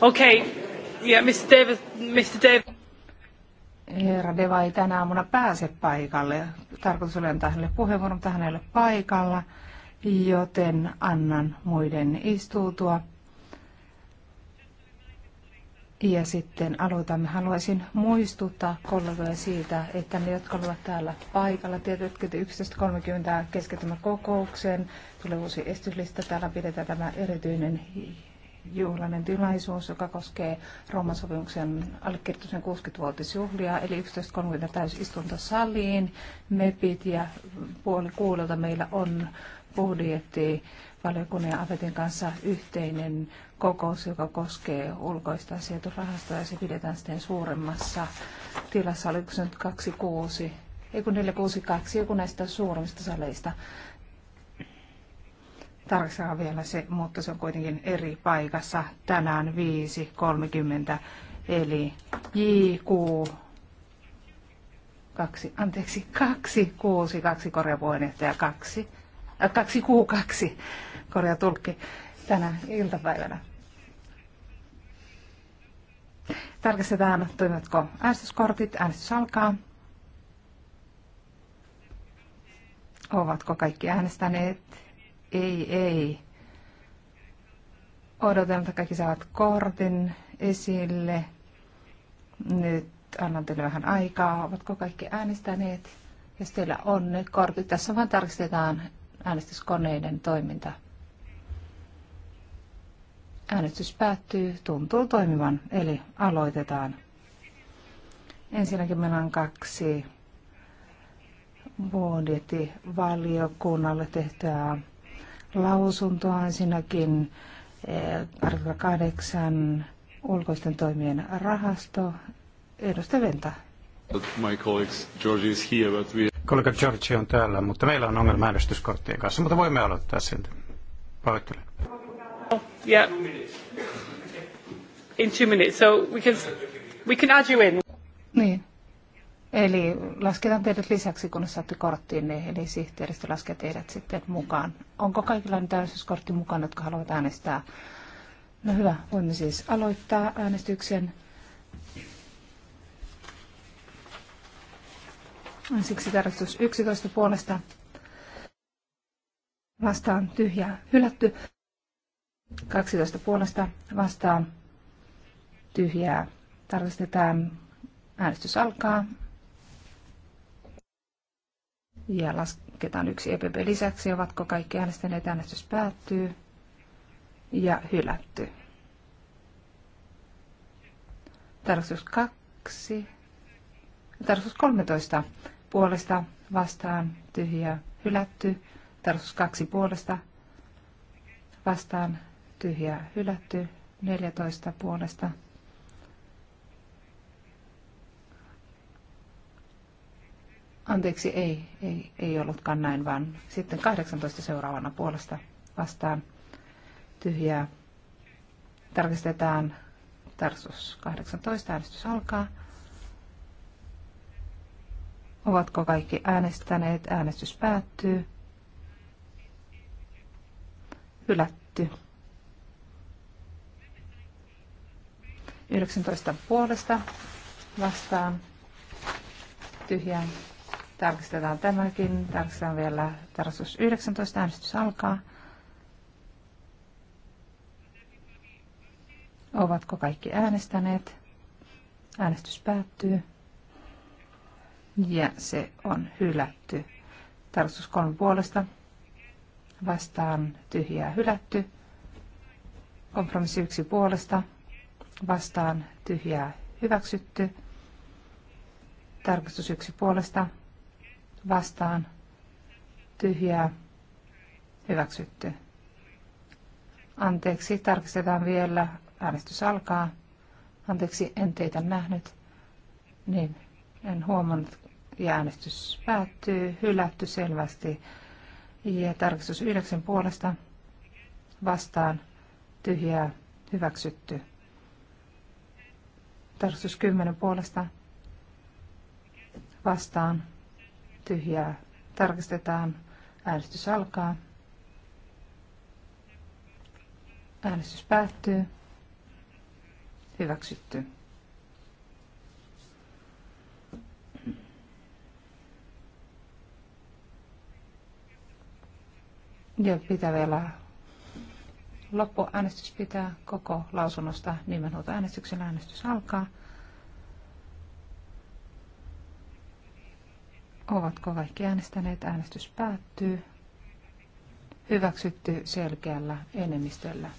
Okei, okay. yeah, Mr. Mr. Herra Deva ei tänä aamuna pääse paikalle. Tarkoitus oli antaa hänelle puheenvuoron, mutta hänelle paikalla, joten annan muiden istuutua. Ja sitten aloitamme. Haluaisin muistuttaa kollegoja siitä, että ne, jotka ovat täällä paikalla, tietysti 11.30 keskittymän kokoukseen, tulee uusi estyslista. Täällä pidetään tämä erityinen juhlainen tilaisuus, joka koskee Rooman sopimuksen allekirjoituksen 60-vuotisjuhlia, eli 11.30 täysistuntosaliin. MEPit ja puoli kuudelta meillä on budjetti valiokunnan ja Afetin kanssa yhteinen kokous, joka koskee ulkoista sijoitusrahastoa ja se pidetään sitten suuremmassa tilassa. Oliko se nyt 26, ei kun 462, joku näistä suurimmista saleista. Tarkistetaan vielä se, mutta se on kuitenkin eri paikassa. Tänään 5.30 eli JQ kaksi anteeksi, kaksi kaksi kuusi korjavuodetta ja kaksi äh, kaksi korjaa tulkki tänä iltapäivänä. Tarkistetaan, toimivatko äänestyskortit. Äänestys alkaa. Ovatko kaikki äänestäneet? Ei, ei. Odotan, että kaikki saavat kortin esille. Nyt annan teille vähän aikaa. Ovatko kaikki äänestäneet? Jos teillä on ne kortit, tässä vaan tarkistetaan äänestyskoneiden toiminta. Äänestys päättyy, tuntuu toimivan, eli aloitetaan. Ensinnäkin meillä on kaksi budjettivaliokunnalle tehtyä lausuntoa. Ensinnäkin eh, artikla 8 ulkoisten toimien rahasto. Edustaja Venta. My George is here, but we... Kollega George on täällä, mutta meillä on ongelma äänestyskorttien kanssa, mutta voimme aloittaa silti. Pahoittelen. Yeah. In two minutes. So we can, we can add you in. Niin. Eli lasketaan teidät lisäksi, kun saatte korttiin, niin- eli sihteeristö laskee teidät sitten mukaan. Onko kaikilla nyt äänestyskortti mukana, jotka haluavat äänestää? No hyvä, voimme siis aloittaa äänestyksen. Siksi tarkistus 11 puolesta vastaan tyhjää hylätty. 12 puolesta vastaan tyhjää. Tarkistetaan. Äänestys alkaa. Ja lasketaan yksi EPP lisäksi. Ovatko kaikki äänestäneet? Äänestys päättyy. Ja hylätty. Tarkistus 2. Tarkistus 13. Puolesta vastaan tyhjää hylätty. Tarkistus 2 puolesta vastaan tyhjää hylätty 14 puolesta Anteeksi, ei, ei, ei ollutkaan näin, vaan sitten 18 seuraavana puolesta vastaan tyhjää. Tarkistetaan tarsus 18, äänestys alkaa. Ovatko kaikki äänestäneet? Äänestys päättyy. Hylätty. 19 puolesta vastaan tyhjää. Tarkistetaan tämäkin. Tarkistetaan vielä tarkistus 19. Äänestys alkaa. Ovatko kaikki äänestäneet? Äänestys päättyy. Ja se on hylätty. Tarkistus kolme puolesta. Vastaan tyhjää hylätty. Kompromissi yksi puolesta vastaan tyhjää hyväksytty. Tarkistus yksi puolesta vastaan tyhjää hyväksytty. Anteeksi, tarkistetaan vielä. Äänestys alkaa. Anteeksi, en teitä nähnyt. Niin, en huomannut. Ja äänestys päättyy. Hylätty selvästi. Ja tarkistus yhdeksän puolesta vastaan tyhjää hyväksytty. Tarkastus kymmenen puolesta vastaan tyhjää tarkistetaan. Äänestys alkaa. Äänestys päättyy. Hyväksytty. Ja pitää vielä loppuäänestys pitää koko lausunnosta äänestyksen Äänestys alkaa. Ovatko kaikki äänestäneet? Äänestys päättyy. Hyväksytty selkeällä enemmistöllä.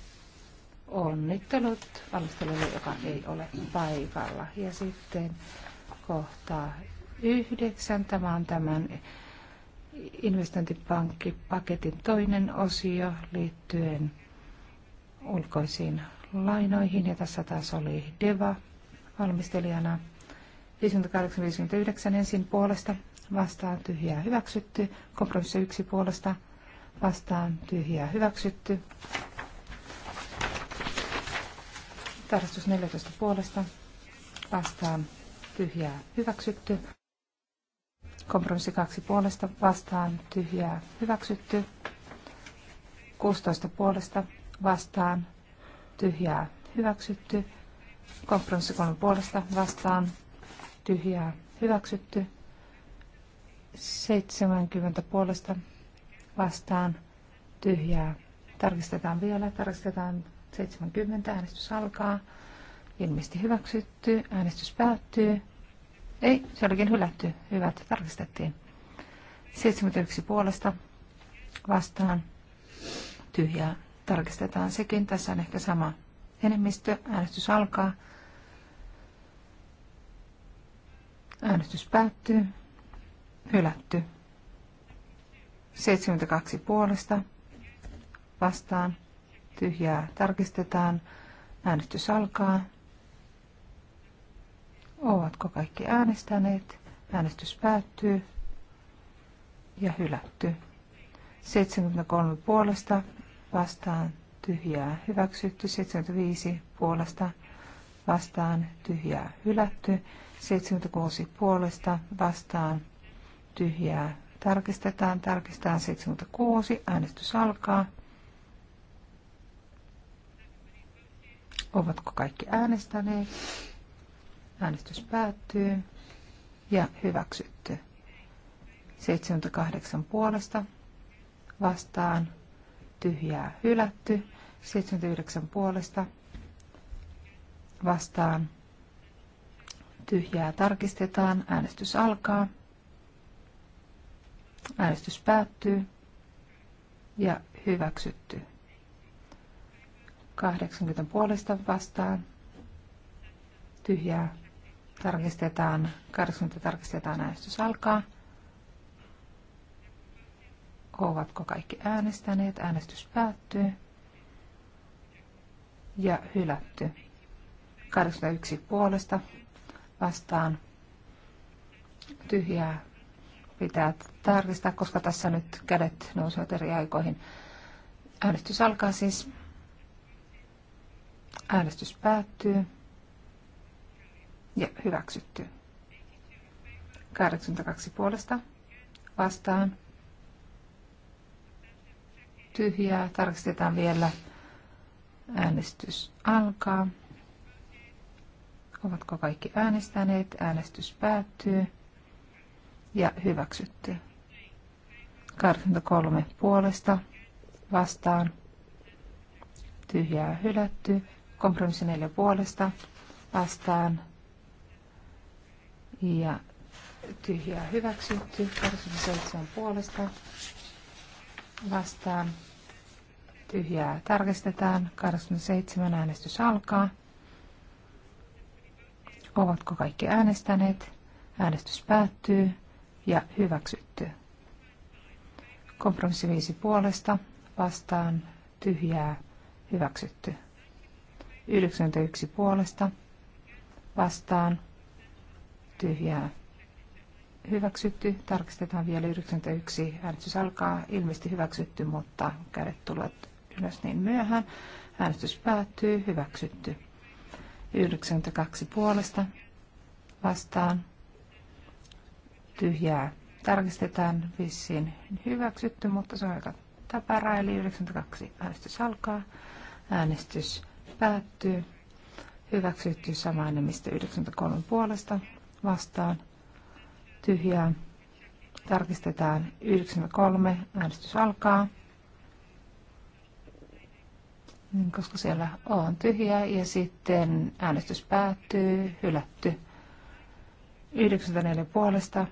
Onnittelut valmistelulle, joka ei ole paikalla. Ja sitten kohta yhdeksän. Tämä on tämän investointipankkipaketin toinen osio liittyen ulkoisiin lainoihin ja tässä taas oli Deva valmistelijana 58-59 ensin puolesta vastaan tyhjää hyväksytty, kompromissi yksi puolesta vastaan tyhjää hyväksytty, tarkastus 14 puolesta vastaan tyhjää hyväksytty, kompromissi 2 puolesta vastaan tyhjää hyväksytty, 16 puolesta vastaan tyhjää hyväksytty. Kompromissi 3 puolesta vastaan tyhjää hyväksytty. 70 puolesta vastaan tyhjää. Tarkistetaan vielä. Tarkistetaan 70. Äänestys alkaa. Ilmeisesti hyväksytty. Äänestys päättyy. Ei, se olikin hylätty. Hyvä, että tarkistettiin. 71 puolesta vastaan tyhjää Tarkistetaan sekin. Tässä on ehkä sama enemmistö. Äänestys alkaa. Äänestys päättyy. Hylätty. 72 puolesta. Vastaan. Tyhjää tarkistetaan. Äänestys alkaa. Ovatko kaikki äänestäneet? Äänestys päättyy ja hylätty. 73 puolesta vastaan tyhjää hyväksytty, 75 puolesta vastaan tyhjää hylätty, 76 puolesta vastaan tyhjää tarkistetaan, tarkistetaan 76, äänestys alkaa. Ovatko kaikki äänestäneet? Äänestys päättyy ja hyväksytty. 78 puolesta vastaan tyhjää hylätty. 79 puolesta vastaan tyhjää tarkistetaan. Äänestys alkaa. Äänestys päättyy ja hyväksytty. 80 puolesta vastaan tyhjää tarkistetaan. 80 tarkistetaan. Äänestys alkaa. Ovatko kaikki äänestäneet? Äänestys päättyy. Ja hylätty. 81 puolesta vastaan tyhjää pitää tarkistaa, koska tässä nyt kädet nousevat eri aikoihin. Äänestys alkaa siis. Äänestys päättyy. Ja hyväksytty. 82 puolesta vastaan tyhjää. Tarkistetaan vielä. Äänestys alkaa. Ovatko kaikki äänestäneet? Äänestys päättyy. Ja hyväksytty. 83 puolesta vastaan. Tyhjää hylätty. Kompromissi 4 puolesta vastaan. Ja tyhjää hyväksytty. 87 puolesta vastaan tyhjää tarkistetaan. 87 äänestys alkaa. Ovatko kaikki äänestäneet? Äänestys päättyy ja hyväksytty. Kompromissi 5 puolesta vastaan tyhjää hyväksytty. 91 puolesta vastaan tyhjää hyväksytty. Tarkistetaan vielä 91. Äänestys alkaa. Ilmeisesti hyväksytty, mutta kädet tulevat ylös niin myöhään. Äänestys päättyy. Hyväksytty. 92 puolesta vastaan. Tyhjää. Tarkistetaan vissiin hyväksytty, mutta se on aika täpärä, eli 92 äänestys alkaa. Äänestys päättyy. Hyväksytty sama enemmistö 93 puolesta vastaan tyhjää. Tarkistetaan 93. Äänestys alkaa. Koska siellä on tyhjää ja sitten äänestys päättyy, hylätty. 94 puolesta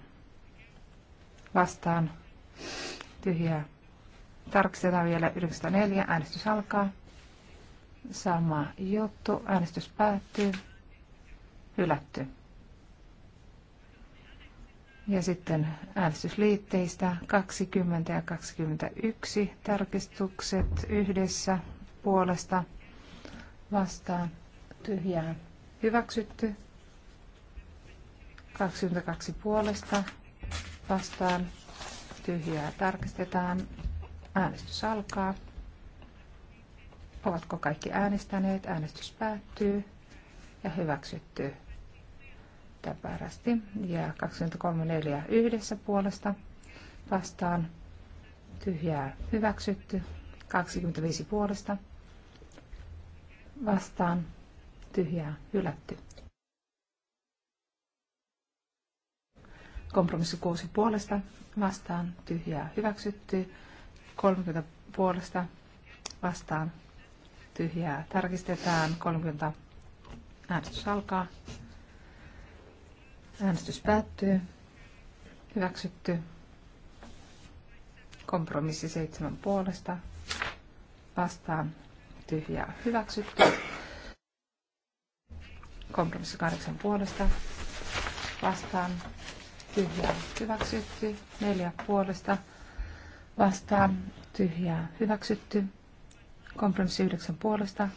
vastaan tyhjää. Tarkistetaan vielä 94. Äänestys alkaa. Sama juttu. Äänestys päättyy. Hylätty. Ja sitten äänestysliitteistä 20 ja 21 tarkistukset yhdessä puolesta vastaan tyhjää hyväksytty. 22 puolesta vastaan tyhjää tarkistetaan. Äänestys alkaa. Ovatko kaikki äänestäneet? Äänestys päättyy ja hyväksytty täpärästi. Ja 23.4 yhdessä puolesta vastaan tyhjää hyväksytty. 25 puolesta vastaan tyhjää hylätty. Kompromissi 6 puolesta vastaan tyhjää hyväksytty. 30 puolesta vastaan tyhjää tarkistetaan. 30 äänestys alkaa. Äänestys päättyy. Hyväksytty. Kompromissi seitsemän puolesta. Vastaan tyhjää hyväksytty. Kompromissi kahdeksan puolesta. Vastaan tyhjää hyväksytty. Neljä puolesta. Vastaan tyhjää hyväksytty. Kompromissi yhdeksän puolesta.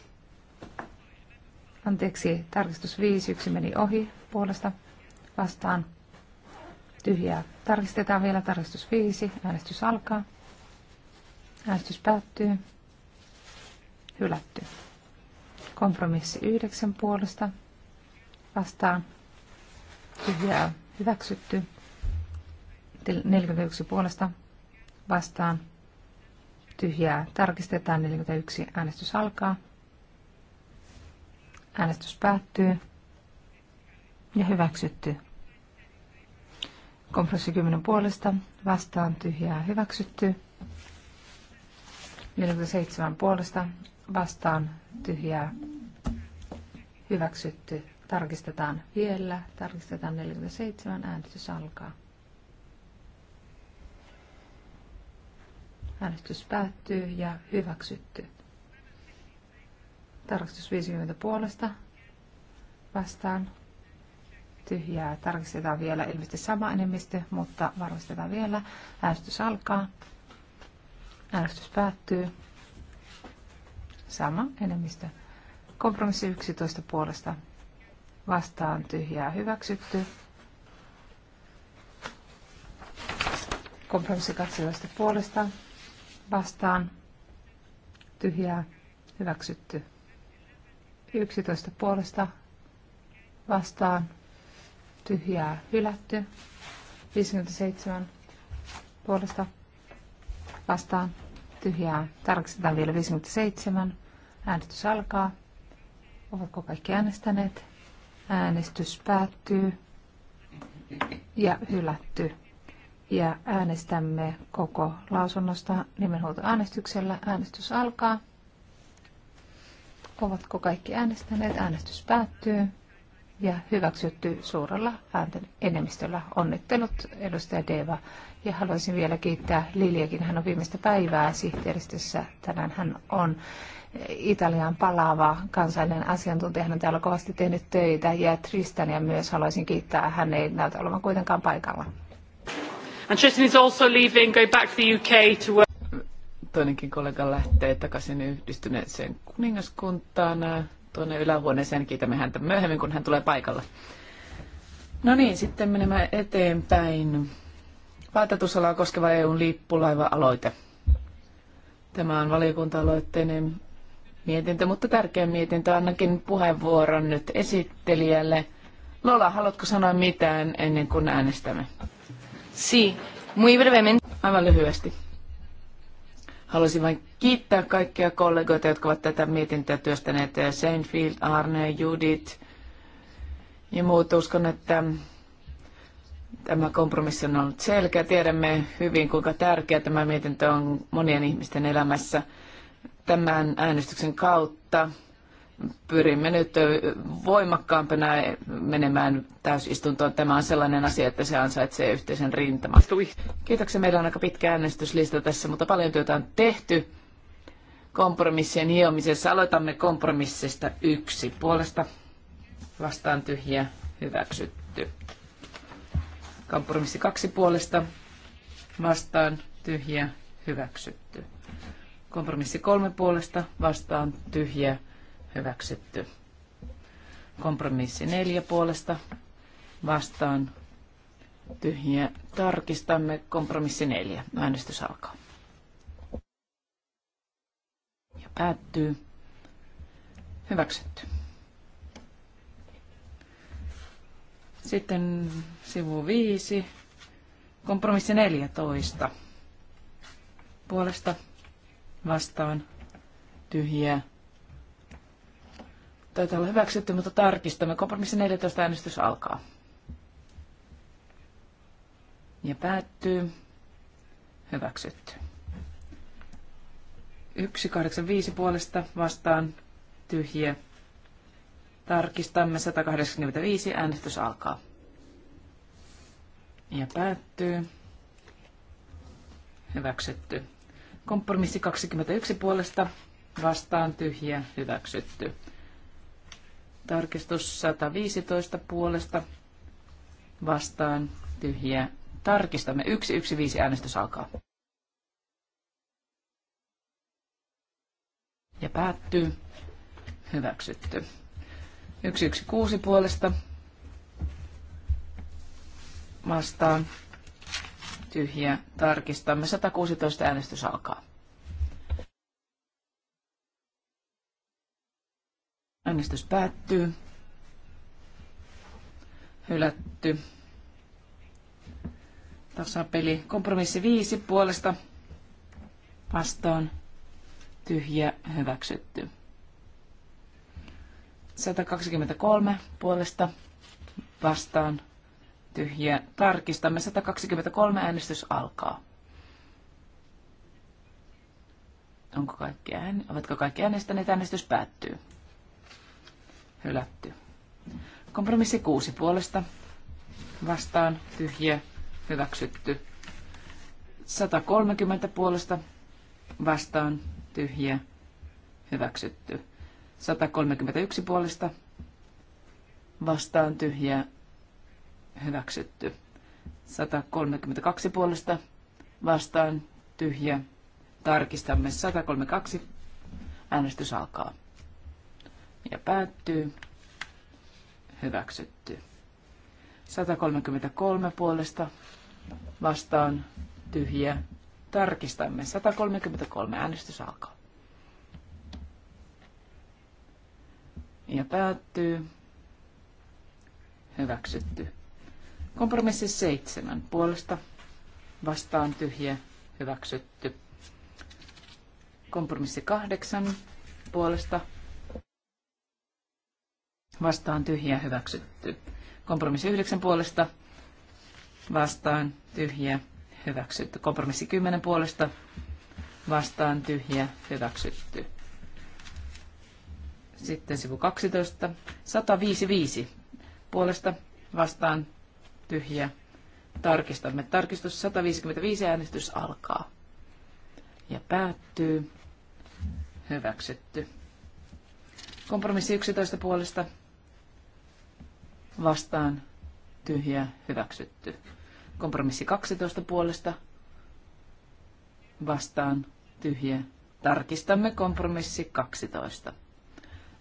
Anteeksi, tarkistus viisi yksi meni ohi puolesta vastaan tyhjää. Tarkistetaan vielä tarkistus 5. Äänestys alkaa. Äänestys päättyy. Hylätty. Kompromissi 9 puolesta vastaan tyhjää hyväksytty. 41 puolesta vastaan tyhjää. Tarkistetaan 41. Äänestys alkaa. Äänestys päättyy ja hyväksytty. Kompromissi 10 puolesta vastaan tyhjää hyväksytty. 47 puolesta vastaan tyhjää hyväksytty. Tarkistetaan vielä. Tarkistetaan 47. Äänestys alkaa. Äänestys päättyy ja hyväksytty. Tarkistus 50 puolesta vastaan tyhjää. Tarkistetaan vielä ilmeisesti sama enemmistö, mutta varmistetaan vielä. Äänestys alkaa. Äänestys päättyy. Sama enemmistö. Kompromissi 11 puolesta. Vastaan tyhjää hyväksytty. Kompromissi 12 puolesta. Vastaan tyhjää hyväksytty. 11 puolesta. Vastaan tyhjää hylätty. 57 puolesta vastaan tyhjää. Tarkistetaan vielä 57. Äänestys alkaa. Ovatko kaikki äänestäneet? Äänestys päättyy ja hylätty. Ja äänestämme koko lausunnosta nimenhuoltoäänestyksellä. Äänestys alkaa. Ovatko kaikki äänestäneet? Äänestys päättyy ja hyväksytty suurella äänten enemmistöllä. Onnittelut edustaja Deva. Ja haluaisin vielä kiittää Liliäkin. Hän on viimeistä päivää sihteeristössä. Tänään hän on Italian palaava kansainvälinen asiantuntija. Hän on täällä kovasti tehnyt töitä ja Tristania myös haluaisin kiittää. Hän ei näytä olevan kuitenkaan paikalla. And Tristan is also leaving, going back to the UK to work. Toinenkin kollega lähtee takaisin yhdistyneeseen kuningaskuntaan tuonne ylähuoneeseen. Kiitämme häntä myöhemmin, kun hän tulee paikalla. No niin, sitten menemme eteenpäin. Vaatetusalaa koskeva EUn lippulaiva-aloite. Tämä on valiokunta-aloitteinen mietintö, mutta tärkeä mietintö. Annakin puheenvuoron nyt esittelijälle. Lola, haluatko sanoa mitään ennen kuin äänestämme? Si, muy brevemente. Aivan lyhyesti. Haluaisin vain kiittää kaikkia kollegoita, jotka ovat tätä mietintöä työstäneet. Seinfeld, Arne, Judith ja muut. Uskon, että tämä kompromissi on ollut selkeä. Tiedämme hyvin, kuinka tärkeä tämä mietintö on monien ihmisten elämässä tämän äänestyksen kautta pyrimme nyt voimakkaampana menemään täysistuntoon. Tämä on sellainen asia, että se ansaitsee yhteisen rintaman. Kiitoksia. Meillä on aika pitkä äänestyslista tässä, mutta paljon työtä on tehty kompromissien hiomisessa. Aloitamme kompromissista yksi puolesta. Vastaan tyhjä, hyväksytty. Kompromissi kaksi puolesta. Vastaan tyhjä, hyväksytty. Kompromissi kolme puolesta. Vastaan tyhjä, hyväksytty hyväksytty. Kompromissi neljä puolesta vastaan tyhjiä. Tarkistamme kompromissi neljä. Äänestys alkaa. Ja päättyy. Hyväksytty. Sitten sivu 5, kompromissi 14. Puolesta vastaan tyhjiä Taitaa olla hyväksytty, mutta tarkistamme. Kompromissi 14 äänestys alkaa. Ja päättyy. Hyväksytty. 185 puolesta vastaan tyhjä. Tarkistamme 185. Äänestys alkaa. Ja päättyy. Hyväksytty. Kompromissi 21 puolesta vastaan tyhjä. Hyväksytty. Tarkistus 115 puolesta vastaan tyhjiä. Tarkistamme. 115 äänestys alkaa. Ja päättyy. Hyväksytty. 116 puolesta vastaan tyhjiä. Tarkistamme. 116 äänestys alkaa. Äänestys päättyy. Hylätty. Tasapeli. Kompromissi viisi puolesta. Vastaan. Tyhjä. Hyväksytty. 123 puolesta. Vastaan. Tyhjä. Tarkistamme. 123 äänestys alkaa. Onko kaikki ääni? Ovatko kaikki äänestäneet? Äänestys päättyy hylätty. Kompromissi 6 puolesta vastaan tyhjä hyväksytty. 130 puolesta vastaan tyhjä hyväksytty. 131 puolesta vastaan tyhjä hyväksytty. 132 puolesta vastaan tyhjä. Tarkistamme 132. Äänestys alkaa ja päättyy. Hyväksytty. 133 puolesta vastaan tyhjä. Tarkistamme. 133 äänestys alkaa. Ja päättyy. Hyväksytty. Kompromissi 7 puolesta vastaan tyhjä. Hyväksytty. Kompromissi 8 puolesta vastaan tyhjä hyväksytty. Kompromissi 9 puolesta vastaan tyhjä hyväksytty. Kompromissi 10 puolesta vastaan tyhjä hyväksytty. Sitten sivu 12. 155 puolesta vastaan tyhjä. Tarkistamme. Tarkistus 155 äänestys alkaa. Ja päättyy. Hyväksytty. Kompromissi 11 puolesta vastaan tyhjä hyväksytty. Kompromissi 12 puolesta vastaan tyhjä. Tarkistamme kompromissi 12.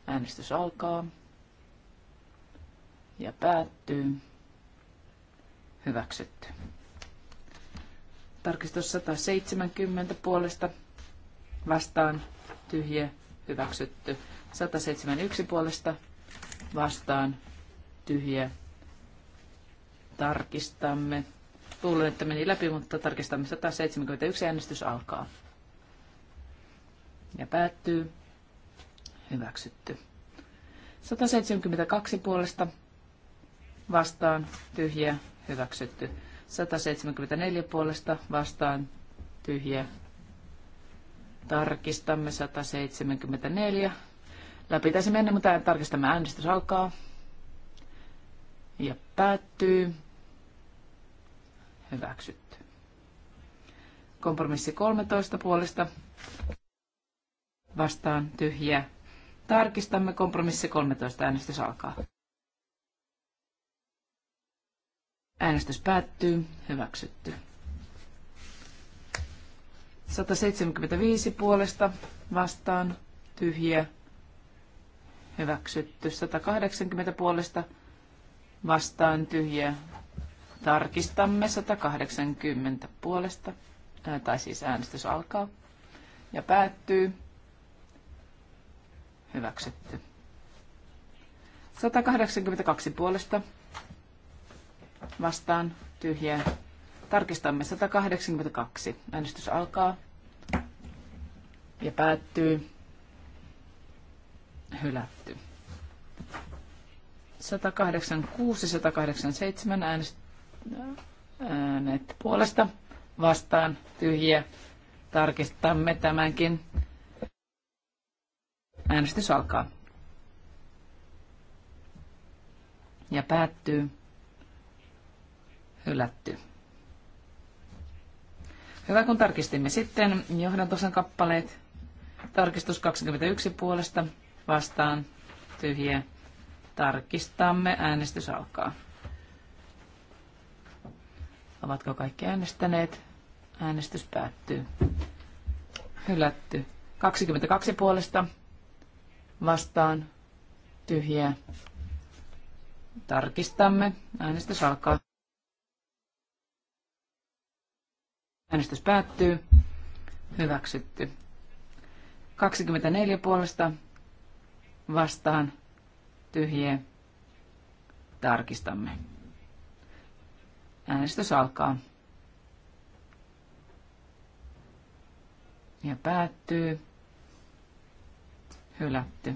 Äänestys alkaa ja päättyy. Hyväksytty. Tarkistus 170 puolesta vastaan tyhjä hyväksytty. 171 puolesta vastaan tyhjä. Tarkistamme. Luulen, että meni läpi, mutta tarkistamme 171 äänestys alkaa. Ja päättyy. Hyväksytty. 172 puolesta vastaan tyhjä hyväksytty. 174 puolesta vastaan tyhjä. Tarkistamme 174. Läpi taisi mennä, mutta tarkistamme äänestys alkaa ja päättyy. Hyväksytty. Kompromissi 13 puolesta vastaan tyhjä. Tarkistamme kompromissi 13. Äänestys alkaa. Äänestys päättyy. Hyväksytty. 175 puolesta vastaan tyhjä. Hyväksytty. 180 puolesta vastaan tyhjä. Tarkistamme 180 puolesta, tai siis äänestys alkaa ja päättyy. Hyväksytty. 182 puolesta vastaan tyhjä. Tarkistamme 182. Äänestys alkaa ja päättyy. Hylätty. 186, 187 äänest, äänet puolesta vastaan tyhjiä. Tarkistamme tämänkin. Äänestys alkaa. Ja päättyy. Hylätty. Hyvä, kun tarkistimme sitten johdantosan kappaleet. Tarkistus 21 puolesta vastaan tyhjiä Tarkistamme. Äänestys alkaa. Ovatko kaikki äänestäneet? Äänestys päättyy. Hylätty. 22 puolesta vastaan Tyhjä. Tarkistamme. Äänestys alkaa. Äänestys päättyy. Hyväksytty. 24 puolesta vastaan tyhjiä. Tarkistamme. Äänestys alkaa. Ja päättyy. Hylätty.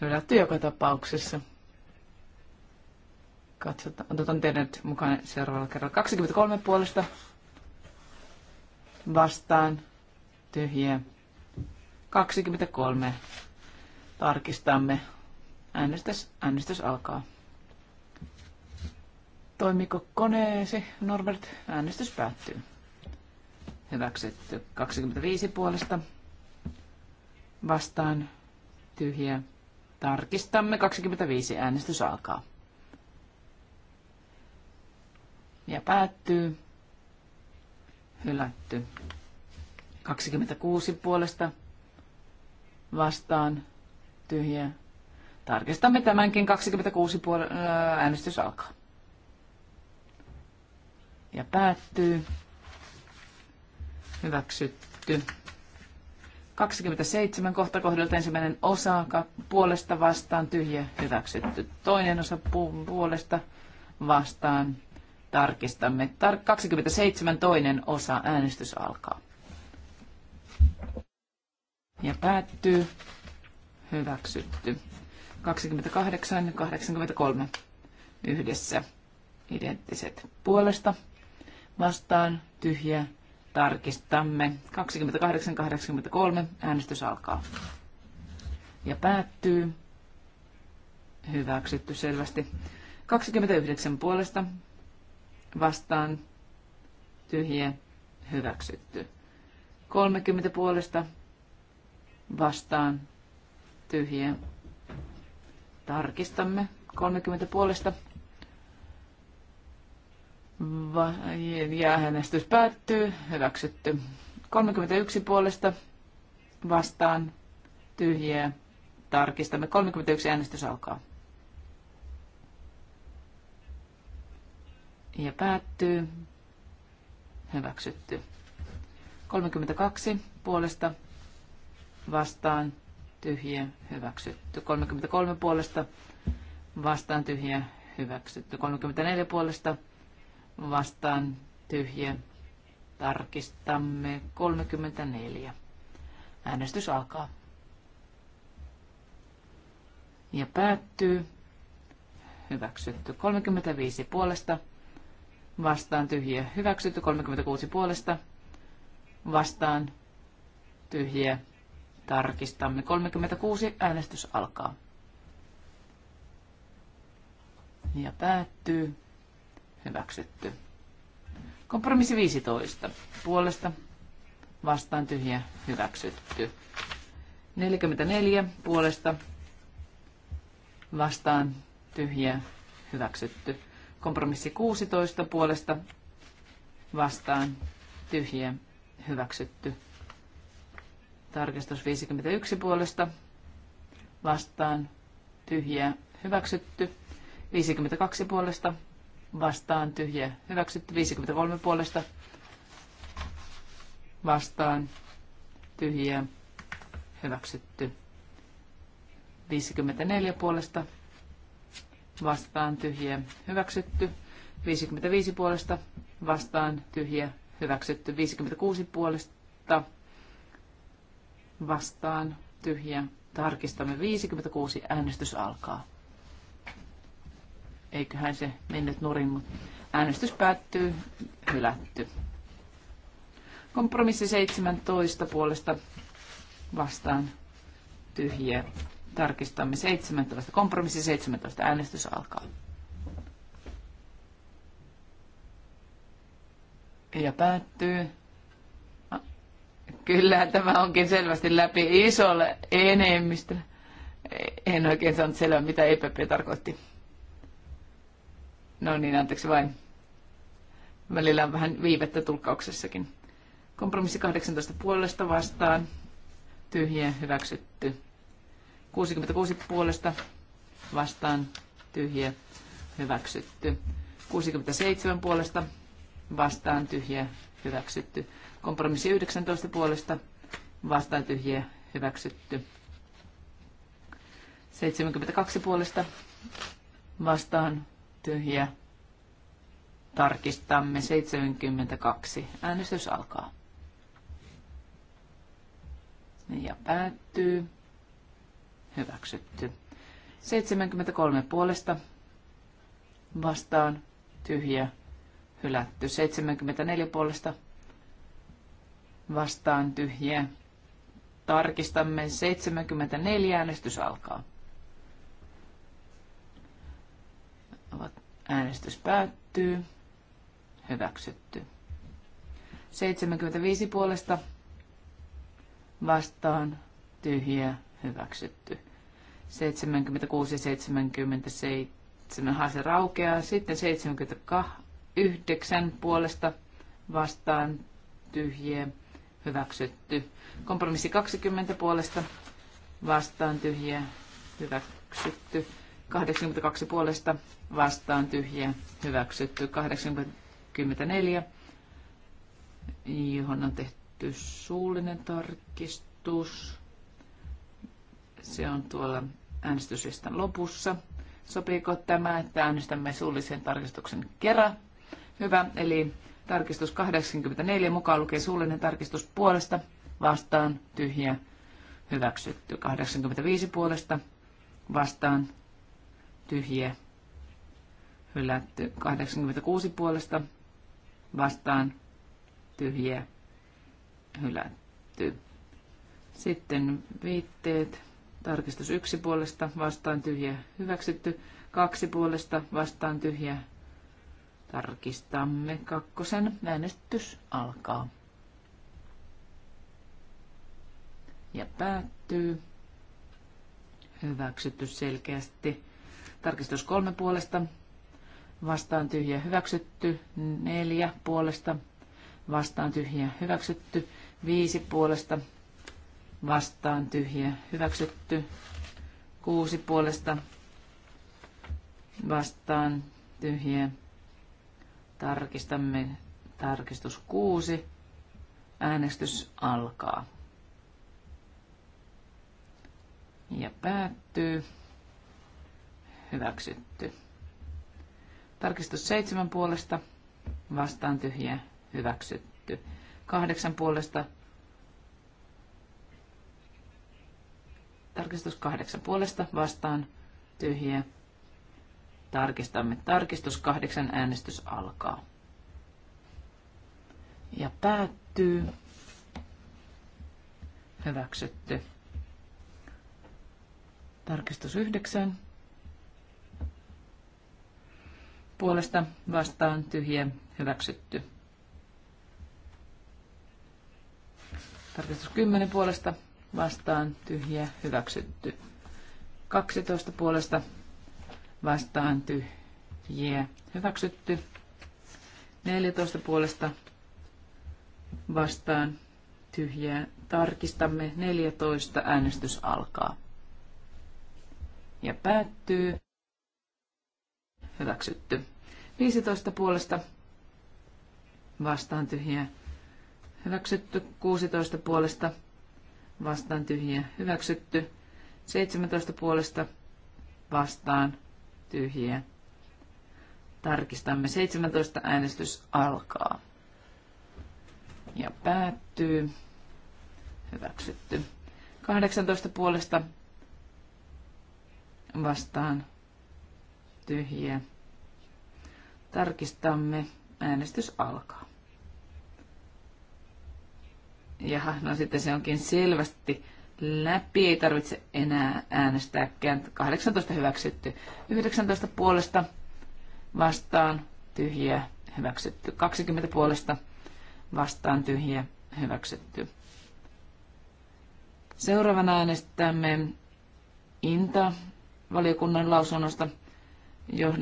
Hylätty joka tapauksessa. Katsotaan, otetaan teidät mukaan seuraavalla kerralla. 23 puolesta vastaan tyhjiä 23 tarkistamme. Äänestys, äänestys alkaa. Toimiko koneesi, Norbert? Äänestys päättyy. Hyväksytty. 25 puolesta. Vastaan. Tyhjä. Tarkistamme. 25. Äänestys alkaa. Ja päättyy. Hylätty. 26 puolesta vastaan tyhjä. Tarkistamme tämänkin 26 puol- äänestys alkaa. Ja päättyy. Hyväksytty. 27 kohta kohdalta ensimmäinen osa puolesta vastaan tyhjä hyväksytty. Toinen osa pu- puolesta vastaan tarkistamme. Tar- 27 toinen osa äänestys alkaa ja päättyy. Hyväksytty. 28 ja 83 yhdessä identtiset puolesta. Vastaan tyhjä. Tarkistamme. 83 Äänestys alkaa. Ja päättyy. Hyväksytty selvästi. 29 puolesta. Vastaan tyhjä. Hyväksytty. 30 puolesta vastaan tyhjiä. Tarkistamme 30 puolesta. Va- ja äänestys päättyy. Hyväksytty. 31 puolesta vastaan tyhjiä. Tarkistamme. 31 äänestys alkaa. Ja päättyy. Hyväksytty. 32 puolesta vastaan tyhjiä hyväksytty. 33 puolesta vastaan tyhjiä hyväksytty. 34 puolesta vastaan tyhjiä tarkistamme 34. Äänestys alkaa. Ja päättyy. Hyväksytty 35 puolesta. Vastaan tyhjiä. Hyväksytty 36 puolesta. Vastaan tyhjiä. Tarkistamme. 36 äänestys alkaa. Ja päättyy. Hyväksytty. Kompromissi 15. Puolesta vastaan tyhjä hyväksytty. 44 puolesta vastaan tyhjä hyväksytty. Kompromissi 16 puolesta vastaan tyhjä hyväksytty. Tarkistus 51 puolesta vastaan tyhjä hyväksytty. 52 puolesta vastaan tyhjä hyväksytty. 53 puolesta vastaan tyhjä hyväksytty. 54 puolesta vastaan tyhjä hyväksytty. 55 puolesta vastaan tyhjä hyväksytty. 56 puolesta vastaan tyhjä. Tarkistamme 56. Äänestys alkaa. Eiköhän se mennyt nurin, mutta äänestys päättyy. Hylätty. Kompromissi 17 puolesta vastaan tyhjä. Tarkistamme 17. Kompromissi 17. Äänestys alkaa. Ja päättyy. Kyllä, tämä onkin selvästi läpi isolle enemmistölle. En oikein saanut selvä mitä EPP tarkoitti. No niin, anteeksi vain. Välillä on vähän viivettä tulkauksessakin. Kompromissi 18 puolesta vastaan. tyhjä hyväksytty. 66 puolesta vastaan. tyhjä hyväksytty. 67 puolesta vastaan. tyhjä hyväksytty. Kompromissi 19 puolesta vastaan tyhjiä hyväksytty. 72 puolesta vastaan tyhjiä. Tarkistamme 72. Äänestys alkaa. Ja päättyy. Hyväksytty. 73 puolesta vastaan tyhjä hylätty. 74 puolesta vastaan tyhjiä. Tarkistamme 74, äänestys alkaa. Äänestys päättyy. Hyväksytty. 75 puolesta vastaan tyhjiä hyväksytty. 76 ja 77 se raukeaa. Sitten 79 puolesta vastaan tyhjiä hyväksytty. Kompromissi 20 puolesta vastaan tyhjiä hyväksytty. 82 puolesta vastaan tyhjiä hyväksytty. 84, johon on tehty suullinen tarkistus. Se on tuolla äänestyslistan lopussa. Sopiiko tämä, että äänestämme suullisen tarkistuksen kerran? Hyvä, eli Tarkistus 84 mukaan lukee suullinen tarkistus puolesta vastaan tyhjä hyväksytty. 85 puolesta vastaan tyhjä hylätty. 86 puolesta vastaan tyhjä hylätty. Sitten viitteet. Tarkistus yksi puolesta vastaan tyhjä hyväksytty. Kaksi puolesta vastaan tyhjä Tarkistamme kakkosen. Äänestys alkaa. Ja päättyy. Hyväksytty selkeästi. Tarkistus kolme puolesta. Vastaan tyhjä hyväksytty. Neljä puolesta. Vastaan tyhjä hyväksytty. Viisi puolesta. Vastaan tyhjä hyväksytty. Kuusi puolesta. Vastaan tyhjä Tarkistamme tarkistus 6. Äänestys alkaa. Ja päättyy. Hyväksytty. Tarkistus 7 puolesta. Vastaan tyhjä. Hyväksytty. 8 puolesta. Tarkistus 8 puolesta. Vastaan tyhjä Tarkistamme. Tarkistus kahdeksan äänestys alkaa. Ja päättyy. Hyväksytty. Tarkistus yhdeksän. Puolesta vastaan tyhjä hyväksytty. Tarkistus 10 puolesta vastaan tyhjä hyväksytty. 12 puolesta vastaan tyhjiä. Hyväksytty. 14 puolesta vastaan tyhjää. Tarkistamme 14. Äänestys alkaa. Ja päättyy. Hyväksytty. 15 puolesta vastaan tyhjiä Hyväksytty. 16 puolesta vastaan tyhjiä Hyväksytty. 17 puolesta vastaan tyhjiä. Tarkistamme 17. Äänestys alkaa. Ja päättyy. Hyväksytty. 18 puolesta vastaan tyhjiä. Tarkistamme. Äänestys alkaa. Jaha, no sitten se onkin selvästi läpi. Ei tarvitse enää äänestääkään. 18 hyväksytty. 19 puolesta vastaan tyhjä hyväksytty. 20 puolesta vastaan tyhjä hyväksytty. Seuraavana äänestämme Inta valiokunnan lausunnosta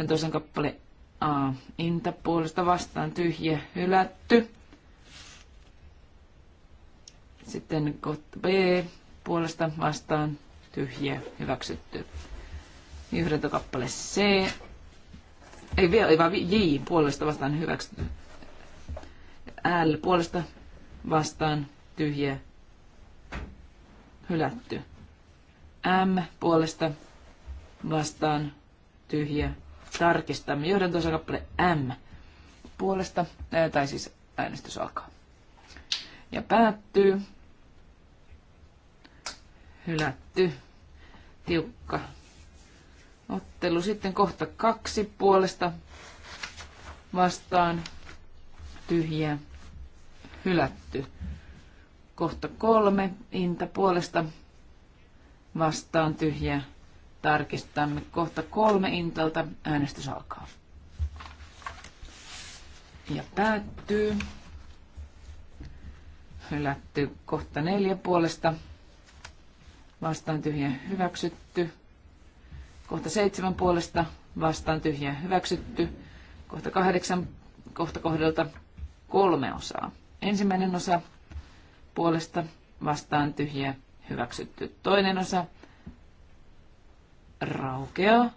toisen kappale A. Inta puolesta vastaan tyhjä hylätty. Sitten kohta B puolesta vastaan tyhjiä hyväksytty. Yhdeltä kappale C. Ei vielä, ei vaan J puolesta vastaan hyväksytty. L puolesta vastaan tyhjiä hylätty. M puolesta vastaan tyhjiä tarkistamme. kappale M puolesta, tai siis äänestys alkaa. Ja päättyy hylätty. Tiukka ottelu. Sitten kohta kaksi puolesta vastaan tyhjä, hylätty. Kohta kolme inta puolesta vastaan tyhjä. tarkistamme. Kohta kolme intalta äänestys alkaa. Ja päättyy. Hylätty kohta neljä puolesta vastaan tyhjä hyväksytty. Kohta seitsemän puolesta vastaan tyhjä hyväksytty. Kohta kahdeksan kohta kohdalta kolme osaa. Ensimmäinen osa puolesta vastaan tyhjä hyväksytty. Toinen osa raukeaa.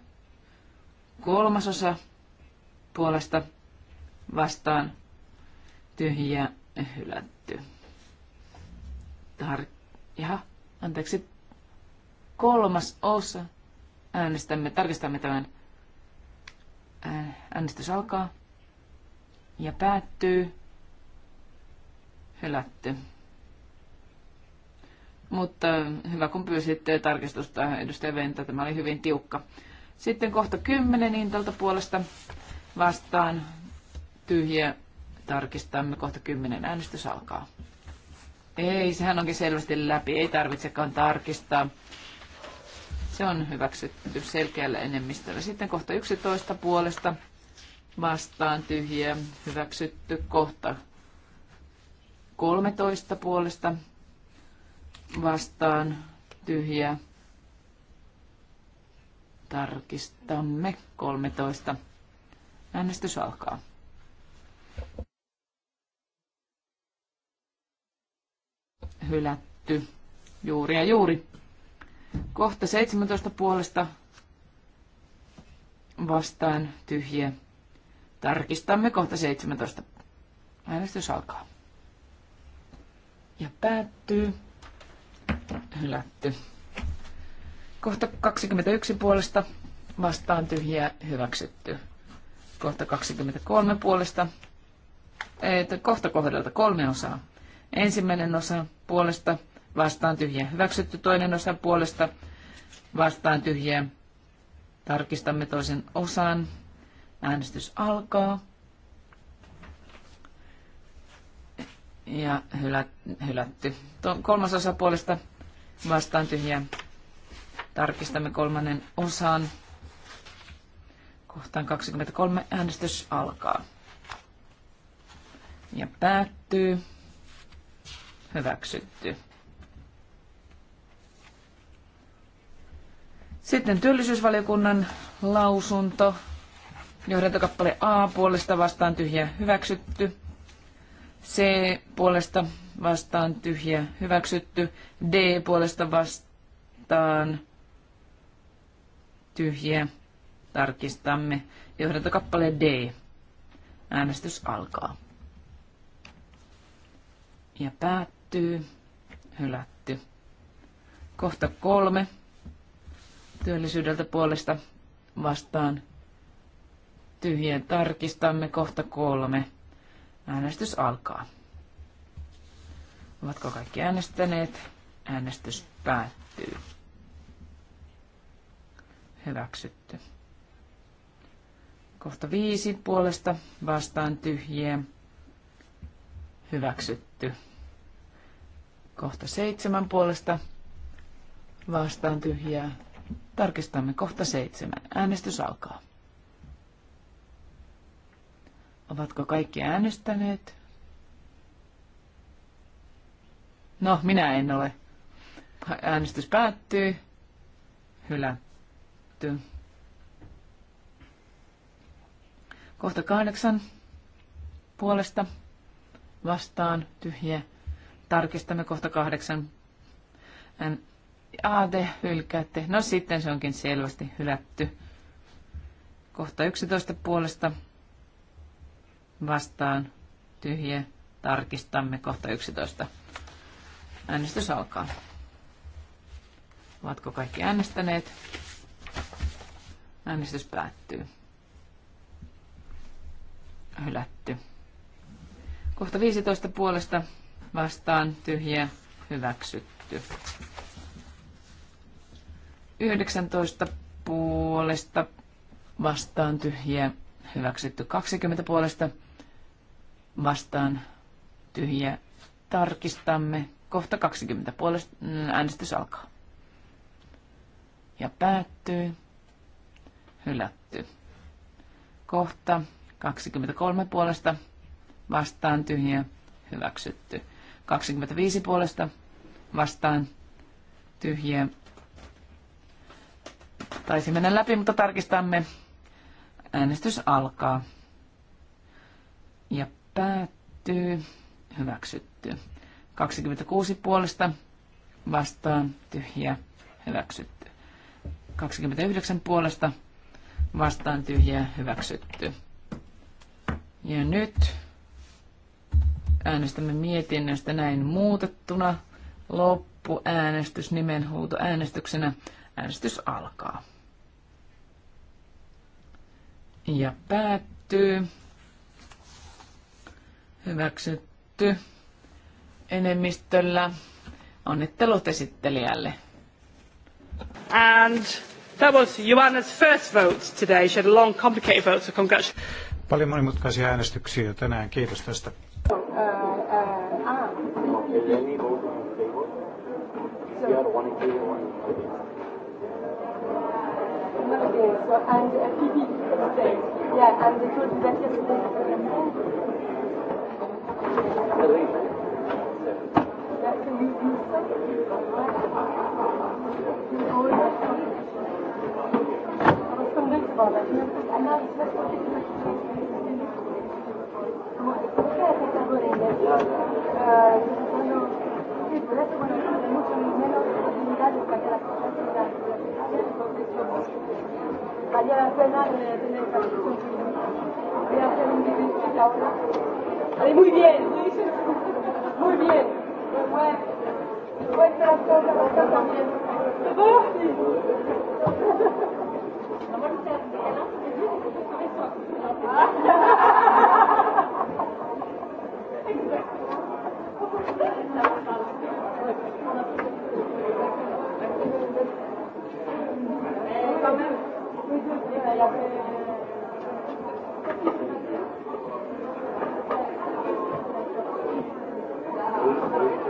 Kolmas osa puolesta vastaan tyhjä hylätty. Tar- Jaha, anteeksi, kolmas osa. Äänestämme, tarkistamme tämän. Äänestys alkaa ja päättyy. Hylätty. Mutta hyvä kun pyysitte tarkistusta, edustaja Venta, tämä oli hyvin tiukka. Sitten kohta 10 Intalta puolesta vastaan tyhjä tarkistamme kohta 10 äänestys alkaa. Ei, sehän onkin selvästi läpi, ei tarvitsekaan tarkistaa. Se on hyväksytty selkeällä enemmistöllä. Sitten kohta 11 puolesta vastaan tyhjiä hyväksytty. Kohta 13 puolesta vastaan tyhjiä. Tarkistamme 13. Äänestys alkaa. Hylätty. Juuri ja juuri. Kohta 17 puolesta vastaan tyhjiä. Tarkistamme kohta 17. Äänestys alkaa. Ja päättyy. Hylätty. Kohta 21 puolesta vastaan tyhjiä hyväksytty. Kohta 23 puolesta. kohta kohdalta kolme osaa. Ensimmäinen osa puolesta vastaan tyhjä hyväksytty, toinen osa puolesta vastaan tyhjä. Tarkistamme toisen osan. Äänestys alkaa. Ja hylä, hylätty. To, kolmas osa puolesta vastaan tyhjä. Tarkistamme kolmannen osan. Kohtaan 23 äänestys alkaa. Ja päättyy. Hyväksytty. Sitten työllisyysvaliokunnan lausunto. Johdantokappale A puolesta vastaan tyhjä hyväksytty. C puolesta vastaan tyhjä hyväksytty. D puolesta vastaan tyhjä. Tarkistamme. Johdantokappale D. Äänestys alkaa. Ja päättyy. Hylätty. Kohta kolme työllisyydeltä puolesta vastaan tyhjien tarkistamme kohta kolme. Äänestys alkaa. Ovatko kaikki äänestäneet? Äänestys päättyy. Hyväksytty. Kohta viisi puolesta vastaan tyhjiä. Hyväksytty. Kohta seitsemän puolesta vastaan tyhjää. Tarkistamme kohta seitsemän. Äänestys alkaa. Ovatko kaikki äänestäneet? No, minä en ole. Äänestys päättyy. Hylätty. Kohta kahdeksan puolesta vastaan tyhjä. Tarkistamme kohta kahdeksan. Aate, hylkäätte. No sitten se onkin selvästi hylätty. Kohta 11 puolesta vastaan tyhjä. Tarkistamme kohta 11. Äänestys alkaa. Ovatko kaikki äänestäneet? Äänestys päättyy. Hylätty. Kohta 15 puolesta vastaan tyhjä hyväksytty. 19 puolesta vastaan tyhjiä hyväksytty. 20 puolesta vastaan tyhjiä tarkistamme. Kohta 20 puolesta mm, äänestys alkaa. Ja päättyy. Hylätty. Kohta 23 puolesta vastaan tyhjiä hyväksytty. 25 puolesta vastaan tyhjiä Taisi mennä läpi, mutta tarkistamme. Äänestys alkaa. Ja päättyy. Hyväksytty. 26 puolesta vastaan tyhjä. Hyväksytty. 29 puolesta vastaan tyhjä. Hyväksytty. Ja nyt äänestämme mietinnöstä näin muutettuna. Loppuäänestys äänestyksenä. Äänestys alkaa ja päättyy. Hyväksytty enemmistöllä. Onnittelut esittelijälle. And that was Joanna's first vote today. She had a long, complicated vote, so congratulations. Paljon monimutkaisia äänestyksiä tänään. Kiitos tästä. Uh, uh, uh. So, and uh, things. Yeah, and it would be better to think That can be useful. I was convinced about that. And now let's continue. Okay, I think I'm going to get it. Uh, I don't know. That's what I'm la pena de tener Voy a hacer un vídeo ahora. Ahí, muy bien, muy bien. Buen, buen trastorno, trastorno también. ¿Verdad? Sí. Amor, ¿te Exacto. Thank you.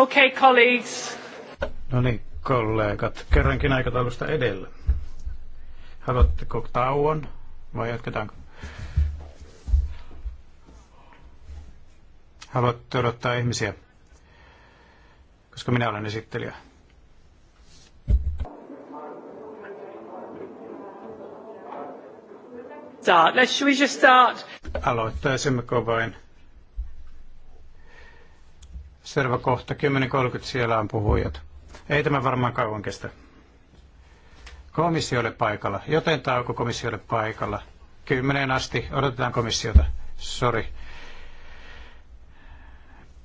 Okay, colleagues. No niin, kollegat. Kerrankin aikataulusta edellä. Haluatteko tauon vai jatketaanko? Haluatte odottaa ihmisiä, koska minä olen esittelijä. Start. Let's, should we just start? Aloittaisimmeko vain? Selvä kohta. 10.30 siellä on puhujat. Ei tämä varmaan kauan kestä. Komissiolle paikalla. Joten tauko komissiolle paikalla. Kymmeneen asti. Odotetaan komissiota. Sori.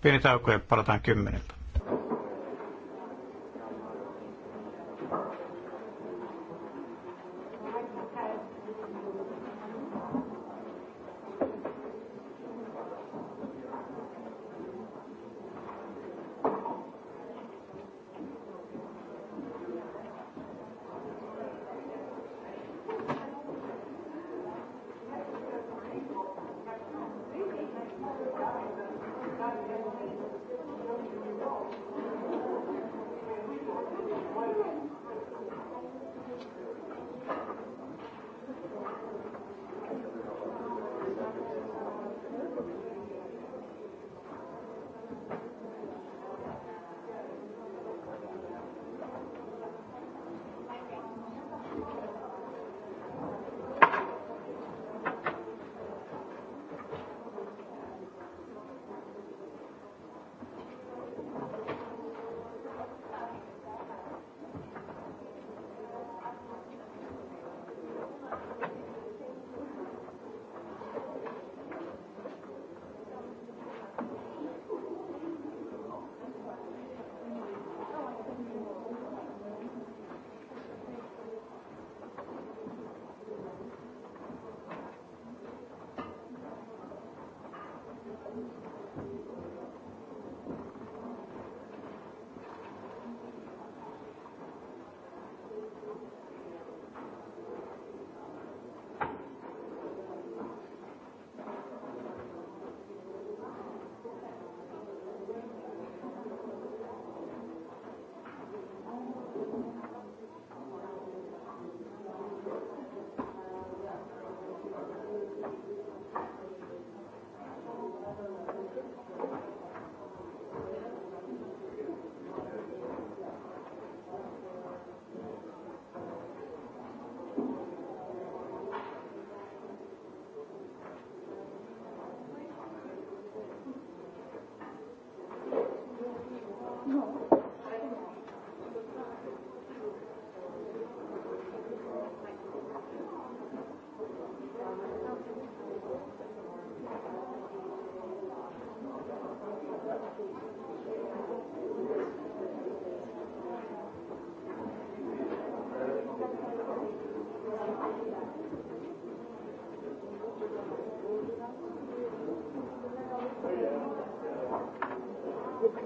Pieni tauko ja palataan kymmeneltä. Thank you.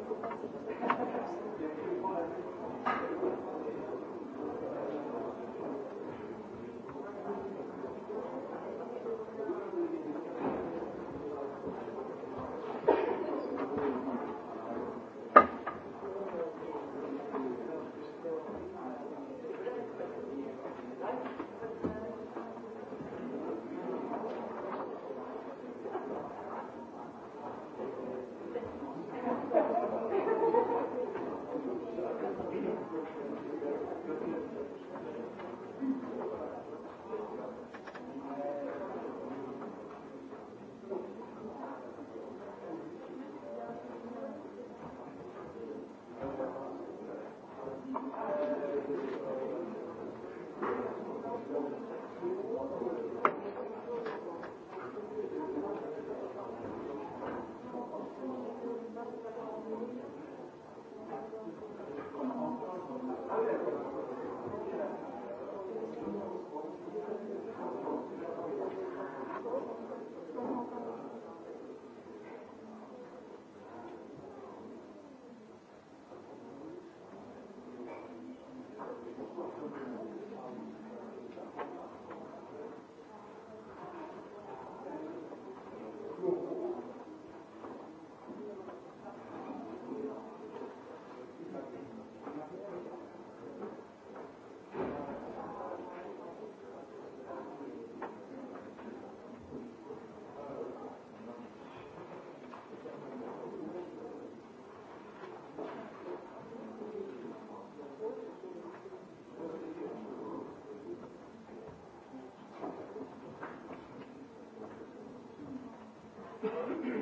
Thank you.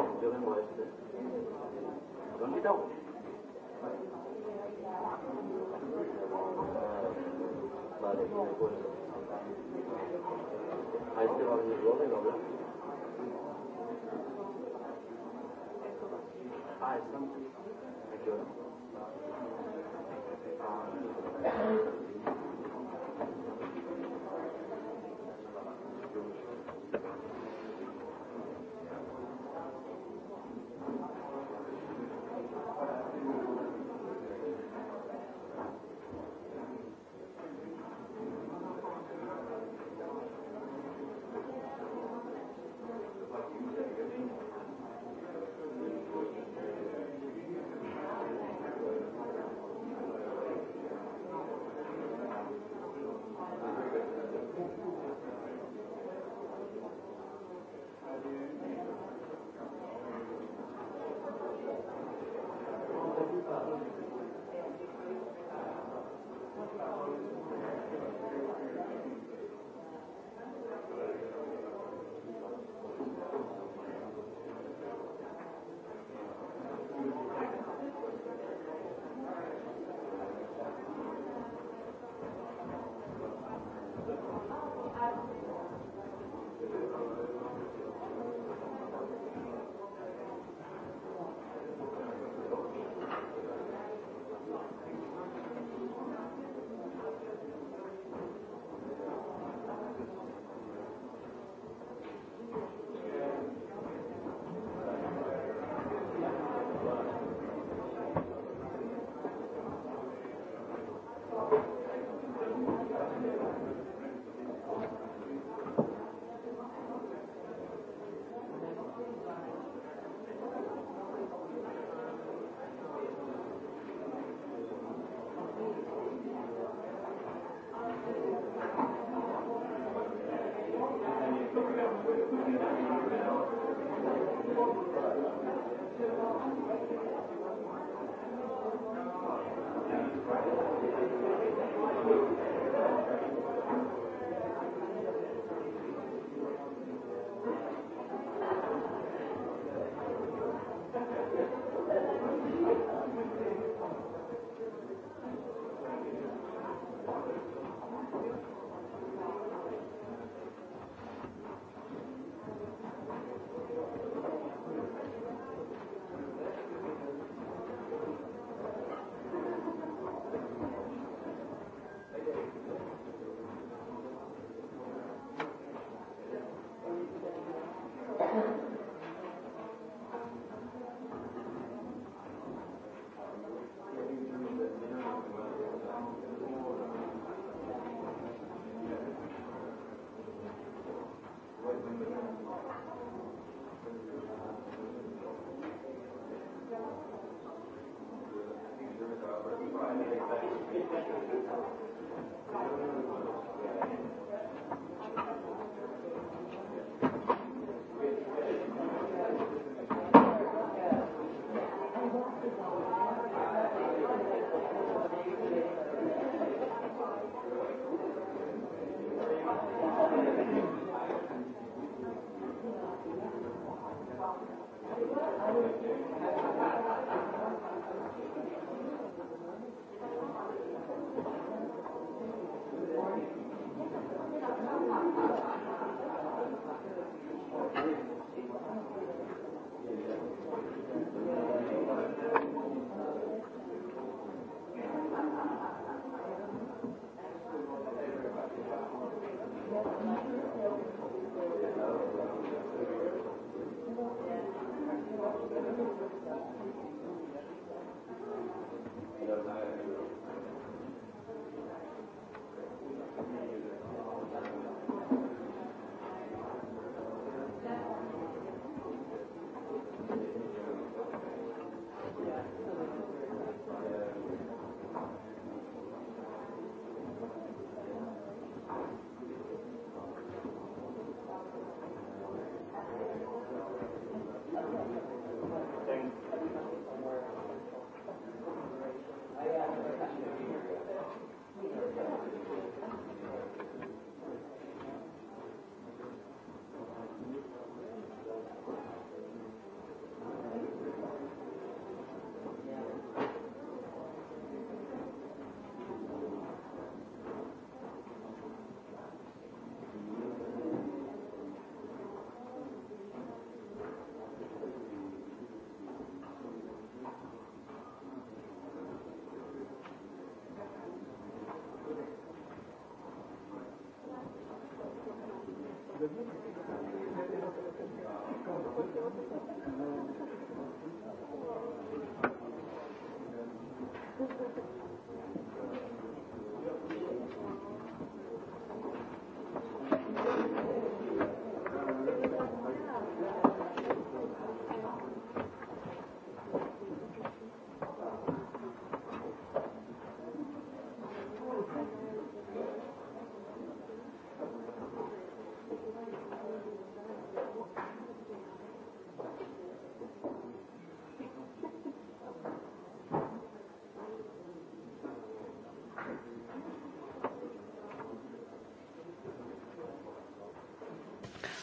talk during worship. Don't you know? I still Thank you.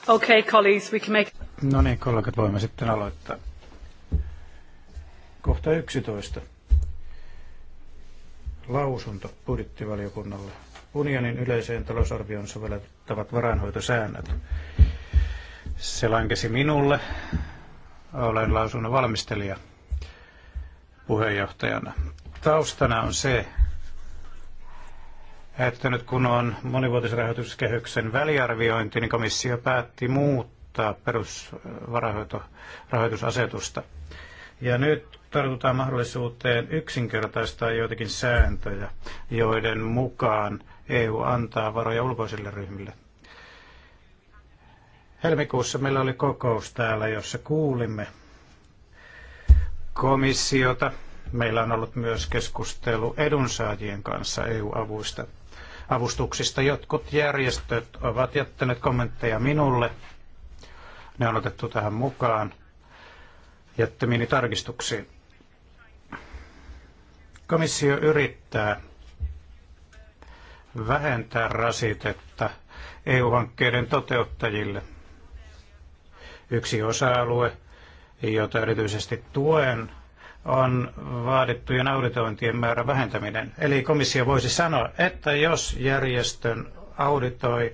Okay, colleagues, we can make... No niin, kollegat, voimme sitten aloittaa. Kohta 11. Lausunto budjettivaliokunnalle. Unionin yleiseen talousarvioon sovellettavat varainhoitosäännöt. Se lankesi minulle. Olen lausunnon valmistelija puheenjohtajana. Taustana on se, että nyt kun on monivuotisrahoituskehyksen väliarviointi, niin komissio päätti muuttaa perusrahoitusasetusta. Ja nyt tartutaan mahdollisuuteen yksinkertaistaa joitakin sääntöjä, joiden mukaan EU antaa varoja ulkoisille ryhmille. Helmikuussa meillä oli kokous täällä, jossa kuulimme komissiota. Meillä on ollut myös keskustelu edunsaajien kanssa EU-avuista avustuksista. Jotkut järjestöt ovat jättäneet kommentteja minulle. Ne on otettu tähän mukaan jättämiini tarkistuksiin. Komissio yrittää vähentää rasitetta EU-hankkeiden toteuttajille. Yksi osa-alue, jota erityisesti tuen, on vaadittujen auditointien määrän vähentäminen. Eli komissio voisi sanoa, että jos järjestön auditoi,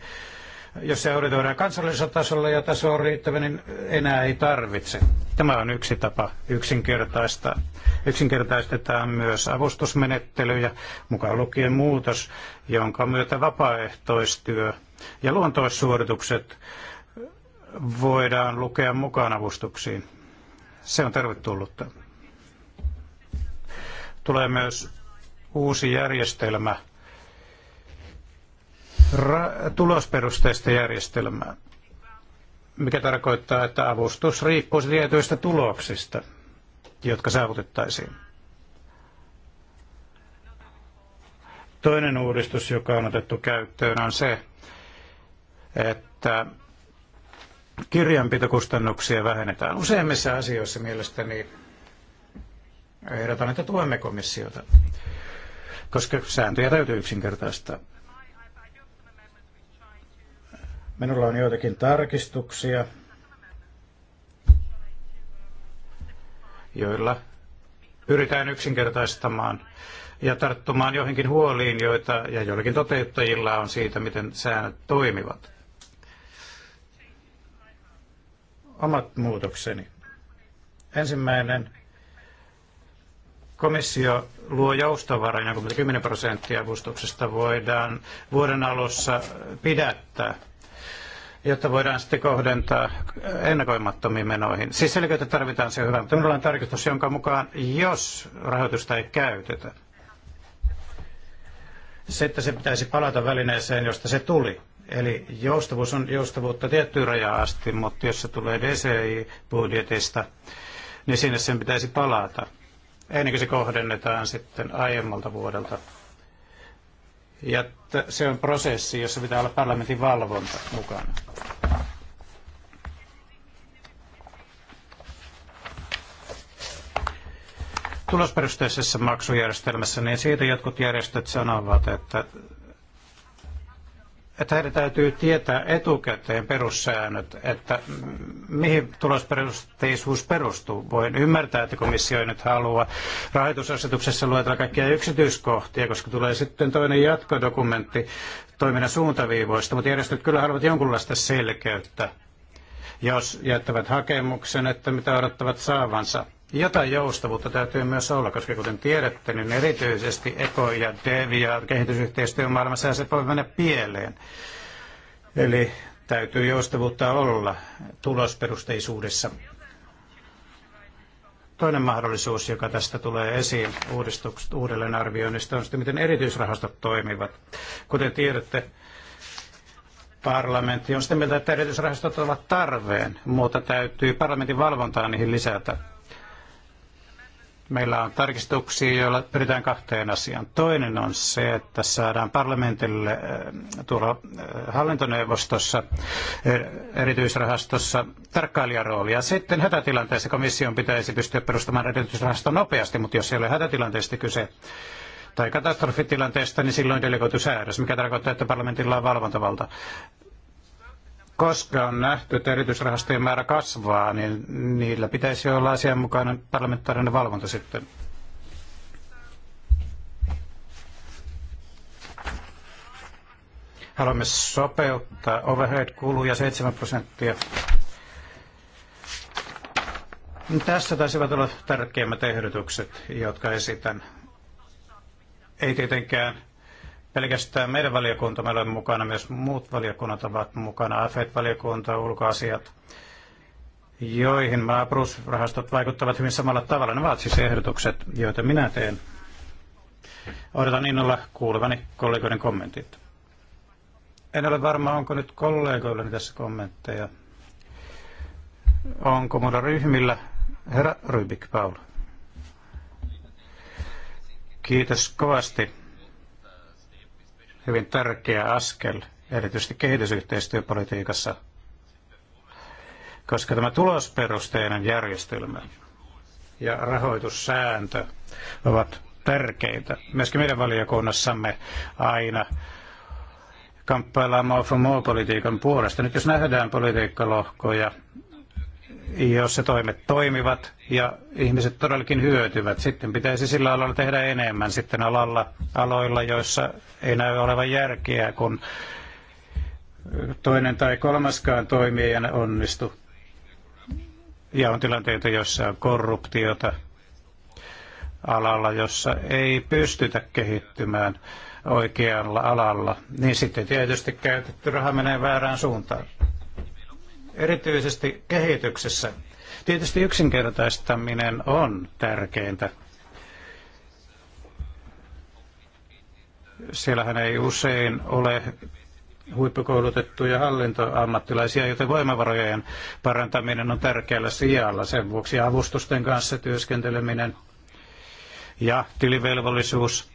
jos se auditoidaan kansallisella tasolla ja taso on riittävä, niin enää ei tarvitse. Tämä on yksi tapa yksinkertaista. Yksinkertaistetaan myös avustusmenettelyjä, mukaan lukien muutos, jonka myötä vapaaehtoistyö ja luontoissuoritukset voidaan lukea mukaan avustuksiin. Se on tervetullutta tulee myös uusi järjestelmä, ra- tulosperusteista järjestelmää, mikä tarkoittaa, että avustus riippuisi tietyistä tuloksista, jotka saavutettaisiin. Toinen uudistus, joka on otettu käyttöön, on se, että kirjanpitokustannuksia vähennetään. Useimmissa asioissa mielestäni Ehdotan, että tuemme komissiota, koska sääntöjä täytyy yksinkertaistaa. Minulla on joitakin tarkistuksia, joilla pyritään yksinkertaistamaan ja tarttumaan joihinkin huoliin, joita ja joillakin toteuttajilla on siitä, miten säännöt toimivat. Omat muutokseni. Ensimmäinen Komissio luo joustovarajan, jonka 10 prosenttia avustuksesta voidaan vuoden alussa pidättää jotta voidaan sitten kohdentaa ennakoimattomiin menoihin. Siis selkeyttä tarvitaan se hyvä, mutta minulla on tarkistus, jonka mukaan jos rahoitusta ei käytetä, se että se pitäisi palata välineeseen, josta se tuli. Eli joustavuus on joustavuutta tiettyyn rajaan asti, mutta jos se tulee DCI-budjetista, niin sinne sen pitäisi palata ennen kuin se kohdennetaan sitten aiemmalta vuodelta. Ja se on prosessi, jossa pitää olla parlamentin valvonta mukana. Tulosperusteisessa maksujärjestelmässä, niin siitä jotkut järjestöt sanovat, että että heidän täytyy tietää etukäteen perussäännöt, että mihin tulosperusteisuus perustuu. Voin ymmärtää, että komissio ei nyt halua rahoitusasetuksessa luetella kaikkia yksityiskohtia, koska tulee sitten toinen jatkodokumentti toiminnan suuntaviivoista, mutta järjestöt kyllä haluavat jonkunlaista selkeyttä, jos jättävät hakemuksen, että mitä odottavat saavansa. Jotain joustavuutta täytyy myös olla, koska kuten tiedätte, niin erityisesti eko- ja dev- ja kehitysyhteistyön maailmassa se voi mennä pieleen. Eli täytyy joustavuutta olla tulosperusteisuudessa. Toinen mahdollisuus, joka tästä tulee esiin uudelleenarvioinnista, on sitten, miten erityisrahastot toimivat. Kuten tiedätte, parlamentti on sitä mieltä, että erityisrahastot ovat tarveen, mutta täytyy parlamentin valvontaa niihin lisätä Meillä on tarkistuksia, joilla pyritään kahteen asiaan. Toinen on se, että saadaan parlamentille eh, tuolla eh, hallintoneuvostossa, eh, erityisrahastossa tarkkailijaroolia. Sitten hätätilanteessa komission pitäisi pystyä perustamaan erityisrahasto nopeasti, mutta jos ei ole hätätilanteesta kyse, tai katastrofitilanteesta, niin silloin delegoitu säädös, mikä tarkoittaa, että parlamentilla on valvontavalta koska on nähty, että erityisrahastojen määrä kasvaa, niin niillä pitäisi olla asianmukainen parlamentaarinen valvonta sitten. Haluamme sopeuttaa overhead-kuluja 7 prosenttia. Tässä taisivat olla tärkeimmät ehdotukset, jotka esitän. Ei tietenkään pelkästään meidän valiokuntamme ole mukana, myös muut valiokunnat ovat mukana, AFET-valiokunta, ulkoasiat, joihin maaprusrahastot vaikuttavat hyvin samalla tavalla. Ne ovat siis ehdotukset, joita minä teen. Odotan innolla kuulevani kollegoiden kommentit. En ole varma, onko nyt kollegoillani tässä kommentteja. Onko mulla ryhmillä? Herra Rybik, Paul. Kiitos kovasti hyvin tärkeä askel, erityisesti kehitysyhteistyöpolitiikassa, koska tämä tulosperusteinen järjestelmä ja rahoitussääntö ovat tärkeitä. Myöskin meidän valiokunnassamme aina kamppaillaan more for more politiikan puolesta. Nyt jos nähdään politiikkalohkoja, jos se toimet toimivat ja ihmiset todellakin hyötyvät. Sitten pitäisi sillä alalla tehdä enemmän sitten alalla, aloilla, joissa ei näy olevan järkeä, kun toinen tai kolmaskaan toimi ei onnistu. Ja on tilanteita, joissa on korruptiota alalla, jossa ei pystytä kehittymään oikealla alalla, niin sitten tietysti käytetty raha menee väärään suuntaan erityisesti kehityksessä. Tietysti yksinkertaistaminen on tärkeintä. Siellähän ei usein ole huippukoulutettuja hallintoammattilaisia, joten voimavarojen parantaminen on tärkeällä sijalla. Sen vuoksi avustusten kanssa työskenteleminen ja tilivelvollisuus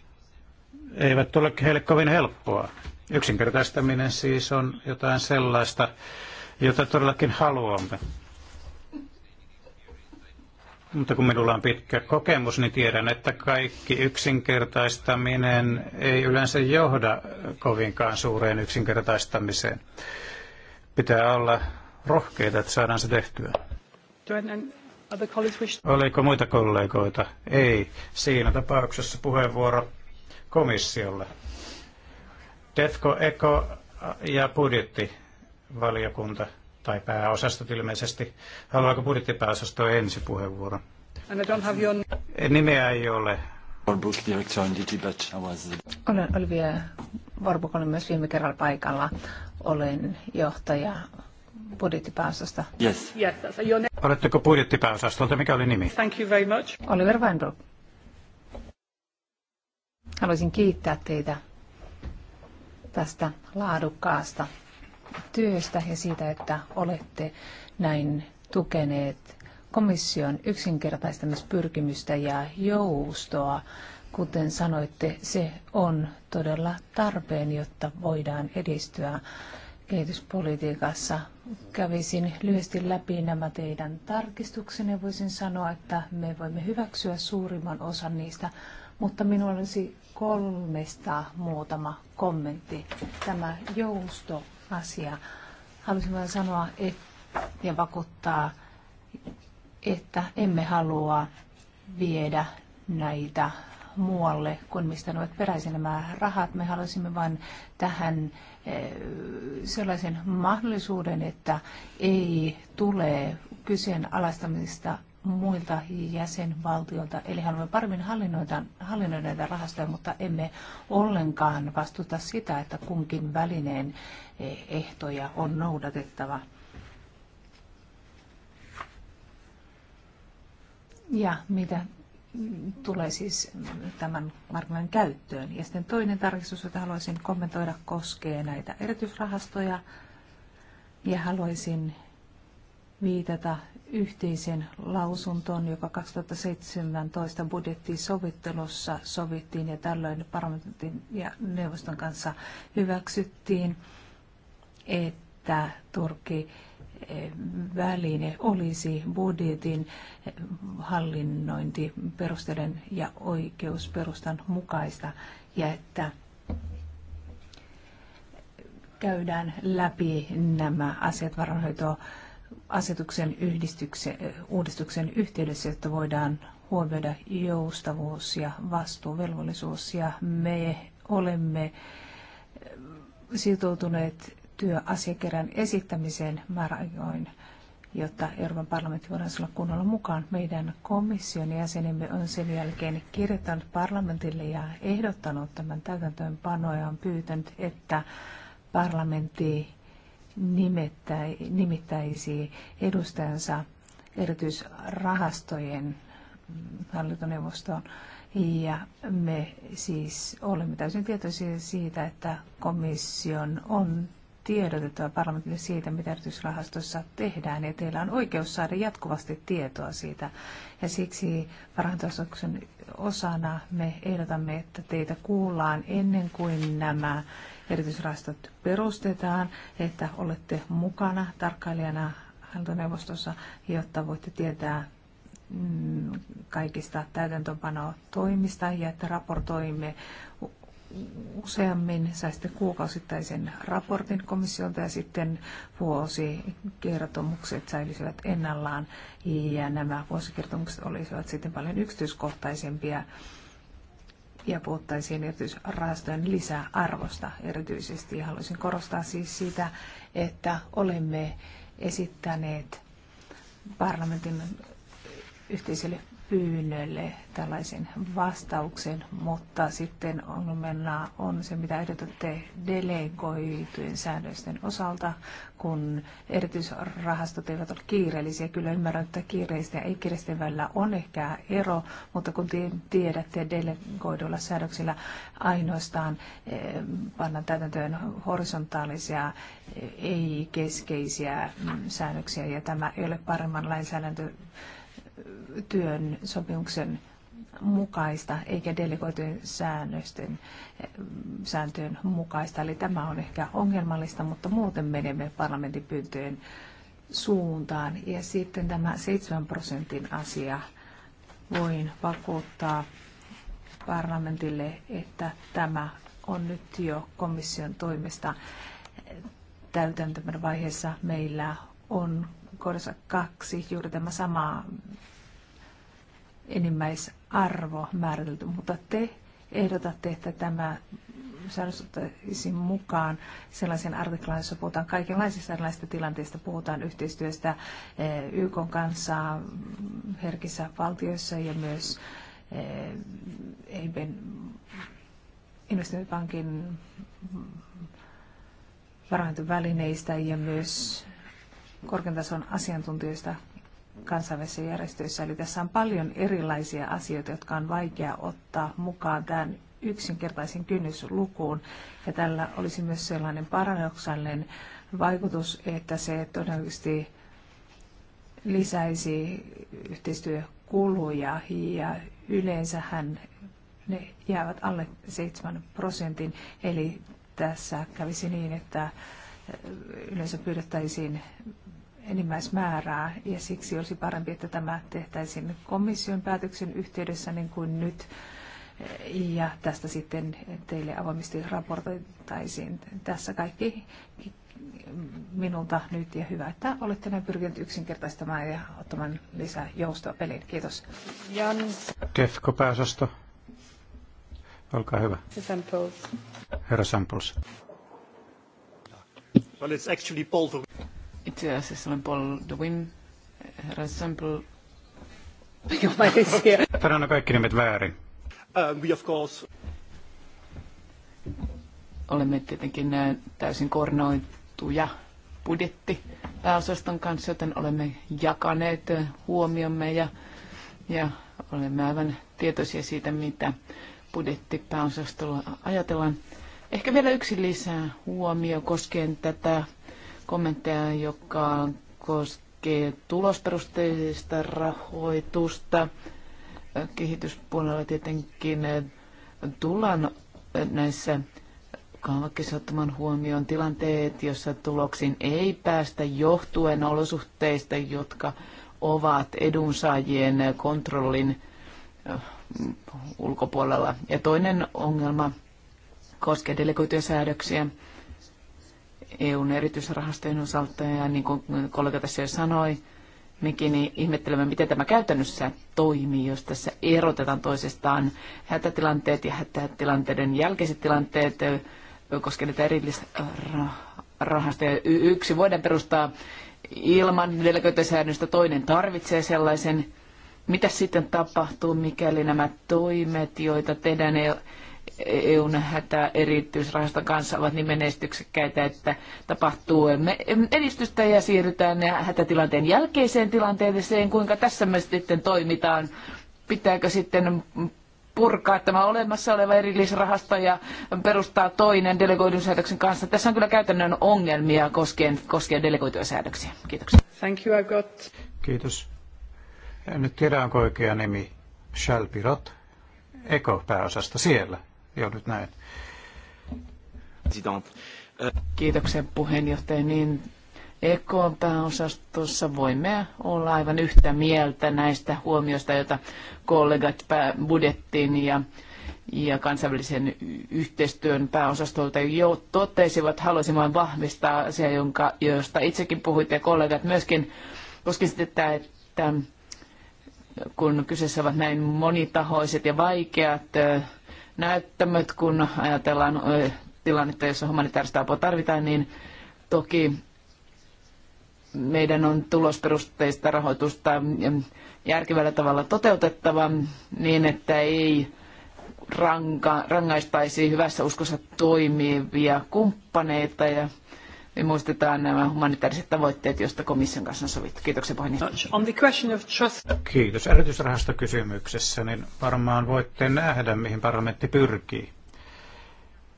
eivät ole heille kovin helppoa. Yksinkertaistaminen siis on jotain sellaista, jota todellakin haluamme. Mutta kun minulla on pitkä kokemus, niin tiedän, että kaikki yksinkertaistaminen ei yleensä johda kovinkaan suureen yksinkertaistamiseen. Pitää olla rohkeita, että saadaan se tehtyä. Oliko muita kollegoita? Ei. Siinä tapauksessa puheenvuoro komissiolle. Defco, Eko ja budjetti valiokunta tai pääosasto ilmeisesti. Haluaako budjettipääosasto ensi puheenvuoro? Your... Nimeä ei ole. Olen Olivia Vorbuk, olen myös viime kerralla paikalla. Olen johtaja budjettipääosasta. Yes. yes your... Oletteko budjettipääosastolta? Mikä oli nimi? Thank you very much. Oliver Weinberg. Haluaisin kiittää teitä tästä laadukkaasta työstä ja siitä, että olette näin tukeneet komission yksinkertaistamispyrkimystä ja joustoa. Kuten sanoitte, se on todella tarpeen, jotta voidaan edistyä kehityspolitiikassa. Kävisin lyhyesti läpi nämä teidän tarkistuksenne. Voisin sanoa, että me voimme hyväksyä suurimman osan niistä, mutta minulla olisi kolmesta muutama kommentti. Tämä jousto asia. Haluaisin vain sanoa et, ja vakuuttaa, että emme halua viedä näitä muualle kuin mistä ne ovat peräisin nämä rahat. Me haluaisimme vain tähän eh, sellaisen mahdollisuuden, että ei tule kyseenalaistamista muilta jäsenvaltioilta. Eli haluamme paremmin hallinnoida, hallinnoida näitä rahastoja, mutta emme ollenkaan vastuta sitä, että kunkin välineen ehtoja on noudatettava. Ja mitä tulee siis tämän markkinan käyttöön. Ja sitten toinen tarkistus, jota haluaisin kommentoida, koskee näitä erityisrahastoja. Ja haluaisin viitata yhteisen lausuntoon, joka 2017 sovittelussa sovittiin ja tällöin parlamentin ja neuvoston kanssa hyväksyttiin että Turkki eh, väline olisi budjetin eh, hallinnointi perusteiden ja oikeusperustan mukaista ja että käydään läpi nämä asiat varanhoitoasetuksen asetuksen eh, uudistuksen yhteydessä, että voidaan huomioida joustavuus ja vastuuvelvollisuus ja me olemme sitoutuneet työasiakirjan esittämiseen määräajoin, jotta Euroopan parlamentti voidaan olla kunnolla mukaan. Meidän komission jäsenemme on sen jälkeen kirjoittanut parlamentille ja ehdottanut tämän täytäntöönpanoa ja on pyytänyt, että parlamentti nimittäisi edustajansa erityisrahastojen mm, hallintoneuvostoon. Ja me siis olemme täysin tietoisia siitä, että komission on tiedotetaan parlamentille siitä, mitä erityisrahastossa tehdään, ja teillä on oikeus saada jatkuvasti tietoa siitä. Ja siksi parantasoksen osana me ehdotamme, että teitä kuullaan ennen kuin nämä erityisrahastot perustetaan, että olette mukana tarkkailijana hallintoneuvostossa, jotta voitte tietää mm, kaikista toimista ja että raportoimme useammin, sai sitten kuukausittaisen raportin komissiolta ja sitten vuosikertomukset säilyisivät ennallaan ja nämä vuosikertomukset olisivat sitten paljon yksityiskohtaisempia ja puhuttaisiin erityisrahastojen lisäarvosta erityisesti. Ja haluaisin korostaa siis sitä, että olemme esittäneet parlamentin yhteiselle pyynnölle tällaisen vastauksen, mutta sitten ongelmana on se, mitä ehdotatte delegoitujen säännösten osalta, kun erityisrahastot eivät ole kiireellisiä. Kyllä ymmärrän, että kiireistä ja ei-kiireisten välillä on ehkä ero, mutta kun tiedätte delegoidulla säädöksillä ainoastaan eh, panna täytäntöön horisontaalisia, eh, ei-keskeisiä mm, säännöksiä, ja tämä ei ole paremman lainsäädäntö työn sopimuksen mukaista eikä delegoitujen säännösten sääntöjen mukaista. Eli tämä on ehkä ongelmallista, mutta muuten menemme parlamentin pyyntöjen suuntaan. Ja sitten tämä 7 prosentin asia voin vakuuttaa parlamentille, että tämä on nyt jo komission toimesta täytäntömän vaiheessa. Meillä on kohdassa kaksi juuri tämä sama enimmäisarvo määritelty, mutta te ehdotatte, että tämä säännöstettäisiin mukaan sellaisen artiklaan, jossa puhutaan kaikenlaisista erilaisista tilanteista, puhutaan yhteistyöstä eh, YK kanssa herkissä valtioissa ja myös eh, EIBen investointipankin varaintovälineistä ja myös korkean tason asiantuntijoista kansainvälisissä järjestöissä. Eli tässä on paljon erilaisia asioita, jotka on vaikea ottaa mukaan tämän yksinkertaisen kynnyslukuun. Ja tällä olisi myös sellainen paradoksaalinen vaikutus, että se todennäköisesti lisäisi yhteistyökuluja ja yleensähän ne jäävät alle 7 prosentin. Eli tässä kävisi niin, että yleensä pyydettäisiin enimmäismäärää ja siksi olisi parempi, että tämä tehtäisiin komission päätöksen yhteydessä niin kuin nyt ja tästä sitten teille avoimesti raportoitaisiin. Tässä kaikki minulta nyt ja hyvä, että olette näin pyrkineet yksinkertaistamaan ja ottamaan lisää joustoa peliin. Kiitos. Jan. Kefko pääosasto. Olkaa hyvä. Samples. Herra Samples. Well, it's actually Paul itse asiassa olen Paul DeWin, herra Sample. on kaikki nimet väärin. Uh, we of course. Olemme tietenkin äh, täysin koordinoituja budjetti pääosaston kanssa, joten olemme jakaneet äh, huomiomme ja, ja olemme aivan tietoisia siitä, mitä pääosastolla ajatellaan. Ehkä vielä yksi lisää huomio koskien tätä kommentteja, joka koskee tulosperusteista rahoitusta. Kehityspuolella tietenkin tullaan näissä kaavakkeissa ottamaan huomioon tilanteet, joissa tuloksiin ei päästä johtuen olosuhteista, jotka ovat edunsaajien kontrollin eh, ulkopuolella. Ja toinen ongelma koskee delegoituja säädöksiä. EUn erityisrahastojen osalta ja niin kuin kollega tässä jo sanoi, mekin niin ihmettelemme, miten tämä käytännössä toimii, jos tässä erotetaan toisestaan hätätilanteet ja hätätilanteiden jälkeiset tilanteet, koskee näitä erillisrahastoja. Yksi voidaan perustaa ilman delegoitesäännöstä, toinen tarvitsee sellaisen. Mitä sitten tapahtuu, mikäli nämä toimet, joita tehdään EUn hätä erityisrahaston kanssa ovat niin menestyksekkäitä, että tapahtuu edistystä ja siirrytään hätätilanteen jälkeiseen tilanteeseen, kuinka tässä me sitten toimitaan. Pitääkö sitten purkaa tämä olemassa oleva erillisrahasto ja perustaa toinen delegoidun säädöksen kanssa. Tässä on kyllä käytännön ongelmia koskien, koskien delegoituja säädöksiä. Kiitoksia. Thank you, I've got... Kiitos. En nyt tiedä, onko oikea nimi. Shell Pirot. Eko-pääosasta siellä joudut näin. Kiitoksia puheenjohtaja. Niin pääosastossa voimme olla aivan yhtä mieltä näistä huomioista, joita kollegat budjettiin ja ja kansainvälisen yhteistyön pääosastolta jo totesivat. Haluaisin vain vahvistaa asiaa, jonka, josta itsekin puhuitte ja kollegat myöskin, koska sitä, että kun kyseessä ovat näin monitahoiset ja vaikeat näyttämöt, kun ajatellaan tilannetta, jossa humanitaarista apua tarvitaan, niin toki meidän on tulosperusteista rahoitusta järkevällä tavalla toteutettava niin, että ei ranka, rangaistaisi hyvässä uskossa toimivia kumppaneita ja me muistetaan nämä humanitaariset tavoitteet, joista komission kanssa on sovittu. Kiitoksia puheenjohtaja. On the question trust. Kiitos. niin varmaan voitte nähdä, mihin parlamentti pyrkii.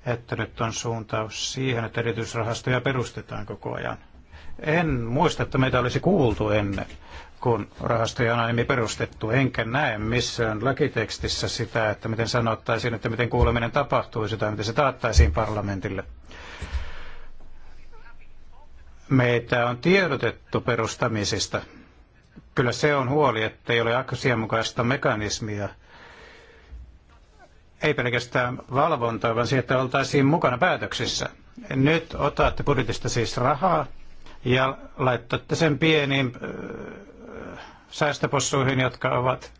Että nyt on suuntaus siihen, että erityisrahastoja perustetaan koko ajan. En muista, että meitä olisi kuultu ennen, kun rahastoja on aiemmin perustettu. Enkä näe missään lakitekstissä sitä, että miten sanottaisiin, että miten kuuleminen tapahtuisi tai miten se taattaisiin parlamentille meitä on tiedotettu perustamisista. Kyllä se on huoli, että ei ole asianmukaista mekanismia, ei pelkästään valvontaa, vaan siitä, että oltaisiin mukana päätöksissä. Nyt otatte budjetista siis rahaa ja laittatte sen pieniin äh, säästöpossuihin, jotka ovat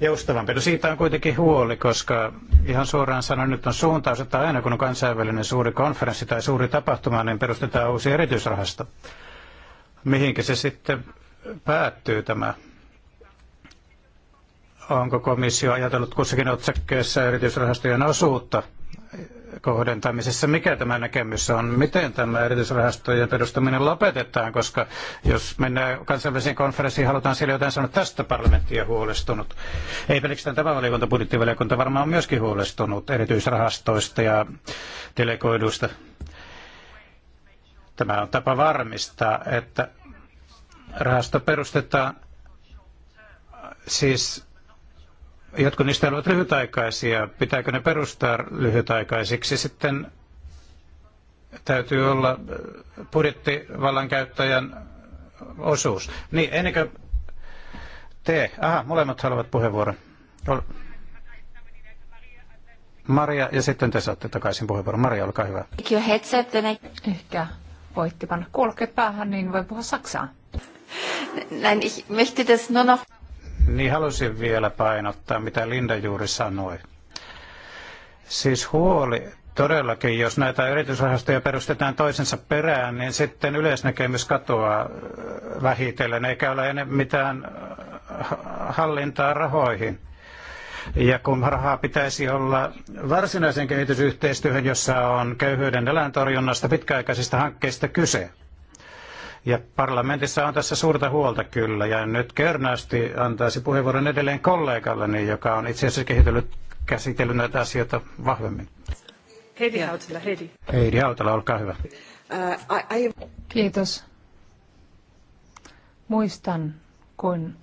joustavampi. No siitä on kuitenkin huoli, koska ihan suoraan sanoen nyt on suuntaus, että aina kun on kansainvälinen suuri konferenssi tai suuri tapahtuma, niin perustetaan uusi erityisrahasto. Mihinkä se sitten päättyy tämä? Onko komissio ajatellut kussakin otsakkeessa erityisrahastojen osuutta kohdentamisessa. Mikä tämä näkemys on? Miten tämä erityisrahastojen perustaminen lopetetaan? Koska jos mennään kansainväliseen konferenssiin, halutaan siellä jotain sanoa, tästä parlamentti on huolestunut. Ei pelkästään tämä valiokunta, budjettivaliokunta varmaan on myöskin huolestunut erityisrahastoista ja delegoiduista. Tämä on tapa varmistaa, että rahasto perustetaan siis jotkut niistä ovat lyhytaikaisia. Pitääkö ne perustaa lyhytaikaisiksi? Sitten täytyy olla äh, budjettivallankäyttäjän osuus. Niin, ennen kuin te, aha, molemmat haluavat puheenvuoron. Maria, ja sitten te saatte takaisin puheenvuoron. Maria, olkaa hyvä. Ehkä voitte panna kuulokkeet päähän, niin voi puhua saksaa. Nein, ich möchte das nur noch... Niin halusin vielä painottaa, mitä Linda juuri sanoi. Siis huoli todellakin, jos näitä yritysrahastoja perustetaan toisensa perään, niin sitten yleisnäkemys katoaa äh, vähitellen, eikä ole enää mitään äh, hallintaa rahoihin. Ja kun rahaa pitäisi olla varsinaisen kehitysyhteistyöhön, jossa on köyhyyden eläintorjunnasta pitkäaikaisista hankkeista kyse, ja parlamentissa on tässä suurta huolta kyllä, ja nyt körnästi antaisi puheenvuoron edelleen kollegalleni, joka on itse asiassa kehitellyt, käsitellyt näitä asioita vahvemmin. Heidi Hautala, Heidi. Heidi Hautala, olkaa hyvä. Äh, Kiitos. Muistan, kun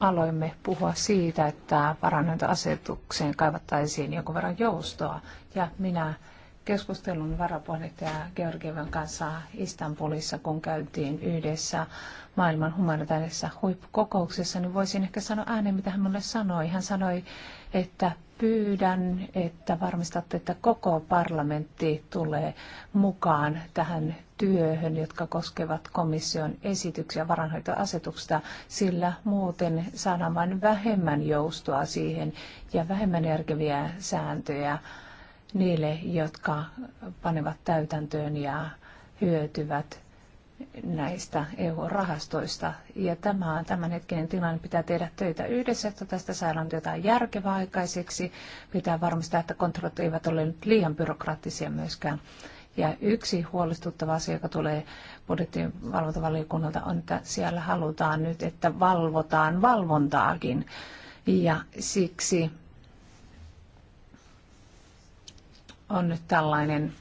aloimme puhua siitä, että asetukseen kaivattaisiin jonkun verran joustoa, ja minä keskustelun varapuheenjohtaja Georgievan kanssa Istanbulissa, kun käytiin yhdessä maailman humanitaarisessa huippukokouksessa, niin voisin ehkä sanoa ääneen, mitä hän minulle sanoi. Hän sanoi, että pyydän, että varmistatte, että koko parlamentti tulee mukaan tähän työhön, jotka koskevat komission esityksiä varanhoitoasetuksesta, sillä muuten saadaan vain vähemmän joustoa siihen ja vähemmän järkeviä sääntöjä niille, jotka panevat täytäntöön ja hyötyvät näistä EU-rahastoista. Ja tämä on tämänhetkinen tilanne. Pitää tehdä töitä yhdessä, että tästä saadaan jotain järkevää aikaiseksi. Pitää varmistaa, että kontrollit eivät ole nyt liian byrokraattisia myöskään. Ja yksi huolestuttava asia, joka tulee budjettin valvontavaliokunnalta, on, että siellä halutaan nyt, että valvotaan valvontaakin. Ja siksi on nyt tällainen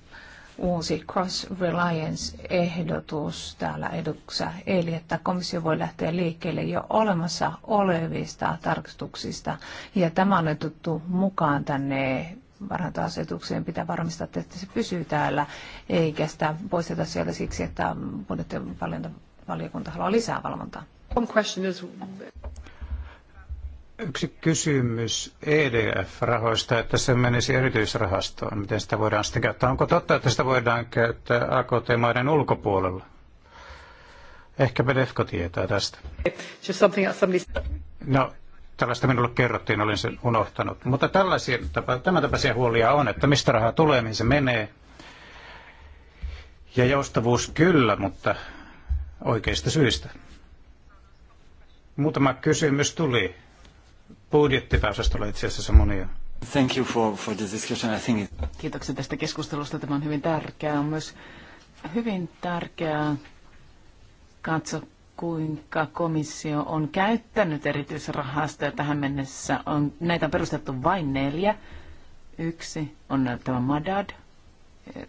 uusi cross-reliance-ehdotus täällä eduksessa, eli että komissio voi lähteä liikkeelle jo olemassa olevista tarkistuksista, ja tämä on otettu mukaan tänne varhanta-asetukseen, pitää varmistaa, että se pysyy täällä, eikä sitä poisteta siellä siksi, että budjettivaliokunta haluaa lisää valvontaa yksi kysymys EDF-rahoista, että se menisi erityisrahastoon. Miten sitä voidaan sitten käyttää? Onko totta, että sitä voidaan käyttää AKT-maiden ulkopuolella? Ehkä Bedefko tietää tästä. No, tällaista minulle kerrottiin, olin sen unohtanut. Mutta tällaisia, tämän tapaisia huolia on, että mistä rahaa tulee, mihin se menee. Ja joustavuus kyllä, mutta oikeista syistä. Muutama kysymys tuli budjettipääosastolla itse asiassa monia. Thank you for, for this discussion. I think it... Kiitoksia tästä keskustelusta. Tämä on hyvin tärkeää. On myös hyvin tärkeää katso kuinka komissio on käyttänyt erityisrahastoja tähän mennessä. On, näitä on perustettu vain neljä. Yksi on tämä Madad,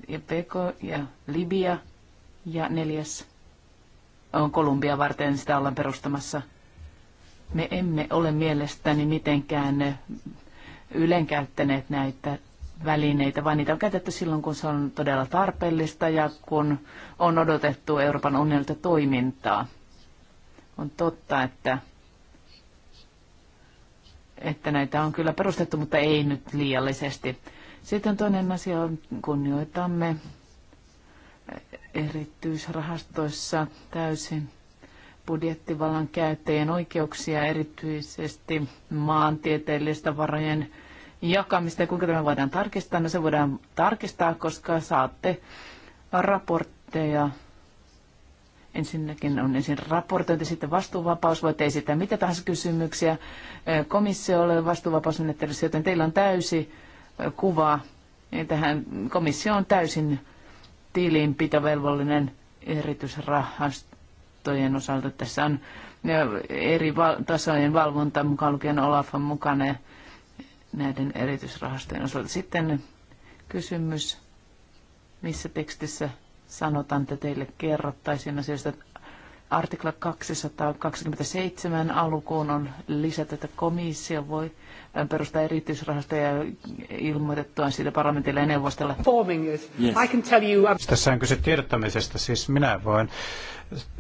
ja Peko ja Libia ja neljäs on Kolumbia varten sitä ollaan perustamassa – me emme ole mielestäni mitenkään ylenkäyttäneet näitä välineitä, vaan niitä on käytetty silloin, kun se on todella tarpeellista ja kun on odotettu Euroopan unionilta toimintaa. On totta, että, että näitä on kyllä perustettu, mutta ei nyt liiallisesti. Sitten toinen asia on, kunnioitamme erityisrahastoissa täysin budjettivallan käyttäjien oikeuksia, erityisesti maantieteellistä varojen jakamista. Ja kuinka tämä voidaan tarkistaa? No se voidaan tarkistaa, koska saatte raportteja. Ensinnäkin on ensin raportointi, sitten vastuuvapaus. Voitte esittää mitä tahansa kysymyksiä komissiolle vastuuvapausmenettelyssä, joten teillä on täysi kuva. Tähän komissio on täysin tilinpitovelvollinen erityisrahasto kattojen osalta. Tässä on eri tasojen valvonta, mukaan lukien Olaf on mukana näiden erityisrahastojen osalta. Sitten kysymys, missä tekstissä sanotaan, että teille kerrottaisiin asioista. Artikla 227 alkuun on lisätä, että komissio voi perustaa erityisrahastoja ilmoitettua siitä parlamentille ja neuvostolle. Yes. Um, Tässä on kyse tiedottamisesta, siis minä voin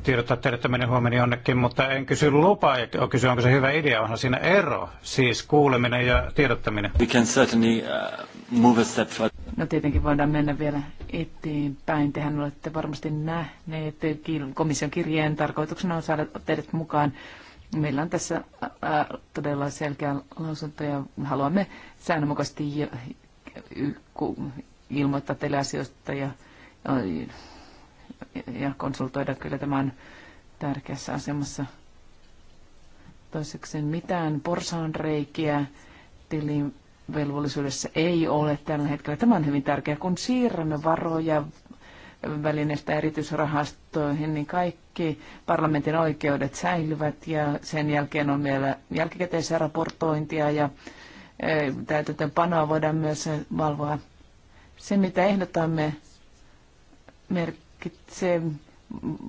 tiedottaa teille, että menen huomenna jonnekin, mutta en kysy lupaa ja kysy, onko se hyvä idea. Onhan siinä ero, siis kuuleminen ja tiedottaminen. We can certainly uh, move a step further. No tietenkin voidaan mennä vielä eteenpäin. Tehän olette varmasti nähneet komission kirjeen tarkoituksena on saada teidät mukaan. Meillä on tässä todella selkeä lausunto ja haluamme säännönmukaisesti ilmoittaa teille asioista ja ja konsultoida. Kyllä tämän tärkeässä asemassa. Toiseksi mitään porsaanreikiä tilivelvollisuudessa ei ole tällä hetkellä. Tämä on hyvin tärkeää. Kun siirrämme varoja välineestä erityisrahastoihin, niin kaikki parlamentin oikeudet säilyvät ja sen jälkeen on vielä jälkikäteisiä raportointia ja e, täytäntöönpanoa voidaan myös valvoa. Se, mitä ehdotamme, merkitsee se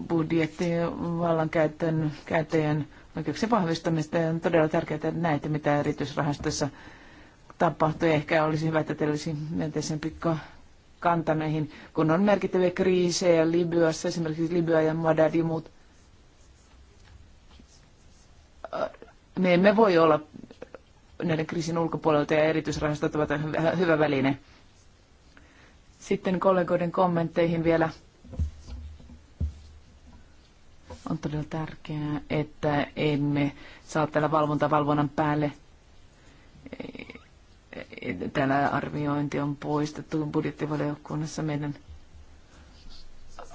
budjetti vallankäytön käyttäjän oikeuksien vahvistamista ja on todella tärkeää, että mitä erityisrahastossa tapahtuu. ehkä olisi hyvä, että teillä olisi myönteisempi kanta näihin, kun on merkittäviä kriisejä Libyassa, esimerkiksi Libya ja Madad ja muut. Me emme voi olla näiden kriisin ulkopuolelta ja erityisrahastot ovat hyvä väline. Sitten kollegoiden kommentteihin vielä on todella tärkeää, että emme saa täällä valvontavalvonnan päälle. Täällä arviointi on poistettu budjettivaliokunnassa. Meidän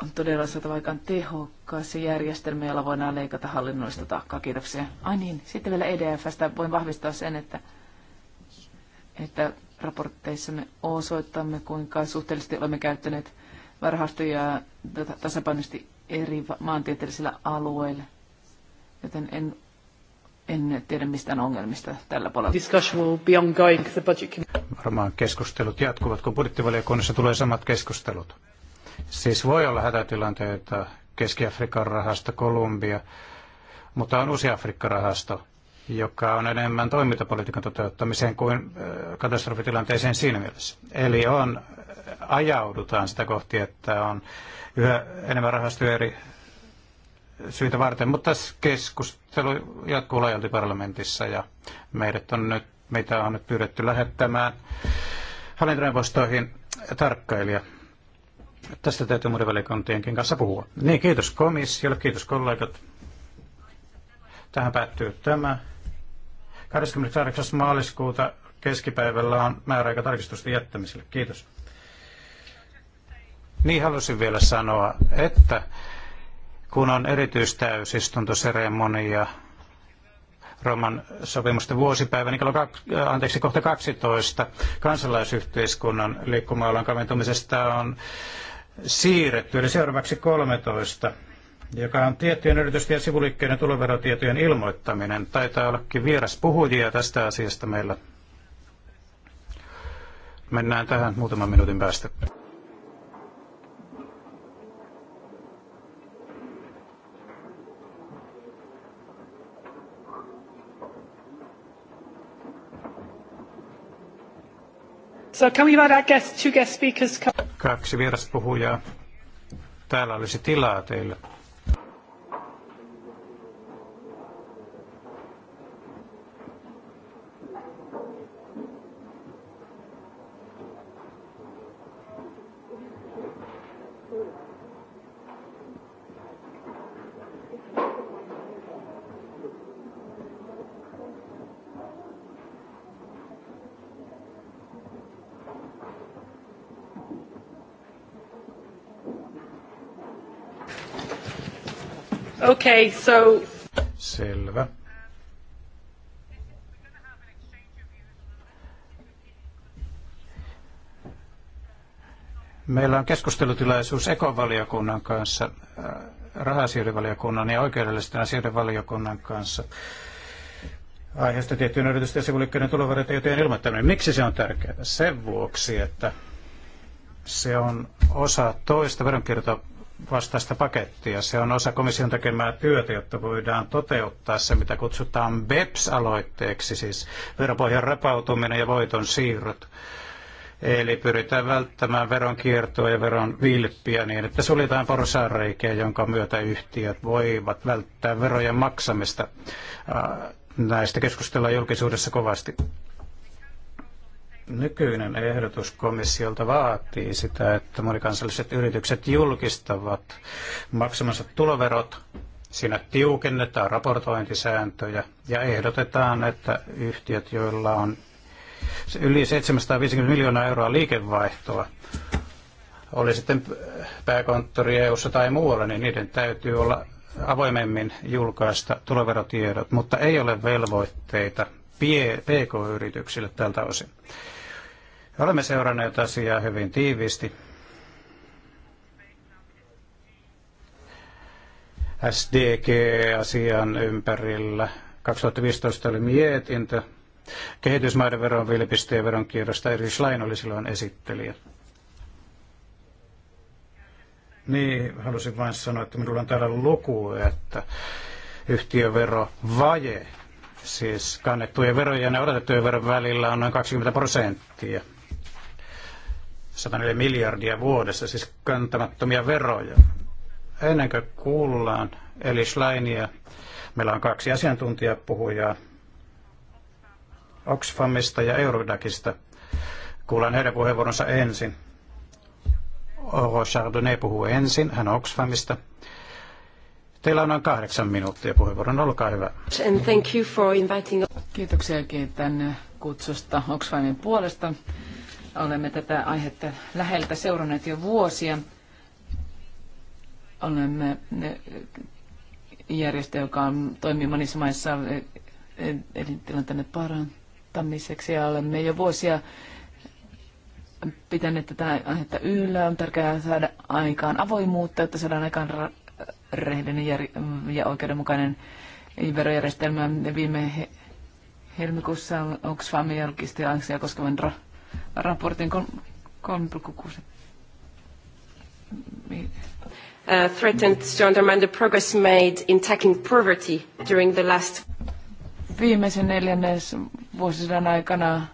on todella saatava aikaan tehokkaas järjestelmä, jolla voidaan leikata hallinnollista taakkaa. Kiitoksia. Ai niin, sitten vielä EDFstä voin vahvistaa sen, että, että me osoittamme, kuinka suhteellisesti olemme käyttäneet ja tasapainoisesti eri maantieteellisillä alueilla, joten en, en tiedä mistään ongelmista tällä puolella. Discussion will be ongoing the budget Varmaan keskustelut jatkuvat, kun budjettivaliokunnassa tulee samat keskustelut. Siis voi olla hätätilanteita Keski-Afrikan rahasta, Kolumbia, mutta on Uusi-Afrikka-rahasto, joka on enemmän toimintapolitiikan toteuttamiseen kuin katastrofitilanteeseen siinä mielessä. Eli on, ajaudutaan sitä kohti, että on yhä enemmän rahastoja eri syitä varten, mutta tässä keskustelu jatkuu laajalti parlamentissa ja meidät on nyt, meitä on nyt pyydetty lähettämään hallintoneuvostoihin tarkkailija. Tästä täytyy muiden valikuntienkin kanssa puhua. Niin, kiitos komissiolle, kiitos kollegat. Tähän päättyy tämä. 28. maaliskuuta keskipäivällä on määräaika tarkistusten jättämiselle. Kiitos. Niin halusin vielä sanoa, että kun on erityistäysistuntoseremonia Roman sopimusten vuosipäivä, niin kello kak, äh, anteeksi, kohta 12 kansalaisyhteiskunnan liikkumaalan kaventumisesta on siirretty, eli seuraavaksi 13 joka on tiettyjen yritysten ja sivuliikkeiden tuloverotietojen ilmoittaminen. Taitaa ollakin vieras puhujia tästä asiasta meillä. Mennään tähän muutaman minuutin päästä. So can we invite our guests, two guest speakers? Kaksi vieraspuhujaa. Täällä olisi tilaa teille. Okay, so... Selvä. Meillä on keskustelutilaisuus ekovaliokunnan kanssa, äh, rahasiirivaliokunnan ja oikeudellisten asioiden valiokunnan kanssa aiheesta tiettyjen yritysten sivuliikkeiden tuloveritaitojen ilmoittaminen. Miksi se on tärkeää? Sen vuoksi, että se on osa toista veronkiertoa vastaista pakettia. Se on osa komission tekemää työtä, jotta voidaan toteuttaa se, mitä kutsutaan BEPS-aloitteeksi, siis veropohjan rapautuminen ja voiton siirrot. Eli pyritään välttämään veronkiertoa ja veron vilppiä niin, että suljetaan porsaanreikiä, jonka myötä yhtiöt voivat välttää verojen maksamista. Näistä keskustellaan julkisuudessa kovasti nykyinen ehdotus komissiolta vaatii sitä, että monikansalliset yritykset julkistavat maksamansa tuloverot. Siinä tiukennetaan raportointisääntöjä ja ehdotetaan, että yhtiöt, joilla on yli 750 miljoonaa euroa liikevaihtoa, oli sitten pääkonttori eu tai muualla, niin niiden täytyy olla avoimemmin julkaista tuloverotiedot, mutta ei ole velvoitteita PK-yrityksille tältä osin. Olemme seuranneet asiaa hyvin tiiviisti. SDG-asian ympärillä. 2015 oli mietintö. Kehitysmaiden veron vilpistä ja veronkierrosta Eri Schlein oli silloin esittelijä. Niin, halusin vain sanoa, että minulla on täällä luku, että yhtiövero vaje siis kannettujen verojen ja odotettujen verojen välillä on noin 20 prosenttia. 104 miljardia vuodessa, siis kantamattomia veroja. Ennen kuin kuullaan Eli Schleinia, meillä on kaksi asiantuntijapuhujaa Oxfamista ja Eurodacista. Kuullaan heidän puheenvuoronsa ensin. Oro Chardonnay puhuu ensin, hän on Oxfamista. Teillä on noin kahdeksan minuuttia puheenvuoron, olkaa hyvä. And thank you for inviting... Kiitoksia kiitän kutsusta Oxfamin puolesta. Olemme tätä aihetta läheltä seuranneet jo vuosia. Olemme järjestö, joka on, toimii monissa maissa elintilanteen parantamiseksi ja olemme jo vuosia pitäneet tätä aihetta yllä. On tärkeää saada aikaan avoimuutta, että saadaan aikaan rehellinen ja oikeudenmukainen verojärjestelmä. Viime helmikuussa Oxfam julkisti asiaa koskevan ra- raportin 3,6 Uh, threatened to undermine the progress made in tackling poverty during the last viimeisen neljännes vuosisadan aikana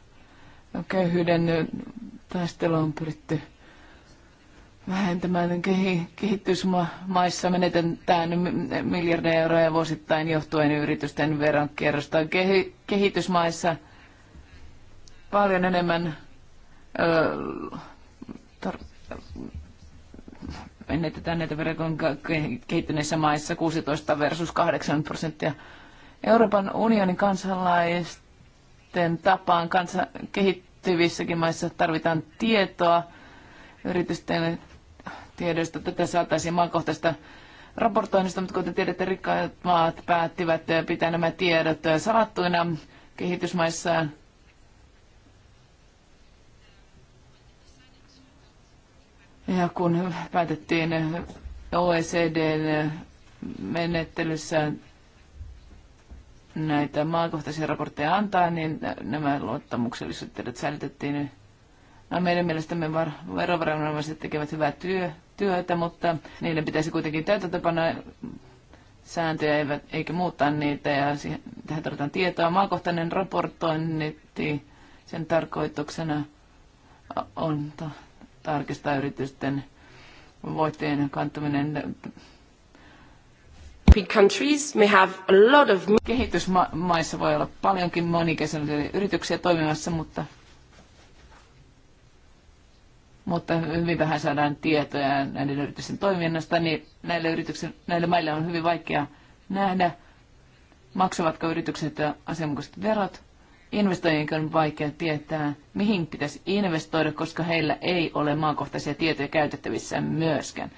köyhyyden on pyritty vähentämään kehitysmaissa menetetään miljardeja euroja vuosittain johtuen yritysten veronkierrosta. Kehitysmaissa paljon enemmän menetetään näitä veroja kehittyneissä maissa 16 versus 8 prosenttia. Euroopan unionin kansalaisten tapaan kansa, kehittyvissäkin maissa tarvitaan tietoa yritysten tiedosta. tässä saataisiin maankohtaista raportoinnista, mutta kuten tiedätte, rikkaat maat päättivät pitää nämä tiedot salattuina kehitysmaissaan. Ja kun päätettiin OECDn menettelyssä näitä maakohtaisia raportteja antaa, niin nämä luottamukselliset tiedot säilytettiin No, meidän mielestämme veroviranomaiset tekevät hyvää työ, työtä, mutta niiden pitäisi kuitenkin täytäntöpanna sääntöjä eivät, eikä muuttaa niitä ja siihen, tähän tarvitaan tietoa. Maakohtainen raportointi, sen tarkoituksena on ta- tarkistaa yritysten voittojen kantaminen countries may have a lot of... Kehitysmaissa voi olla paljonkin monikäisellisiä yrityksiä toimimassa, mutta mutta hyvin vähän saadaan tietoja näiden yritysten toiminnasta, niin näille, yrityksen, näille maille on hyvin vaikea nähdä, maksavatko yritykset asianmukaiset verot. Investoijien on vaikea tietää, mihin pitäisi investoida, koska heillä ei ole maakohtaisia tietoja käytettävissä myöskään.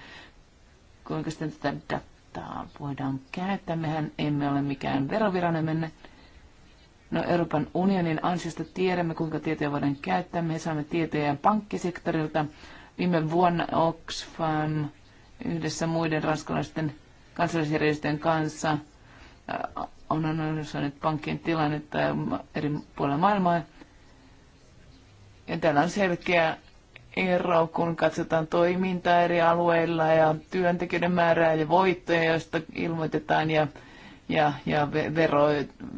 Kuinka sitten tätä dataa voidaan käyttää? Mehän emme ole mikään veroviranomainen, No Euroopan unionin ansiosta tiedämme, kuinka tietoja voidaan käyttää. Me saamme tietoja pankkisektorilta. Viime vuonna Oxfam yhdessä muiden ranskalaisten kansalaisjärjestöjen kanssa äh, on analysoinut pankkien tilannetta eri puolilla maailmaa. Ja täällä on selkeä ero, kun katsotaan toimintaa eri alueilla ja työntekijöiden määrää ja voittoja, joista ilmoitetaan ja ja, ja vero,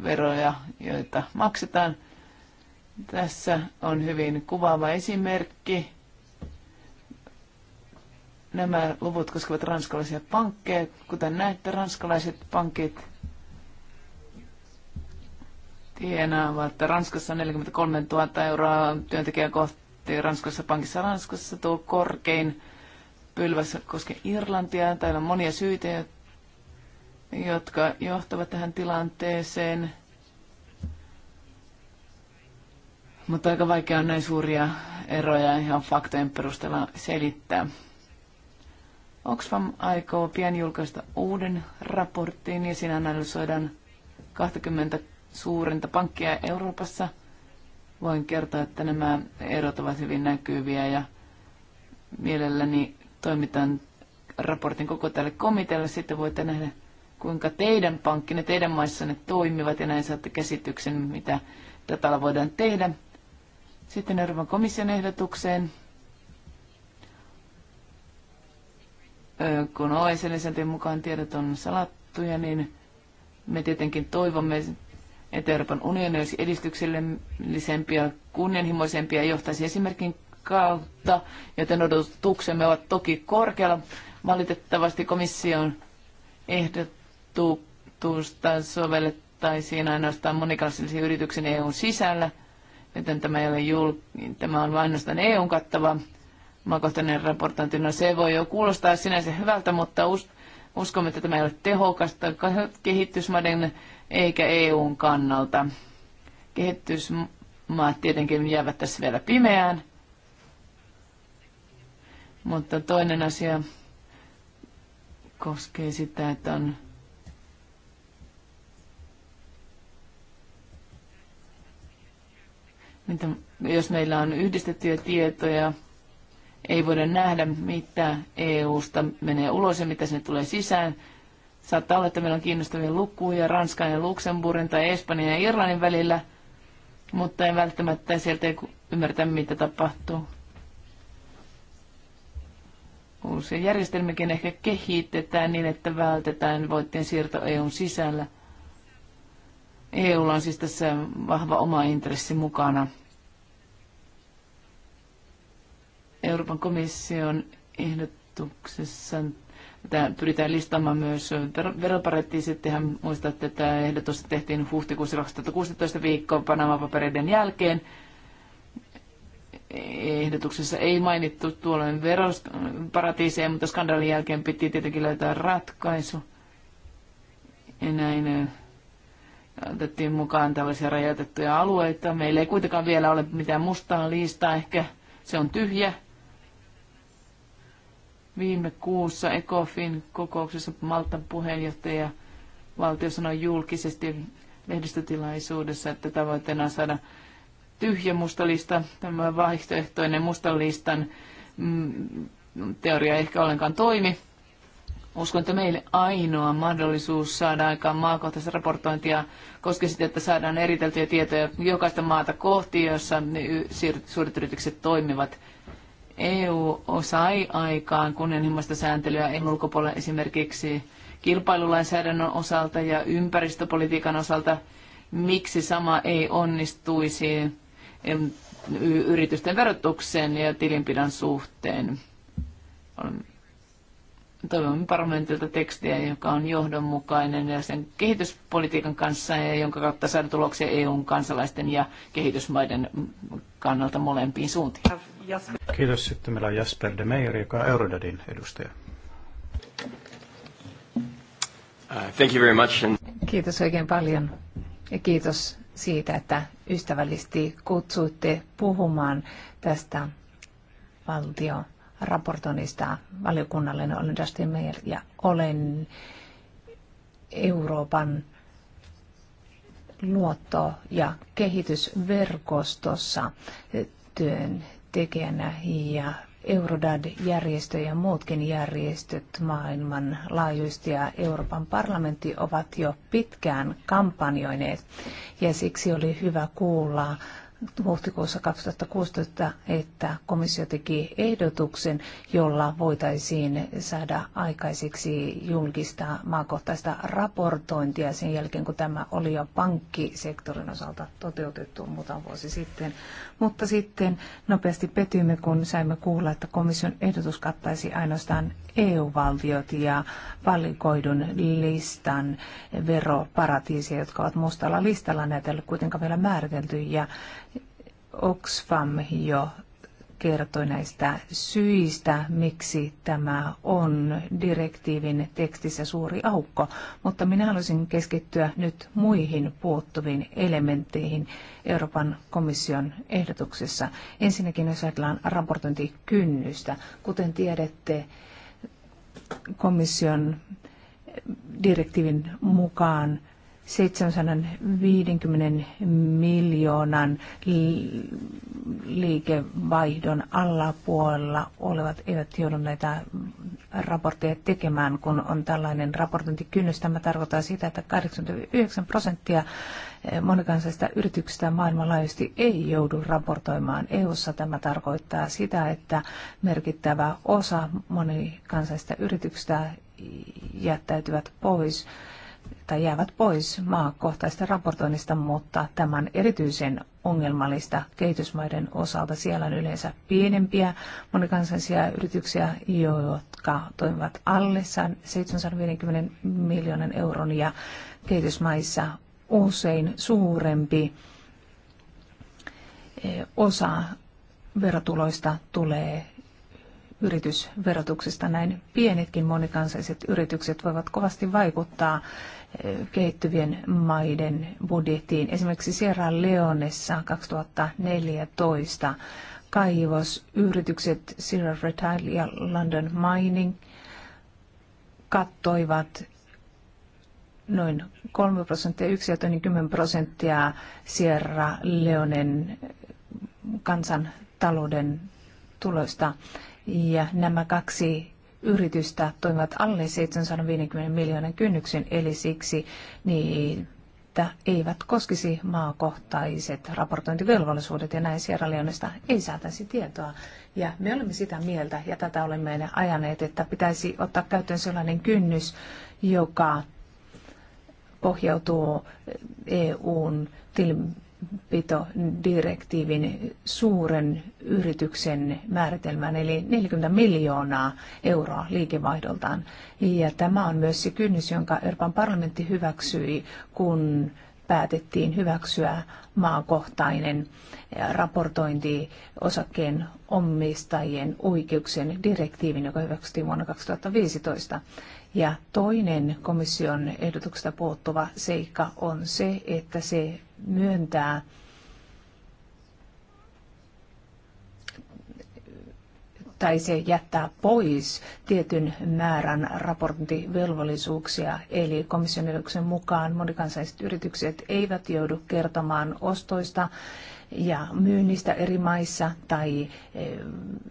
veroja, joita maksetaan. Tässä on hyvin kuvaava esimerkki. Nämä luvut koskevat ranskalaisia pankkeja. Kuten näette, ranskalaiset pankit tienaavat Ranskassa 43 000 euroa työntekijä kohti Ranskassa pankissa. Ranskassa tuo korkein pylväs koskee Irlantia. Täällä on monia syitä, jotka johtavat tähän tilanteeseen. Mutta aika vaikea on näin suuria eroja ihan faktojen perusteella selittää. Oxfam aikoo pian julkaista uuden raportin ja siinä analysoidaan 20 suurinta pankkia Euroopassa. Voin kertoa, että nämä erot ovat hyvin näkyviä ja mielelläni toimitan raportin koko tälle komitealle. Sitten voitte nähdä kuinka teidän pankkinne teidän maissanne toimivat ja näin saatte käsityksen, mitä datalla voidaan tehdä. Sitten Euroopan komission ehdotukseen, kun OECD-sääntöjen mukaan tiedot on salattuja, niin me tietenkin toivomme, että Euroopan unioni olisi edistyksellisempiä, kunnianhimoisempia ja johtaisi esimerkin kautta, joten odotuksemme ovat toki korkealla. Valitettavasti komission ehdot valtuutusta sovellettaisiin ainoastaan monikansallisiin yrityksiin EUn sisällä, joten tämä, ei ole jul- tämä on ainoastaan EUn kattava maakohtainen raportointi. No se voi jo kuulostaa sinänsä hyvältä, mutta us- uskomme, että tämä ei ole tehokasta kehitysmaiden eikä EUn kannalta. Kehitysmaat tietenkin jäävät tässä vielä pimeään. Mutta toinen asia koskee sitä, että on mitä, jos meillä on yhdistettyjä tietoja, ei voida nähdä, mitä EU-sta menee ulos ja mitä sinne tulee sisään. Saattaa olla, että meillä on kiinnostavia lukuja Ranskan ja Luxemburgin tai Espanjan ja Irlannin välillä, mutta ei välttämättä sieltä ei ymmärtä, mitä tapahtuu. Uusia järjestelmäkin ehkä kehitetään niin, että vältetään voittien siirto EUn sisällä – EUlla on siis tässä vahva oma intressi mukana. Euroopan komission ehdotuksessa Tämä pyritään listaamaan myös veroparatiisit. Tehän muistatte, että tämä ehdotus tehtiin huhtikuussa 2016 viikkoa Panama-papereiden jälkeen. Ehdotuksessa ei mainittu tuolloin veroparatiiseja, mutta skandaalin jälkeen piti tietenkin löytää ratkaisu. Ja näin otettiin mukaan tällaisia rajoitettuja alueita. Meillä ei kuitenkaan vielä ole mitään mustaa liistaa, ehkä se on tyhjä. Viime kuussa ECOFIN kokouksessa Maltan puheenjohtaja valtio sanoi julkisesti lehdistötilaisuudessa, että tavoitteena on saada tyhjä mustalista, tämä vaihtoehtoinen mustan listan mm, teoria ei ehkä ollenkaan toimi. Uskon, että meille ainoa mahdollisuus saada aikaan maakohtaista raportointia koskee sitä, että saadaan eriteltyjä tietoja jokaista maata kohti, jossa suuret yritykset toimivat. EU sai aikaan kunnianhimoista sääntelyä en ulkopuolella esimerkiksi kilpailulainsäädännön osalta ja ympäristöpolitiikan osalta. Miksi sama ei onnistuisi yritysten verotuksen ja tilinpidon suhteen? toivomme parlamentilta tekstiä, joka on johdonmukainen ja sen kehityspolitiikan kanssa ja jonka kautta saada tuloksia EUn kansalaisten ja kehitysmaiden kannalta molempiin suuntiin. Kiitos. Sitten meillä on Jasper de Meijer, joka on Eurodadin edustaja. Uh, thank you very much. Kiitos oikein paljon ja kiitos siitä, että ystävällisesti kutsuitte puhumaan tästä valtio raportoinnista valiokunnalle. Olen Justin Meyer ja olen Euroopan luotto- ja kehitysverkostossa työn tekijänä ja Eurodad-järjestö ja muutkin järjestöt maailmanlaajuisesti ja Euroopan parlamentti ovat jo pitkään kampanjoineet. Ja siksi oli hyvä kuulla huhtikuussa 2016, että komissio teki ehdotuksen, jolla voitaisiin saada aikaiseksi julkista maakohtaista raportointia sen jälkeen, kun tämä oli jo pankkisektorin osalta toteutettu muutama vuosi sitten. Mutta sitten nopeasti petyimme, kun saimme kuulla, että komission ehdotus kattaisi ainoastaan EU-valtiot ja valikoidun listan veroparatiisia, jotka ovat mustalla listalla. Näitä ei ole kuitenkaan vielä määritelty ja Oxfam jo kertoi näistä syistä, miksi tämä on direktiivin tekstissä suuri aukko, mutta minä haluaisin keskittyä nyt muihin puuttuviin elementteihin Euroopan komission ehdotuksessa. Ensinnäkin jos ajatellaan raportointikynnystä. Kuten tiedätte, komission direktiivin mukaan 750 miljoonan liikevaihdon alapuolella olevat eivät joudu näitä raportteja tekemään, kun on tällainen raportointikynnys. Tämä tarkoittaa sitä, että 89 prosenttia monikansallisista yrityksistä maailmanlaajuisesti ei joudu raportoimaan. EU:ssa tämä tarkoittaa sitä, että merkittävä osa monikansallisista yrityksistä jättäytyvät pois että jäävät pois maakohtaista raportoinnista, mutta tämän erityisen ongelmallista kehitysmaiden osalta. Siellä on yleensä pienempiä monikansallisia yrityksiä, jotka toimivat alle 750 miljoonan euron ja kehitysmaissa usein suurempi e, osa verotuloista tulee yritysverotuksesta. Näin pienetkin monikansalliset yritykset voivat kovasti vaikuttaa kehittyvien maiden budjettiin. Esimerkiksi Sierra Leonessa 2014 kaivosyritykset Sierra Retail ja London Mining kattoivat noin 3 prosenttia, yksi ja toinen 10 prosenttia Sierra Leonen kansantalouden tuloista. Ja nämä kaksi yritystä toimivat alle 750 miljoonan kynnyksen, eli siksi niin että eivät koskisi maakohtaiset raportointivelvollisuudet ja näin Sierra Leonesta ei saataisi tietoa. Ja me olemme sitä mieltä, ja tätä olemme ajaneet, että pitäisi ottaa käyttöön sellainen kynnys, joka pohjautuu EUn tilin direktiivin suuren yrityksen määritelmän, eli 40 miljoonaa euroa liikevaihdoltaan. Ja tämä on myös se kynnys, jonka Euroopan parlamentti hyväksyi, kun päätettiin hyväksyä maakohtainen raportointi osakkeen omistajien oikeuksien direktiivin, joka hyväksyttiin vuonna 2015. Ja toinen komission ehdotuksesta puuttuva seikka on se, että se myöntää tai se jättää pois tietyn määrän raportointivelvollisuuksia. Eli komission mukaan monikansaiset yritykset eivät joudu kertomaan ostoista ja myynnistä eri maissa tai e,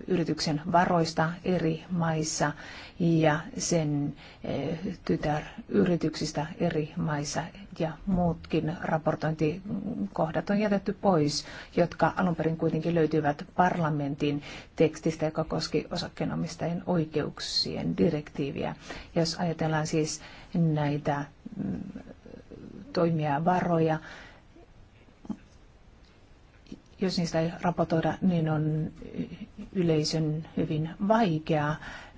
yrityksen varoista eri maissa ja sen e, tytäryrityksistä eri maissa ja muutkin raportointikohdat on jätetty pois, jotka alun perin kuitenkin löytyvät parlamentin tekstistä, joka koski osakkeenomistajien oikeuksien direktiiviä. Jos ajatellaan siis näitä mm, toimia varoja, jos niistä ei raportoida, niin on yleisön hyvin vaikea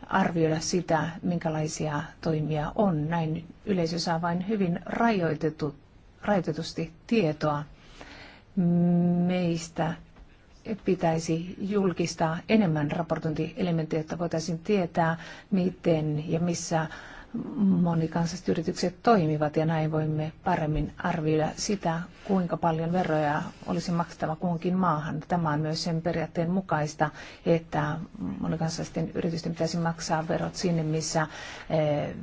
arvioida sitä, minkälaisia toimia on. Näin yleisö saa vain hyvin rajoitettu, rajoitetusti tietoa. Meistä pitäisi julkistaa enemmän raportointielementtejä, jotta voitaisiin tietää, miten ja missä monikansalliset yritykset toimivat ja näin voimme paremmin arvioida sitä, kuinka paljon veroja olisi maksettava kuhunkin maahan. Tämä on myös sen periaatteen mukaista, että monikansallisten yritysten pitäisi maksaa verot sinne, missä eh,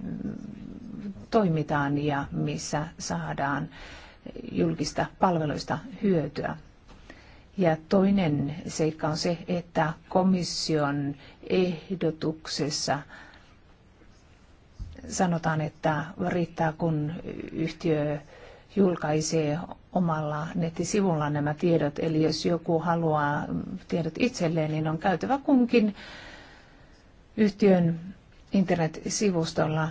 toimitaan ja missä saadaan julkista palveluista hyötyä. Ja toinen seikka on se, että komission ehdotuksessa sanotaan, että riittää kun yhtiö julkaisee omalla nettisivulla nämä tiedot. Eli jos joku haluaa tiedot itselleen, niin on käytävä kunkin yhtiön internetsivustolla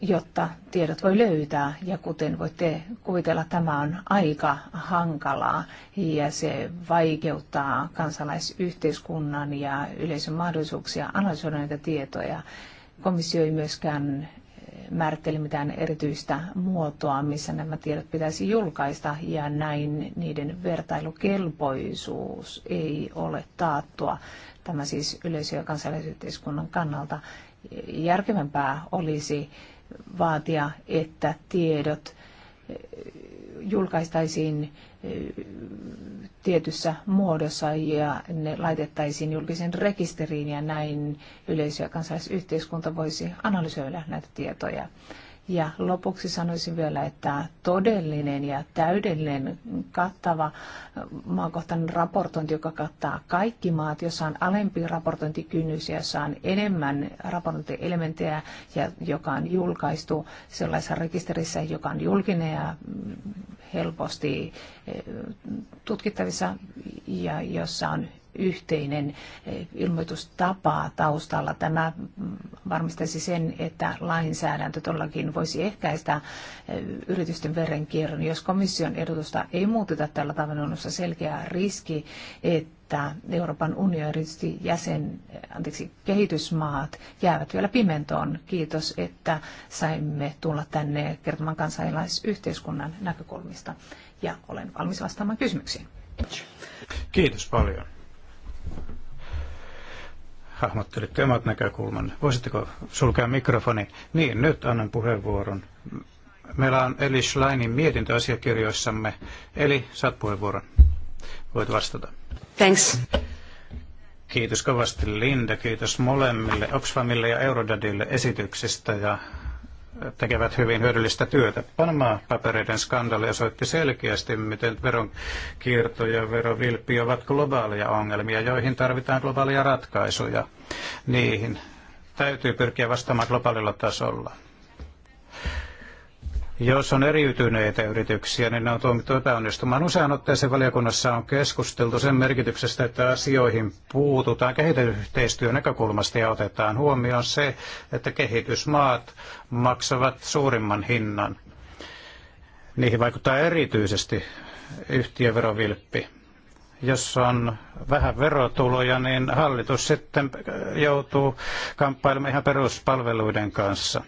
jotta tiedot voi löytää. Ja kuten voitte kuvitella, tämä on aika hankalaa ja se vaikeuttaa kansalaisyhteiskunnan ja yleisön mahdollisuuksia analysoida näitä tietoja. Komissio ei myöskään eh, määritteli mitään erityistä muotoa, missä nämä tiedot pitäisi julkaista, ja näin niiden vertailukelpoisuus ei ole taattua. Tämä siis yleisö- ja kansalaisyhteiskunnan kannalta järkevämpää olisi vaatia, että tiedot eh, julkaistaisiin eh, tietyssä muodossa ja ne laitettaisiin julkisen rekisteriin ja näin yleisö- ja kansalaisyhteiskunta voisi analysoida näitä tietoja. Ja lopuksi sanoisin vielä, että todellinen ja täydellinen kattava maakohtainen raportointi, joka kattaa kaikki maat, jossa on alempi raportointikynnys ja jossa on enemmän raportointielementtejä ja joka on julkaistu sellaisessa rekisterissä, joka on julkinen ja helposti eh, tutkittavissa ja jossa on yhteinen eh, ilmoitustapa taustalla. Tämä mm, varmistaisi sen, että lainsäädäntö todellakin voisi ehkäistä eh, yritysten verenkierron. Jos komission ehdotusta ei muuteta tällä tavalla, on selkeä riski, että että Euroopan unioni, erityisesti jäsen, eh, anteeksi, kehitysmaat jäävät vielä pimentoon. Kiitos, että saimme tulla tänne kertomaan kansainvälisyhteiskunnan näkökulmista ja olen valmis vastaamaan kysymyksiin. Kiitos paljon hahmottelitte omat näkökulmanne. Voisitteko sulkea mikrofoni? Niin, nyt annan puheenvuoron. Meillä on Eli Schleinin mietintö asiakirjoissamme. Eli, saat puheenvuoron. Voit vastata. Thanks. Kiitos kovasti Linda, kiitos molemmille Oxfamille ja Eurodadille esityksistä ja tekevät hyvin hyödyllistä työtä. Panama-papereiden skandaali osoitti selkeästi, miten veronkierto ja verovilppi ovat globaaleja ongelmia, joihin tarvitaan globaaleja ratkaisuja. Niihin täytyy pyrkiä vastaamaan globaalilla tasolla. Jos on eriytyneitä yrityksiä, niin ne on tuomittu epäonnistumaan. Usean otteeseen valiokunnassa on keskusteltu sen merkityksestä, että asioihin puututaan kehitysyhteistyön näkökulmasta ja otetaan huomioon se, että kehitysmaat maksavat suurimman hinnan. Niihin vaikuttaa erityisesti yhtiöverovilppi jos on vähän verotuloja, niin hallitus sitten joutuu kamppailemaan ihan peruspalveluiden kanssa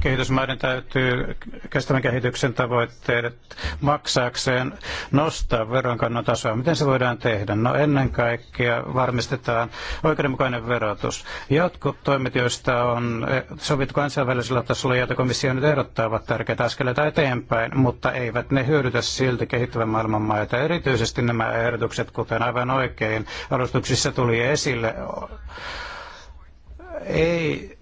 kehitysmaiden täytyy kestävän kehityksen tavoitteet maksaakseen nostaa veronkannon tasoa. Miten se voidaan tehdä? No ennen kaikkea varmistetaan oikeudenmukainen verotus. Jotkut toimet, joista on sovittu kansainvälisellä tasolla, joita komissio nyt ehdottaa, ovat tärkeitä askeleita eteenpäin, mutta eivät ne hyödytä silti kehittyvän maailman maita. Erityisesti nämä ehdotukset, kuten aivan oikein alustuksissa tuli esille, ei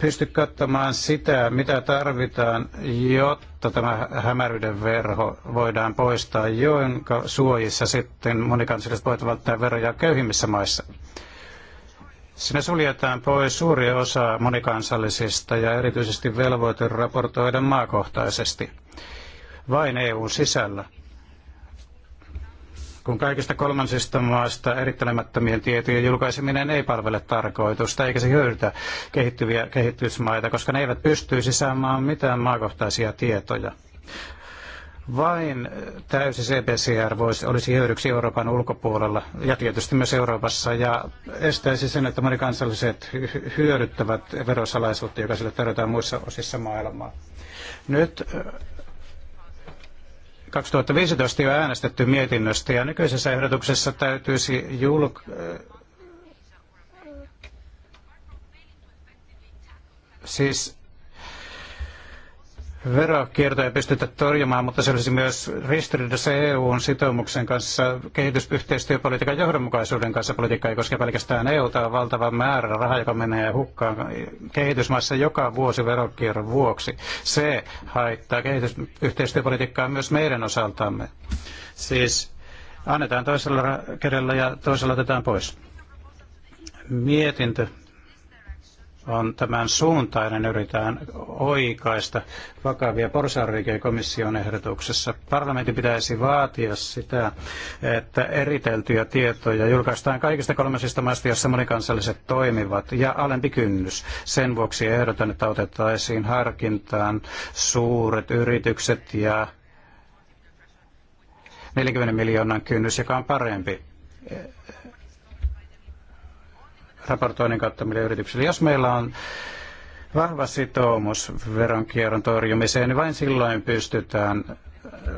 pysty katsomaan sitä, mitä tarvitaan, jotta tämä hämäryyden verho voidaan poistaa, jonka suojissa sitten monikansalliset voivat välttää veroja köyhimmissä maissa. Siinä suljetaan pois suuri osa monikansallisista ja erityisesti velvoite raportoida maakohtaisesti vain EUn sisällä kun kaikista kolmansista maista erittelemättömien tietojen julkaiseminen ei palvele tarkoitusta eikä se hyödytä kehittyviä kehitysmaita, koska ne eivät pystyisi saamaan mitään maakohtaisia tietoja. Vain täysi CPCR voisi, olisi hyödyksi Euroopan ulkopuolella ja tietysti myös Euroopassa ja estäisi sen, että monikansalliset hyödyttävät verosalaisuutta, joka sille tarjotaan muissa osissa maailmaa. Nyt 2015 jo äänestetty mietinnöstä ja nykyisessä ehdotuksessa täytyisi julk... Äh, siis verokiertoja ei pystytä torjumaan, mutta se olisi myös ristiriidassa EUn sitoumuksen kanssa kehitysyhteistyöpolitiikan johdonmukaisuuden kanssa. Politiikka ei koske pelkästään EUta, on valtava määrä rahaa, joka menee hukkaan kehitysmaissa joka vuosi verokierron vuoksi. Se haittaa kehitysyhteistyöpolitiikkaa myös meidän osaltamme. Siis annetaan toisella kädellä ja toisella otetaan pois. Mietintö on tämän suuntainen, yritetään oikaista vakavia porsaanreikiä komission ehdotuksessa. Parlamentin pitäisi vaatia sitä, että eriteltyjä tietoja julkaistaan kaikista kolmansista maista, joissa monikansalliset toimivat, ja alempi kynnys. Sen vuoksi ehdotan, että otettaisiin harkintaan suuret yritykset ja 40 miljoonan kynnys, joka on parempi raportoinnin kattamille yrityksille. Jos meillä on vahva sitoumus veronkierron torjumiseen, niin vain silloin pystytään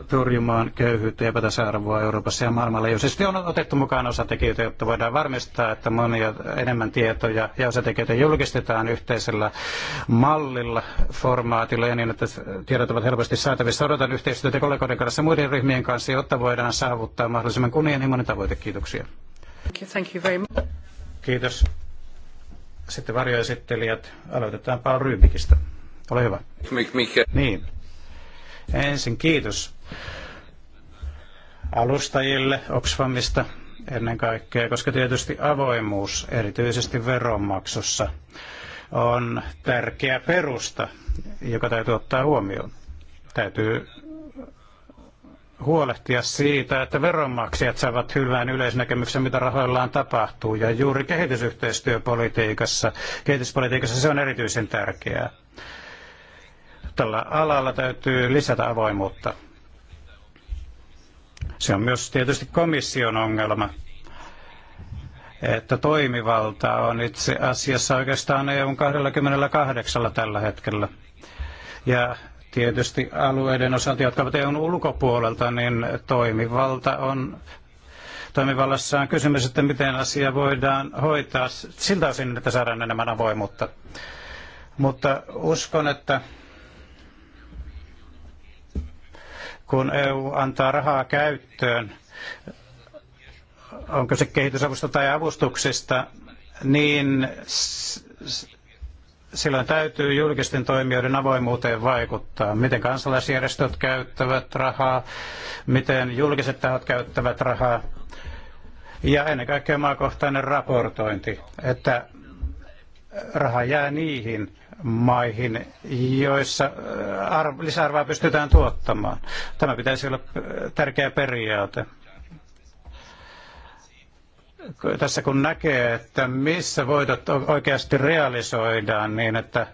torjumaan köyhyyttä ja epätasa-arvoa Euroopassa ja Siis On otettu mukaan osatekijöitä, jotta voidaan varmistaa, että monia enemmän tietoja ja osatekijöitä julkistetaan yhteisellä mallilla, formaatilla ja niin, että tiedot ovat helposti saatavissa. Odotan yhteistyötä kollegoiden kanssa muiden ryhmien kanssa, jotta voidaan saavuttaa mahdollisimman kunnianhimoinen tavoite. Kiitoksia. Thank you very much. Kiitos. Sitten varjoesittelijät. Aloitetaan Paul Rybikistä. Ole hyvä. Mikä? Niin. Ensin kiitos alustajille Oxfamista ennen kaikkea, koska tietysti avoimuus, erityisesti veronmaksussa, on tärkeä perusta, joka täytyy ottaa huomioon. Täytyy huolehtia siitä, että veronmaksajat saavat hyvän yleisnäkemyksen, mitä rahoillaan tapahtuu. Ja juuri kehitysyhteistyöpolitiikassa, kehityspolitiikassa se on erityisen tärkeää. Tällä alalla täytyy lisätä avoimuutta. Se on myös tietysti komission ongelma, että toimivalta on itse asiassa oikeastaan EUn 28 tällä hetkellä. Ja Tietysti alueiden osalta, jotka ovat EUn ulkopuolelta, niin toimivalta on toimivallassaan kysymys, että miten asia voidaan hoitaa siltä osin, että saadaan enemmän avoimuutta. Mutta uskon, että kun EU antaa rahaa käyttöön, onko se kehitysavusta tai avustuksista, niin silloin täytyy julkisten toimijoiden avoimuuteen vaikuttaa. Miten kansalaisjärjestöt käyttävät rahaa, miten julkiset tahot käyttävät rahaa ja ennen kaikkea maakohtainen raportointi, että raha jää niihin maihin, joissa äh, lisäarvoa pystytään tuottamaan. Tämä pitäisi olla äh, tärkeä periaate tässä kun näkee, että missä voitot oikeasti realisoidaan niin, että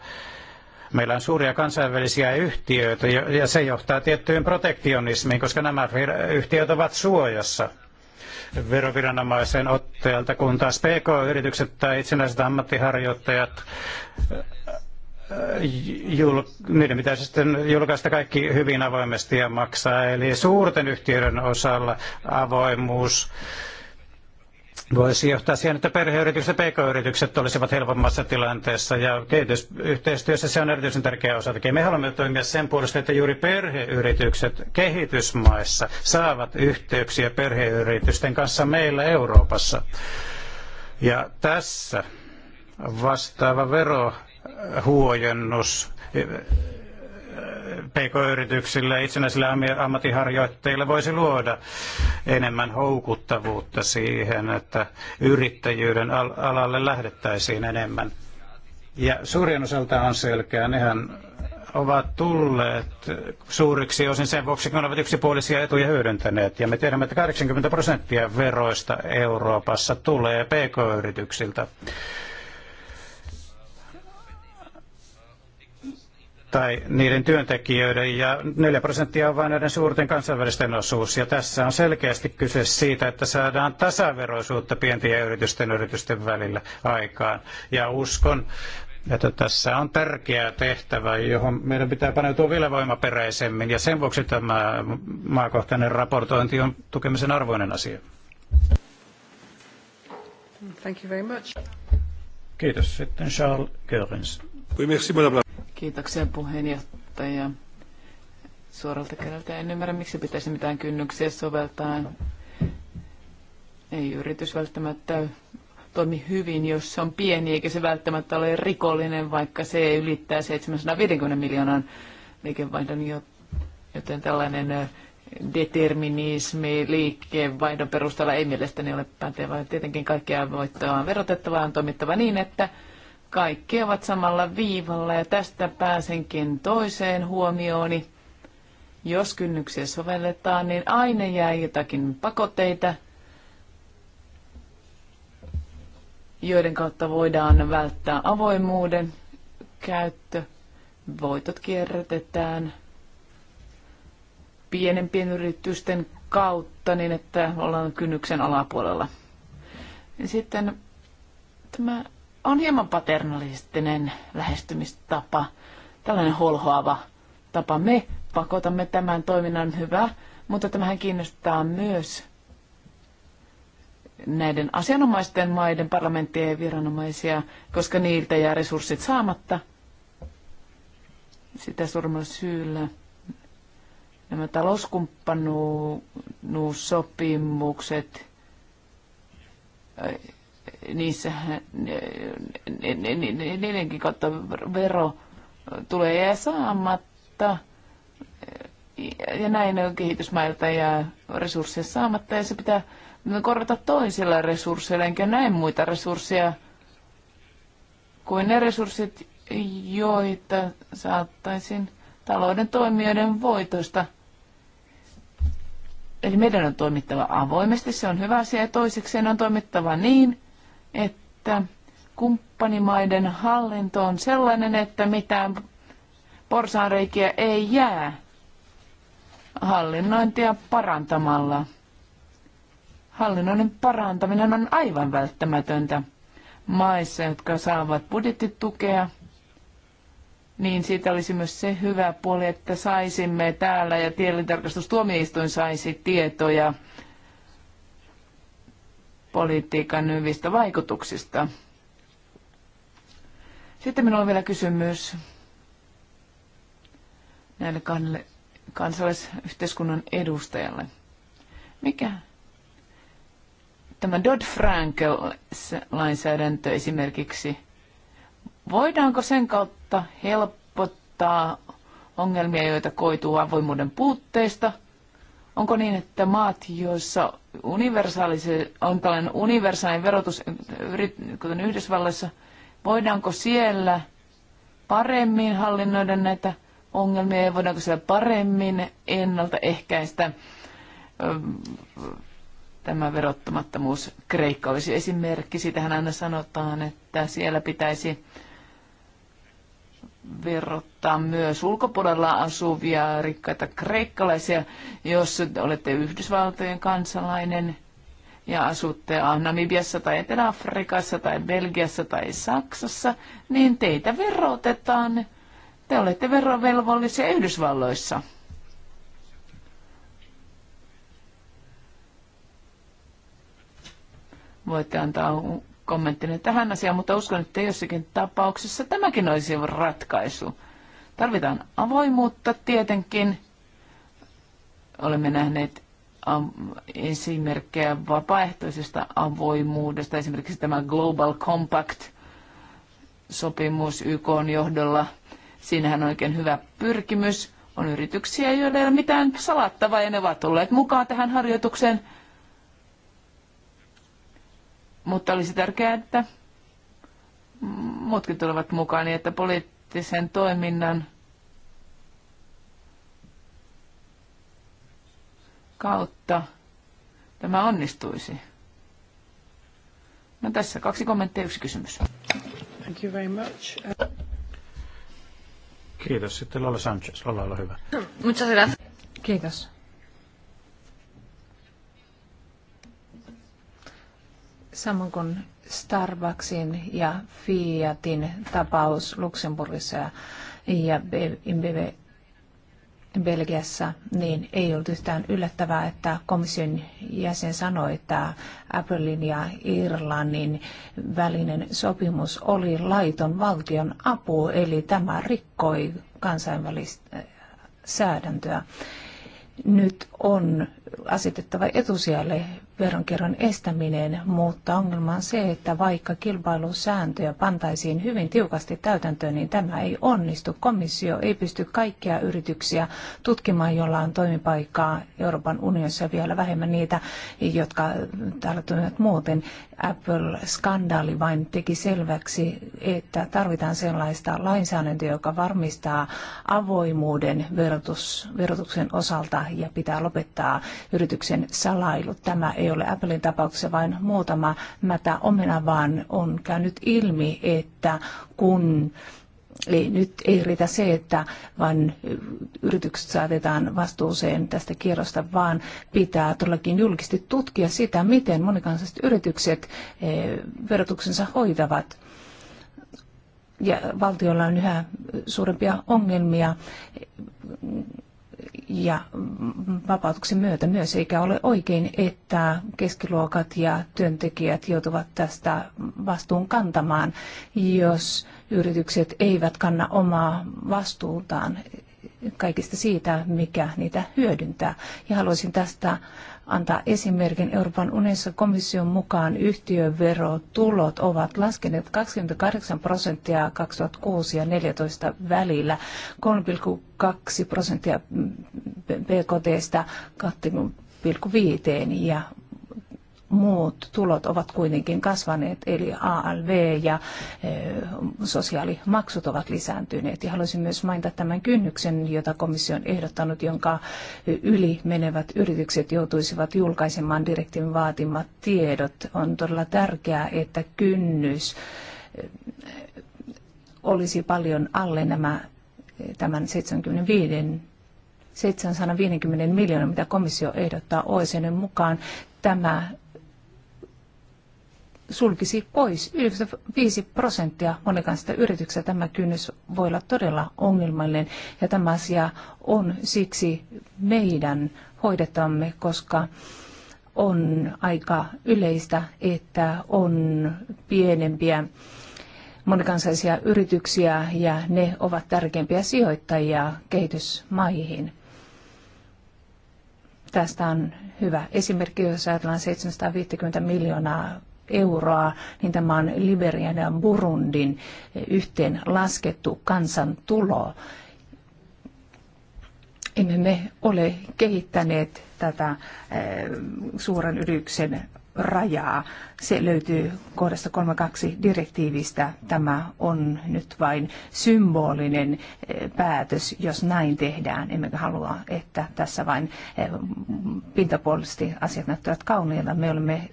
meillä on suuria kansainvälisiä yhtiöitä ja se johtaa tiettyyn protektionismiin, koska nämä yhtiöt ovat suojassa veroviranomaisen otteelta, kun taas PK-yritykset tai itsenäiset ammattiharjoittajat äh, jul, niiden pitäisi sitten julkaista kaikki hyvin avoimesti ja maksaa. Eli suurten yhtiöiden osalla avoimuus voisi johtaa siihen, että perheyritykset ja pk-yritykset olisivat helpommassa tilanteessa ja kehitysyhteistyössä se on erityisen tärkeä osatekijä. Me haluamme toimia sen puolesta, että juuri perheyritykset kehitysmaissa saavat yhteyksiä perheyritysten kanssa meillä Euroopassa. Ja tässä vastaava verohuojennus PK-yrityksille, itsenäisille ammattiharjoittajille voisi luoda enemmän houkuttavuutta siihen, että yrittäjyyden alalle lähdettäisiin enemmän. Ja suurin osalta on selkeä, nehän ovat tulleet suuriksi osin sen vuoksi, kun ne ovat yksipuolisia etuja hyödyntäneet. Ja me tiedämme, että 80 prosenttia veroista Euroopassa tulee PK-yrityksiltä. tai niiden työntekijöiden ja 4 prosenttia on vain näiden suurten kansainvälisten osuus. Ja tässä on selkeästi kyse siitä, että saadaan tasaveroisuutta pienten ja yritysten yritysten välillä aikaan. Ja uskon, että tässä on tärkeä tehtävä, johon meidän pitää paneutua vielä voimaperäisemmin. Ja sen vuoksi tämä maakohtainen raportointi on tukemisen arvoinen asia. Thank you very much. Kiitos. Sitten Charles merci, madame Kiitoksia puheenjohtaja. Suoralta kädeltä en ymmärrä, miksi pitäisi mitään kynnyksiä soveltaa. Ei yritys välttämättä toimi hyvin, jos se on pieni, eikä se välttämättä ole rikollinen, vaikka se ylittää 750 miljoonan liikevaihdon, joten tällainen determinismi liikkeenvaihdon perusteella ei mielestäni ole pätevää. Tietenkin kaikkea voittoa on verotettavaa, on toimittava niin, että kaikki ovat samalla viivalla ja tästä pääsenkin toiseen huomiooni. Jos kynnyksiä sovelletaan, niin aina jää jotakin pakotteita, joiden kautta voidaan välttää avoimuuden käyttö. Voitot kierrätetään pienempien yritysten kautta niin, että ollaan kynnyksen alapuolella. Sitten tämä on hieman paternalistinen lähestymistapa, tällainen holhoava tapa. Me pakotamme tämän toiminnan hyvä, mutta tämähän kiinnostaa myös näiden asianomaisten maiden parlamenttien ja viranomaisia, koska niiltä jää resurssit saamatta. Sitä surmalla syyllä. Nämä talouskumppanuussopimukset, niissä niidenkin kautta vero tulee jää saamatta. Ja näin on kehitysmailta ja resursseja saamatta ja se pitää korvata toisilla resursseilla, enkä näin muita resursseja kuin ne resurssit, joita saattaisin talouden toimijoiden voitoista. Eli meidän on toimittava avoimesti, se on hyvä asia, ja toisekseen on toimittava niin, että kumppanimaiden hallinto on sellainen, että mitään porsaanreikiä ei jää hallinnointia parantamalla. Hallinnoinnin parantaminen on aivan välttämätöntä maissa, jotka saavat budjettitukea, niin siitä olisi myös se hyvä puoli, että saisimme täällä ja tielintarkastustuomioistuin saisi tietoja politiikan hyvistä vaikutuksista. Sitten minulla on vielä kysymys näille kansalaisyhteiskunnan edustajalle. Mikä tämä Dodd-Frank-lainsäädäntö esimerkiksi, voidaanko sen kautta helpottaa ongelmia, joita koituu avoimuuden puutteista? Onko niin, että maat, joissa universaalisen on tällainen universaalinen verotus, kuten Yhdysvalloissa, voidaanko siellä paremmin hallinnoida näitä ongelmia ja voidaanko siellä paremmin ennaltaehkäistä tämä verottamattomuus. Kreikka olisi esimerkki. Siitähän aina sanotaan, että siellä pitäisi verottaa myös ulkopuolella asuvia rikkaita kreikkalaisia, jos olette Yhdysvaltojen kansalainen ja asutte Namibiassa tai Etelä-Afrikassa tai Belgiassa tai Saksassa, niin teitä verotetaan. Te olette verovelvollisia Yhdysvalloissa. Voitte antaa kommenttina tähän asiaan, mutta uskon, että jossakin tapauksessa tämäkin olisi ratkaisu. Tarvitaan avoimuutta tietenkin. Olemme nähneet ähm, esimerkkejä vapaaehtoisesta avoimuudesta, esimerkiksi tämä Global Compact-sopimus YK on johdolla. Siinähän on oikein hyvä pyrkimys. On yrityksiä, joilla ei ole mitään salattavaa ja ne ovat tulleet mukaan tähän harjoitukseen – mutta olisi tärkeää, että muutkin tulevat mukaan, niin että poliittisen toiminnan kautta tämä onnistuisi. No tässä kaksi kommenttia, yksi kysymys. Thank you very much. Kiitos. Sitten Lola Sanchez, Lola, ole hyvä. Muchas gracias. Kiitos. samoin kuin Starbucksin ja Fiatin tapaus Luxemburgissa ja, ja Belgiassa, niin ei ollut yhtään yllättävää, että komission jäsen sanoi, että Applein ja Irlannin välinen sopimus oli laiton valtion apu, eli tämä rikkoi kansainvälistä äh, säädäntöä. Nyt on asetettava etusijalle veronkierron estäminen, mutta ongelma on se, että vaikka kilpailusääntöjä pantaisiin hyvin tiukasti täytäntöön, niin tämä ei onnistu. Komissio ei pysty kaikkia yrityksiä tutkimaan, jolla on toimipaikkaa Euroopan unionissa vielä vähemmän niitä, jotka täällä toimivat muuten. Apple-skandaali vain teki selväksi, että tarvitaan sellaista lainsäädäntöä, joka varmistaa avoimuuden verotus, verotuksen osalta ja pitää lopettaa yrityksen salailu. Tämä ei ei ole Applein tapauksessa vain muutama mätä omena, vaan on käynyt ilmi, että kun Eli nyt ei riitä se, että vain yritykset saatetaan vastuuseen tästä kierrosta, vaan pitää todellakin julkisesti tutkia sitä, miten monikansalliset yritykset eh, verotuksensa hoitavat. Ja valtiolla on yhä suurempia ongelmia ja vapautuksen myötä myös, eikä ole oikein, että keskiluokat ja työntekijät joutuvat tästä vastuun kantamaan, jos yritykset eivät kanna omaa vastuutaan kaikista siitä, mikä niitä hyödyntää. Ja haluaisin tästä antaa esimerkin. Euroopan unionissa komission mukaan yhtiöverotulot ovat laskeneet 28 prosenttia 2006 ja 2014 välillä, 3,2 prosenttia BKTstä 2,5 ja muut tulot ovat kuitenkin kasvaneet, eli ALV ja e, sosiaalimaksut ovat lisääntyneet. Ja haluaisin myös mainita tämän kynnyksen, jota komissio on ehdottanut, jonka yli menevät yritykset joutuisivat julkaisemaan direktiivin vaatimat tiedot. On todella tärkeää, että kynnys e, olisi paljon alle nämä e, tämän 75 750 miljoonaa, mitä komissio ehdottaa OECD mukaan. Tämä sulkisi pois 95 prosenttia monikansista yrityksistä. Tämä kynnys voi olla todella ongelmallinen ja tämä asia on siksi meidän hoidetamme, koska on aika yleistä, että on pienempiä monikansaisia yrityksiä ja ne ovat tärkeimpiä sijoittajia kehitysmaihin. Tästä on hyvä esimerkki, jos ajatellaan 750 miljoonaa euroa, niin tämä on Liberian ja Burundin eh, yhteen laskettu kansantulo. Emme me ole kehittäneet tätä eh, suuren yrityksen rajaa. Se löytyy kohdasta 32 direktiivistä. Tämä on nyt vain symbolinen eh, päätös, jos näin tehdään. Emmekä halua, että tässä vain pintapuolisesti asiat näyttävät kauniilta. Me olemme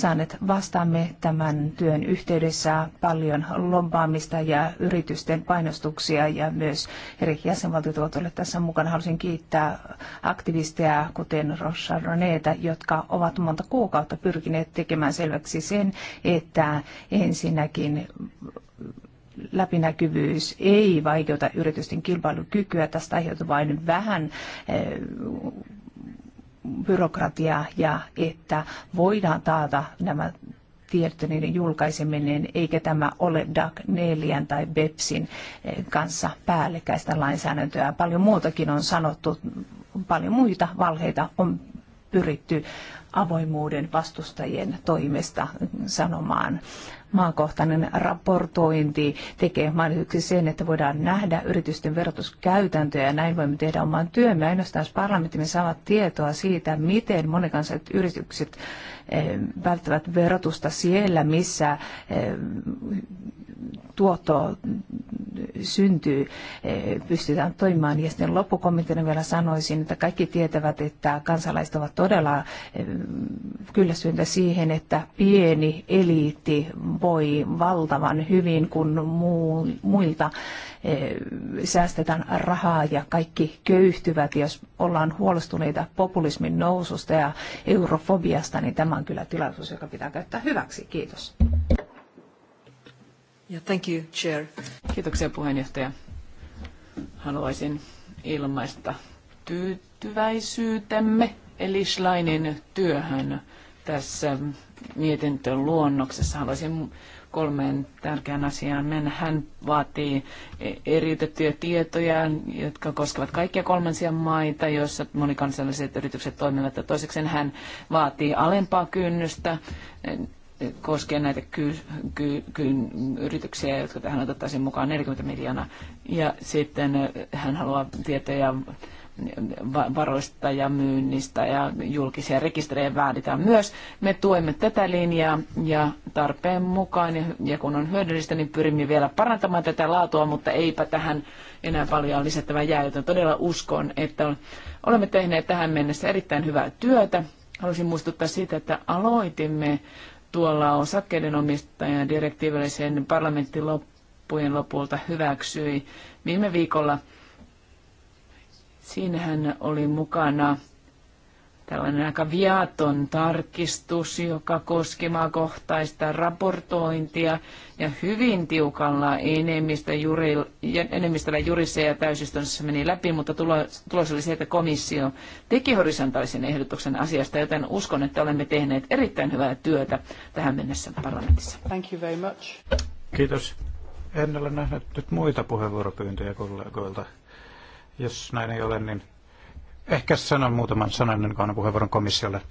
saaneet vastaamme tämän työn yhteydessä paljon lobbaamista ja yritysten painostuksia ja myös eri jäsenvaltiot ovat olleet tässä mukana. Haluaisin kiittää aktivisteja, kuten Rossa Roneta, jotka ovat monta kuukautta pyrkineet tekemään selväksi sen, että ensinnäkin läpinäkyvyys ei vaikeuta yritysten kilpailukykyä. Tästä aiheutuu vain vähän eh, byrokratiaa ja että voidaan taata nämä tiedot niiden julkaiseminen, eikä tämä ole DAC 4 tai BEPSin eh, kanssa päällekkäistä lainsäädäntöä. Paljon muutakin on sanottu, paljon muita valheita on pyritty avoimuuden vastustajien toimesta sanomaan maakohtainen raportointi tekee mahdolliseksi sen, että voidaan nähdä yritysten verotuskäytäntöjä ja näin voimme tehdä oman työmme. Ainoastaan jos parlamenttimme saavat tietoa siitä, miten monikansalliset yritykset eh, välttävät verotusta siellä, missä eh, tuotto syntyy, eh, pystytään toimimaan. Ja sitten loppukommenttina vielä sanoisin, että kaikki tietävät, että kansalaiset ovat todella eh, kyllästyntä siihen, että pieni eliitti voi valtavan hyvin, kun muilta eh, säästetään rahaa ja kaikki köyhtyvät. Jos ollaan huolestuneita populismin noususta ja eurofobiasta, niin tämä on kyllä tilaisuus, joka pitää käyttää hyväksi. Kiitos. Yeah, thank you, Chair. Kiitoksia puheenjohtaja. Haluaisin ilmaista tyytyväisyytemme eli Schleinin työhön tässä mietintön luonnoksessa. Haluaisin kolmeen tärkeään asiaan mennä. Hän vaatii e- eriytettyjä tietoja, jotka koskevat kaikkia kolmansia maita, joissa monikansalliset yritykset toimivat. Ja toiseksi hän vaatii alempaa kynnystä koskien näitä ky, ky, ky, yrityksiä, jotka tähän otettaisiin mukaan 40 miljoonaa. Ja sitten hän haluaa tietoja varoista ja myynnistä ja julkisia rekisterejä vaaditaan myös. Me tuemme tätä linjaa ja tarpeen mukaan ja kun on hyödyllistä, niin pyrimme vielä parantamaan tätä laatua, mutta eipä tähän enää paljon lisättävää jää, joten todella uskon, että olemme tehneet tähän mennessä erittäin hyvää työtä. Haluaisin muistuttaa siitä, että aloitimme tuolla osakkeiden omistajan direktiivillä sen parlamentti loppujen lopulta hyväksyi viime viikolla. Siinähän oli mukana tällainen aika viaton tarkistus, joka koski maakohtaista raportointia ja hyvin tiukalla enemmistö juri, enemmistöllä jurissa ja täysistunnossa meni läpi, mutta tulos, tulos oli se, että komissio teki horisontaalisen ehdotuksen asiasta, joten uskon, että olemme tehneet erittäin hyvää työtä tähän mennessä parlamentissa. Thank you very much. Kiitos. En ole nähnyt nyt muita puheenvuoropyyntöjä kollegoilta. Jos näin ei ole, niin Ehkä sanon muutaman sanan ennen kuin puheenvuoron komissiolle.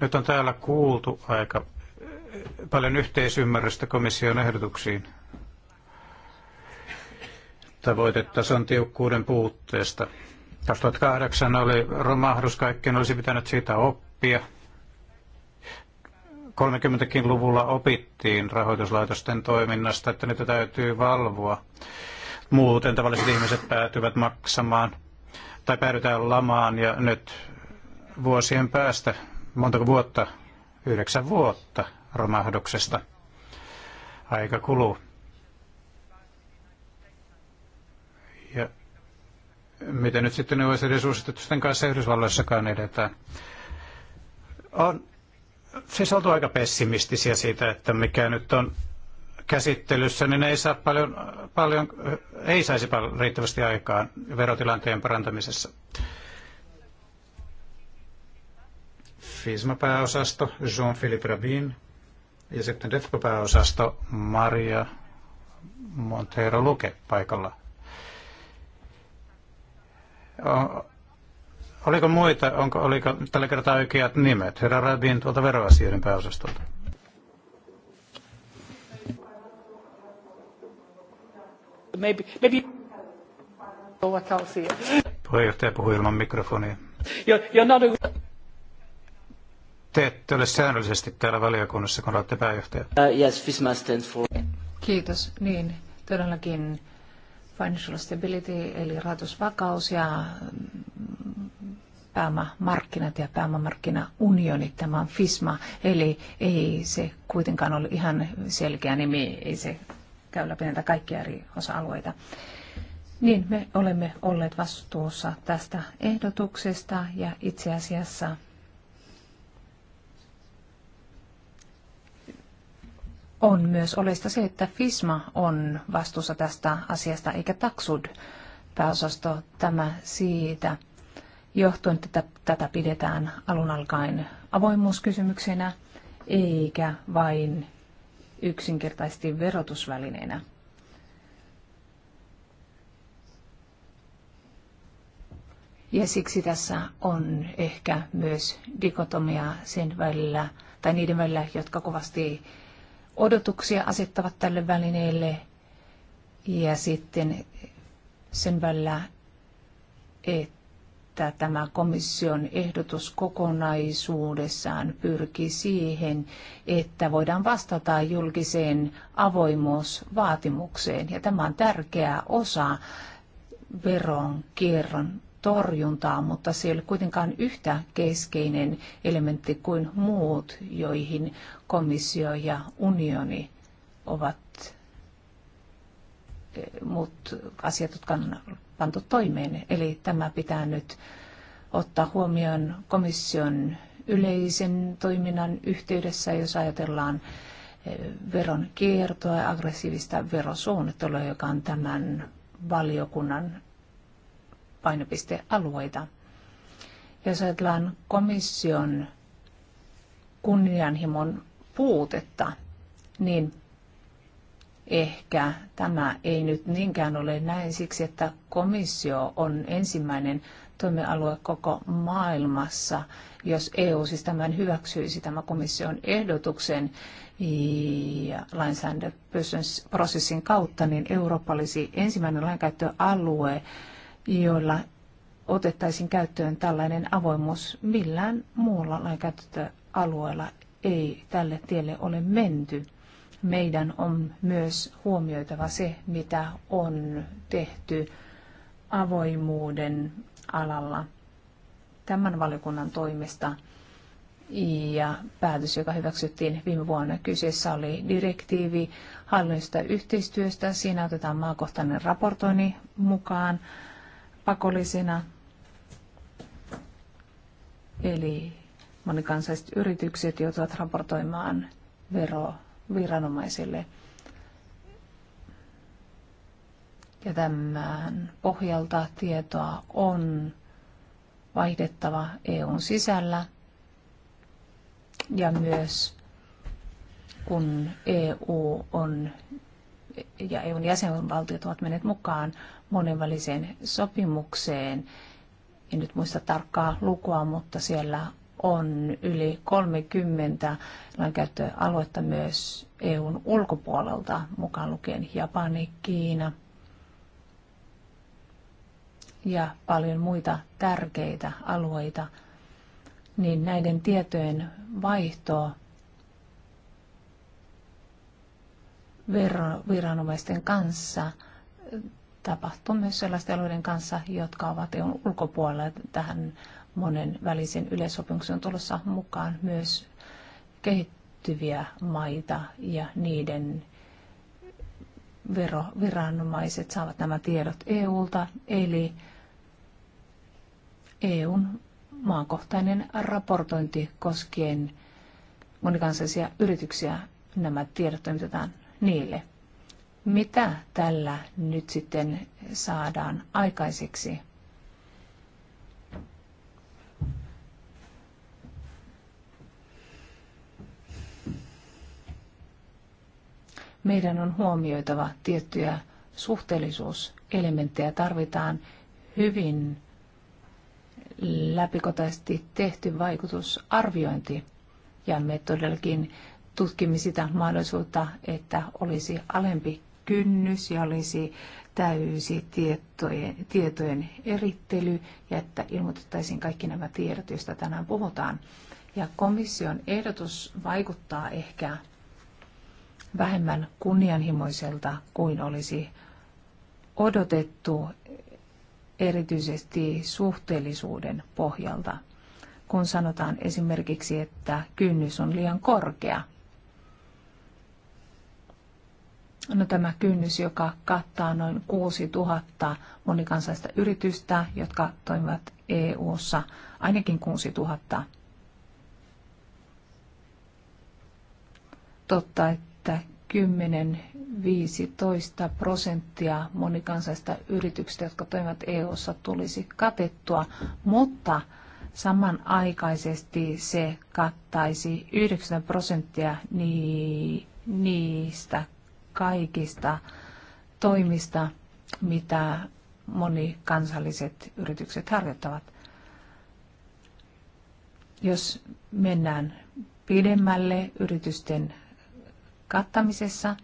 Nyt on täällä kuultu aika eh, paljon yhteisymmärrystä komission ehdotuksiin tavoitetason tiukkuuden puutteesta. 2008 oli romahdus, kaikkien olisi pitänyt siitä oppia. 30kin luvulla opittiin rahoituslaitosten toiminnasta, että niitä täytyy valvoa. Muuten tavalliset ihmiset päätyvät maksamaan tai päädytään lamaan ja nyt vuosien päästä, montako vuotta, yhdeksän vuotta romahduksesta. Aika kuluu. Ja miten nyt sitten OECD-suositusten kanssa Yhdysvalloissakaan edetään? On siis oltu aika pessimistisiä siitä, että mikä nyt on käsittelyssä, niin ei, saa paljon, paljon, ei saisi paljon riittävästi aikaan verotilanteen parantamisessa. FISMA-pääosasto Jean-Philippe Rabin ja sitten DEFCO-pääosasto Maria Montero Luke paikalla. Oliko muita, onko, oliko tällä kertaa oikeat nimet? Herra Rabin tuolta veroasioiden pääosastolta. maybe, maybe... I can't see it. Puheenjohtaja puhuu ilman mikrofonia. You're, you're not a... Te ette ole säännöllisesti täällä valiokunnassa, kun olette pääjohtaja. Uh, yes, FISMA stands for... Kiitos. Niin, todellakin financial stability eli rahoitusvakaus ja mm, pääomamarkkinat ja pääomamarkkinaunionit, tämä on FISMA, eli ei se kuitenkaan ole ihan selkeä nimi, ei se käy läpi näitä kaikkia eri osa-alueita. Niin, me olemme olleet vastuussa tästä ehdotuksesta ja itse asiassa on myös oleista se, että FISMA on vastuussa tästä asiasta, eikä taksud pääosasto tämä siitä johtuen, että tätä pidetään alun alkaen avoimuuskysymyksenä, eikä vain yksinkertaisesti verotusvälineenä. Ja siksi tässä on ehkä myös dikotomia sen välillä, tai niiden välillä, jotka kovasti odotuksia asettavat tälle välineelle, ja sitten sen välillä, että että tämä komission ehdotus kokonaisuudessaan pyrkii siihen, että voidaan vastata julkiseen avoimuusvaatimukseen. Ja tämä on tärkeä osa veronkierron torjuntaa, mutta se ei ole kuitenkaan yhtä keskeinen elementti kuin muut, joihin komissio ja unioni ovat muut asiat, jotka on pantu toimeen. Eli tämä pitää nyt ottaa huomioon komission yleisen toiminnan yhteydessä, jos ajatellaan eh, veron kiertoa ja aggressiivista verosuunnittelua, joka on tämän valiokunnan painopistealueita. Jos ajatellaan komission kunnianhimon puutetta, niin ehkä tämä ei nyt niinkään ole näin siksi, että komissio on ensimmäinen toimialue koko maailmassa, jos EU siis tämän hyväksyisi tämä komission ehdotuksen ja lainsäädäntöprosessin kautta, niin Eurooppa olisi ensimmäinen lainkäyttöalue, jolla otettaisiin käyttöön tällainen avoimuus. Millään muulla lainkäyttöalueella ei tälle tielle ole menty meidän on myös huomioitava se, mitä on tehty avoimuuden alalla tämän valiokunnan toimesta. Ja päätös, joka hyväksyttiin viime vuonna, kyseessä oli direktiivi hallinnollisesta yhteistyöstä. Siinä otetaan maakohtainen raportointi mukaan pakollisena. Eli monikansalliset yritykset joutuvat raportoimaan vero viranomaisille. Ja tämän pohjalta tietoa on vaihdettava EUn sisällä ja myös kun EU on ja EUn jäsenvaltiot ovat menneet mukaan monenväliseen sopimukseen. En nyt muista tarkkaa lukua, mutta siellä on yli 30 lainkäyttöaluetta myös EUn ulkopuolelta, mukaan lukien Japani, Kiina ja paljon muita tärkeitä alueita, niin näiden tietojen vaihtoa viranomaisten kanssa tapahtuu myös sellaisten alueiden kanssa, jotka ovat EUn ulkopuolella. Tähän monen välisen yleissopimuksen on tulossa mukaan myös kehittyviä maita ja niiden veroviranomaiset saavat nämä tiedot EUlta, eli EUn maankohtainen raportointi koskien monikansallisia yrityksiä, nämä tiedot toimitetaan niille. Mitä tällä nyt sitten saadaan aikaiseksi? meidän on huomioitava tiettyjä suhteellisuuselementtejä. Tarvitaan hyvin läpikotaisesti tehty vaikutusarviointi ja me todellakin tutkimme sitä mahdollisuutta, että olisi alempi kynnys ja olisi täysi tietojen, tietojen erittely ja että ilmoitettaisiin kaikki nämä tiedot, joista tänään puhutaan. Ja komission ehdotus vaikuttaa ehkä vähemmän kunnianhimoiselta kuin olisi odotettu erityisesti suhteellisuuden pohjalta, kun sanotaan esimerkiksi, että kynnys on liian korkea. No, tämä kynnys, joka kattaa noin 6000 monikansaista yritystä, jotka toimivat EU-ssa, ainakin 6000. Totta, että että 10-15 prosenttia monikansaista yrityksistä, jotka toimivat EU-ssa, tulisi katettua, mutta samanaikaisesti se kattaisi 9 prosenttia niistä kaikista toimista, mitä monikansalliset yritykset harjoittavat. Jos mennään pidemmälle yritysten kattamisessa,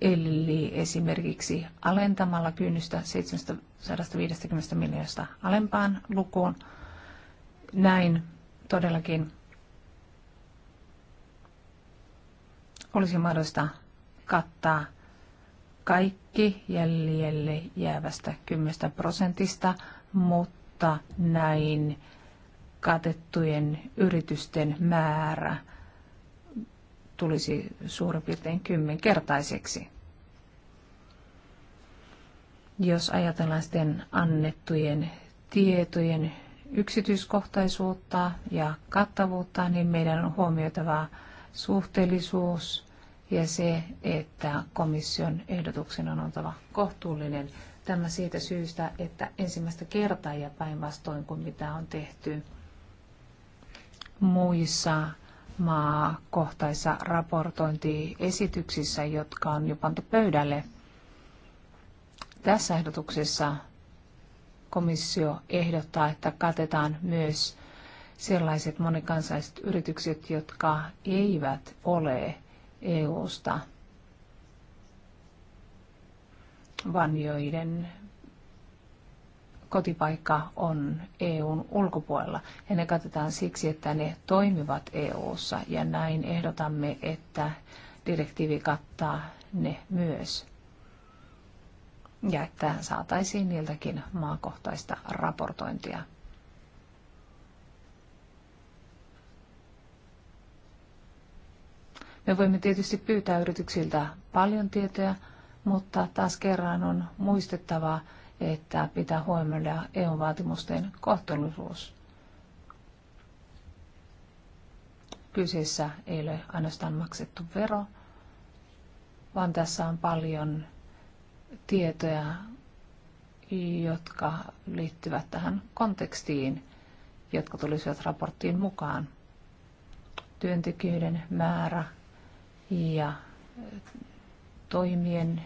eli esimerkiksi alentamalla kynnystä 750 miljoonasta alempaan lukuun. Näin todellakin olisi mahdollista kattaa kaikki jäljelle jäävästä 10 prosentista, mutta näin katettujen yritysten määrä – tulisi suurin piirtein kymmenkertaiseksi. Jos ajatellaan sitten annettujen tietojen yksityiskohtaisuutta ja kattavuutta, niin meidän on huomioitava suhteellisuus ja se, että komission ehdotuksen on oltava kohtuullinen. Tämä siitä syystä, että ensimmäistä kertaa ja päinvastoin kuin mitä on tehty muissa maakohtaisissa raportointiesityksissä, jotka on jo pantu pöydälle. Tässä ehdotuksessa komissio ehdottaa, että katetaan myös sellaiset monikansaiset yritykset, jotka eivät ole EU-sta, vaan joiden kotipaikka on EUn ulkopuolella ja ne katsotaan siksi, että ne toimivat EUssa ja näin ehdotamme, että direktiivi kattaa ne myös ja että saataisiin niiltäkin maakohtaista raportointia. Me voimme tietysti pyytää yrityksiltä paljon tietoja, mutta taas kerran on muistettava, että pitää huomioida EU-vaatimusten kohtuullisuus. Kyseessä ei ole ainoastaan maksettu vero, vaan tässä on paljon tietoja, jotka liittyvät tähän kontekstiin, jotka tulisivat raporttiin mukaan. Työntekijöiden määrä ja toimien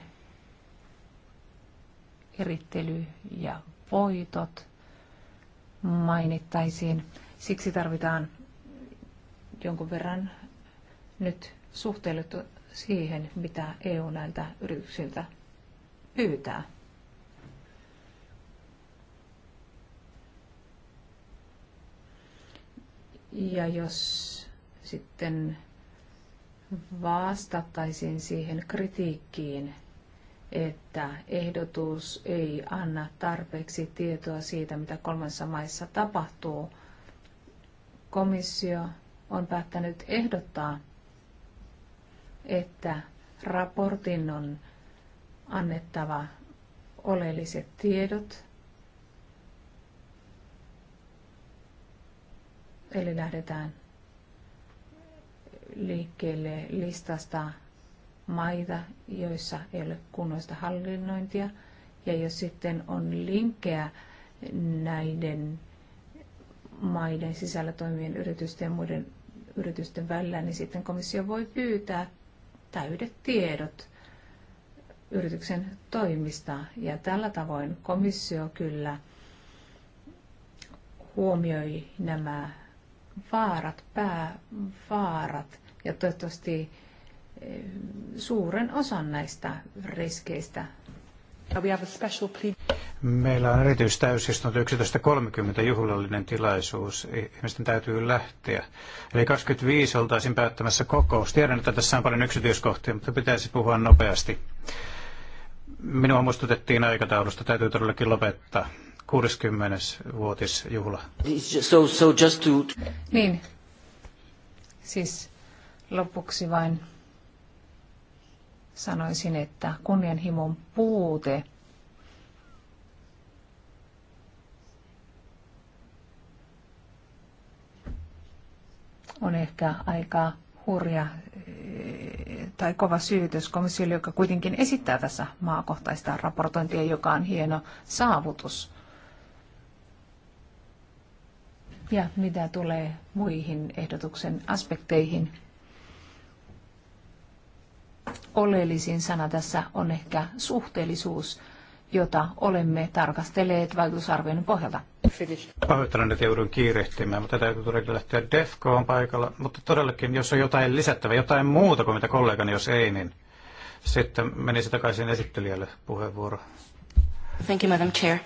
erittely ja voitot mainittaisiin. Siksi tarvitaan jonkun verran nyt suhteellut siihen, mitä EU näiltä yrityksiltä pyytää. Ja jos sitten vastattaisiin siihen kritiikkiin, että ehdotus ei anna tarpeeksi tietoa siitä, mitä kolmessa maissa tapahtuu. Komissio on päättänyt ehdottaa, että raportin on annettava oleelliset tiedot, eli lähdetään liikkeelle listasta maita, joissa ei ole kunnoista hallinnointia. Ja jos sitten on linkkejä näiden maiden sisällä toimivien yritysten ja muiden yritysten välillä, niin sitten komissio voi pyytää täydet tiedot yrityksen toimista. Ja tällä tavoin komissio kyllä huomioi nämä vaarat, päävaarat. Ja toivottavasti suuren osan näistä riskeistä. Meillä on erityistäysistunto 11.30 juhlallinen tilaisuus. Ihmisten täytyy lähteä. Eli 25 oltaisiin päättämässä kokous. Tiedän, että tässä on paljon yksityiskohtia, mutta pitäisi puhua nopeasti. Minua muistutettiin aikataulusta. Täytyy todellakin lopettaa. 60-vuotisjuhla. So, so just to... Niin. Siis lopuksi vain sanoisin, että kunnianhimon puute on ehkä aika hurja tai kova syytös komissiolle, joka kuitenkin esittää tässä maakohtaista raportointia, joka on hieno saavutus. Ja mitä tulee muihin ehdotuksen aspekteihin, oleellisin sana tässä on ehkä suhteellisuus, jota olemme tarkastelleet vaikutusarvioinnin pohjalta. Pahoittelen, että joudun kiirehtimään, mutta täytyy todellakin lähteä DEFCOon paikalla. Mutta todellakin, jos on jotain lisättävä, jotain muuta kuin mitä kollegani, jos ei, niin sitten menisi takaisin esittelijälle puheenvuoro. Thank you, Madam Chair.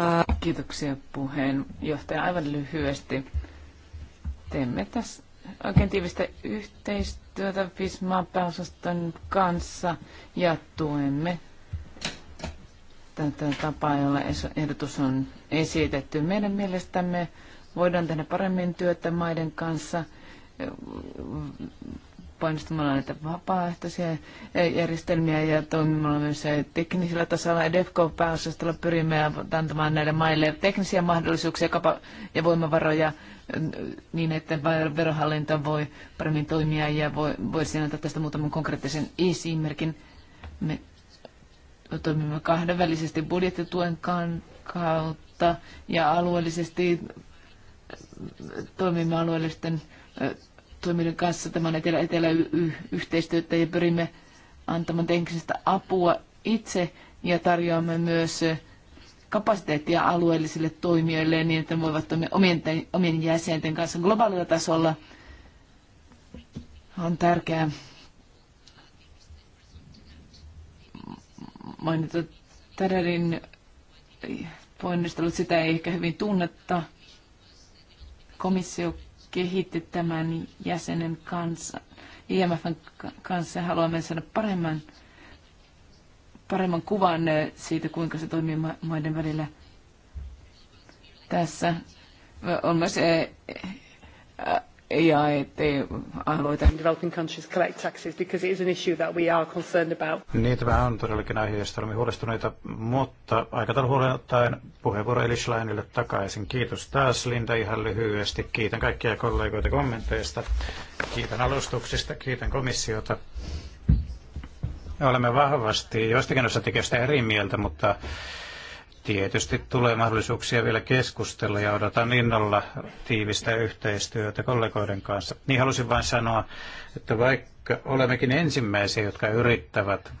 Uh... Kiitoksia puheenjohtaja. Aivan lyhyesti. Teemme tässä oikein tiivistä yhteistyötä Fismaan pääosaston kanssa ja tuemme tätä tapaa, jolla ehdotus on esitetty. Meidän mielestämme voidaan tehdä paremmin työtä maiden kanssa painostamalla näitä vapaaehtoisia järjestelmiä ja toimimalla myös teknisellä tasolla. DEFCO-pääosastolla pyrimme antamaan näille maille teknisiä mahdollisuuksia ja voimavaroja niin, että verohallinto voi paremmin toimia ja voi, voisin antaa tästä muutaman konkreettisen esimerkin. Me toimimme kahdenvälisesti budjettituen kautta ja alueellisesti toimimme alueellisten toimijoiden kanssa tämän etelä-etelä-yhteistyötä ja pyrimme antamaan teknistä apua itse ja tarjoamme myös kapasiteettia alueellisille toimijoille niin, että ne voivat toimia omien, omien jäsenten kanssa globaalilla tasolla. On tärkeää mainita Tädärin ponnistelut, sitä ei ehkä hyvin tunnetta. Komissio kehitty tämän jäsenen kanssa, IMFn kanssa. Haluamme saada paremman, paremman kuvan eh, siitä, kuinka se toimii maiden välillä. Tässä eh, on myös eh, ja ettei Developing countries collect taxes because it is an issue that we are concerned about. Niin, tämä on todellakin aihe, josta olemme huolestuneita, mutta aikataulu huolen ottaen puheenvuoro Elislainille takaisin. Kiitos taas Linda ihan lyhyesti. Kiitän kaikkia kollegoita kommenteista. Kiitän alustuksista, kiitän komissiota. Olemme vahvasti joistakin osatekijöistä eri mieltä, mutta Tietysti tulee mahdollisuuksia vielä keskustella ja odotan innolla tiivistä yhteistyötä kollegoiden kanssa. Niin halusin vain sanoa, että vaikka olemmekin ensimmäisiä, jotka yrittävät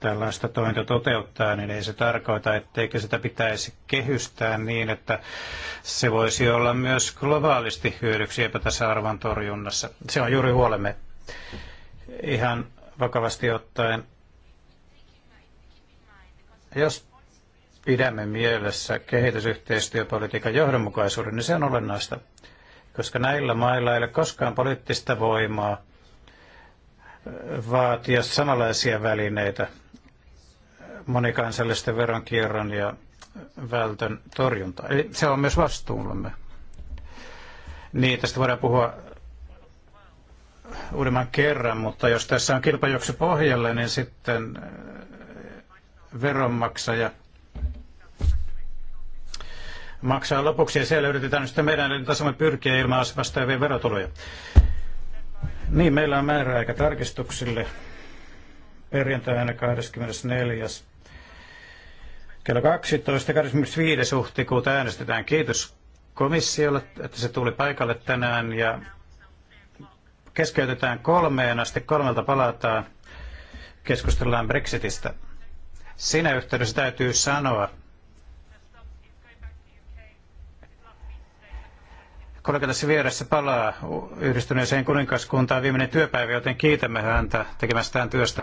tällaista tointa toteuttaa, niin ei se tarkoita, etteikö sitä pitäisi kehystää niin, että se voisi olla myös globaalisti hyödyksi epätasa-arvon torjunnassa. Se on juuri huolemme ihan vakavasti ottaen. Jos pidämme mielessä kehitysyhteistyöpolitiikan johdonmukaisuuden, niin se on olennaista, koska näillä mailla ei ole koskaan poliittista voimaa äh, vaatia samanlaisia välineitä monikansallisten veronkierron ja vältön torjunta. Eli se on myös vastuullamme. Niin, tästä voidaan puhua uudemman kerran, mutta jos tässä on kilpajuoksu pohjalle, niin sitten äh, veronmaksaja maksaa lopuksi ja siellä yritetään sitten meidän elintasomme pyrkiä ilman vastaavia verotuloja. Niin, meillä on määräaika tarkistuksille perjantaina 24. Kello 12. 25. huhtikuuta äänestetään. Kiitos komissiolle, että se tuli paikalle tänään ja keskeytetään kolmeen asti. Kolmelta palataan. Keskustellaan Brexitistä. Siinä yhteydessä täytyy sanoa, kollega tässä vieressä palaa yhdistyneeseen kuningaskuntaan viimeinen työpäivä, joten kiitämme häntä tekemästään työstä.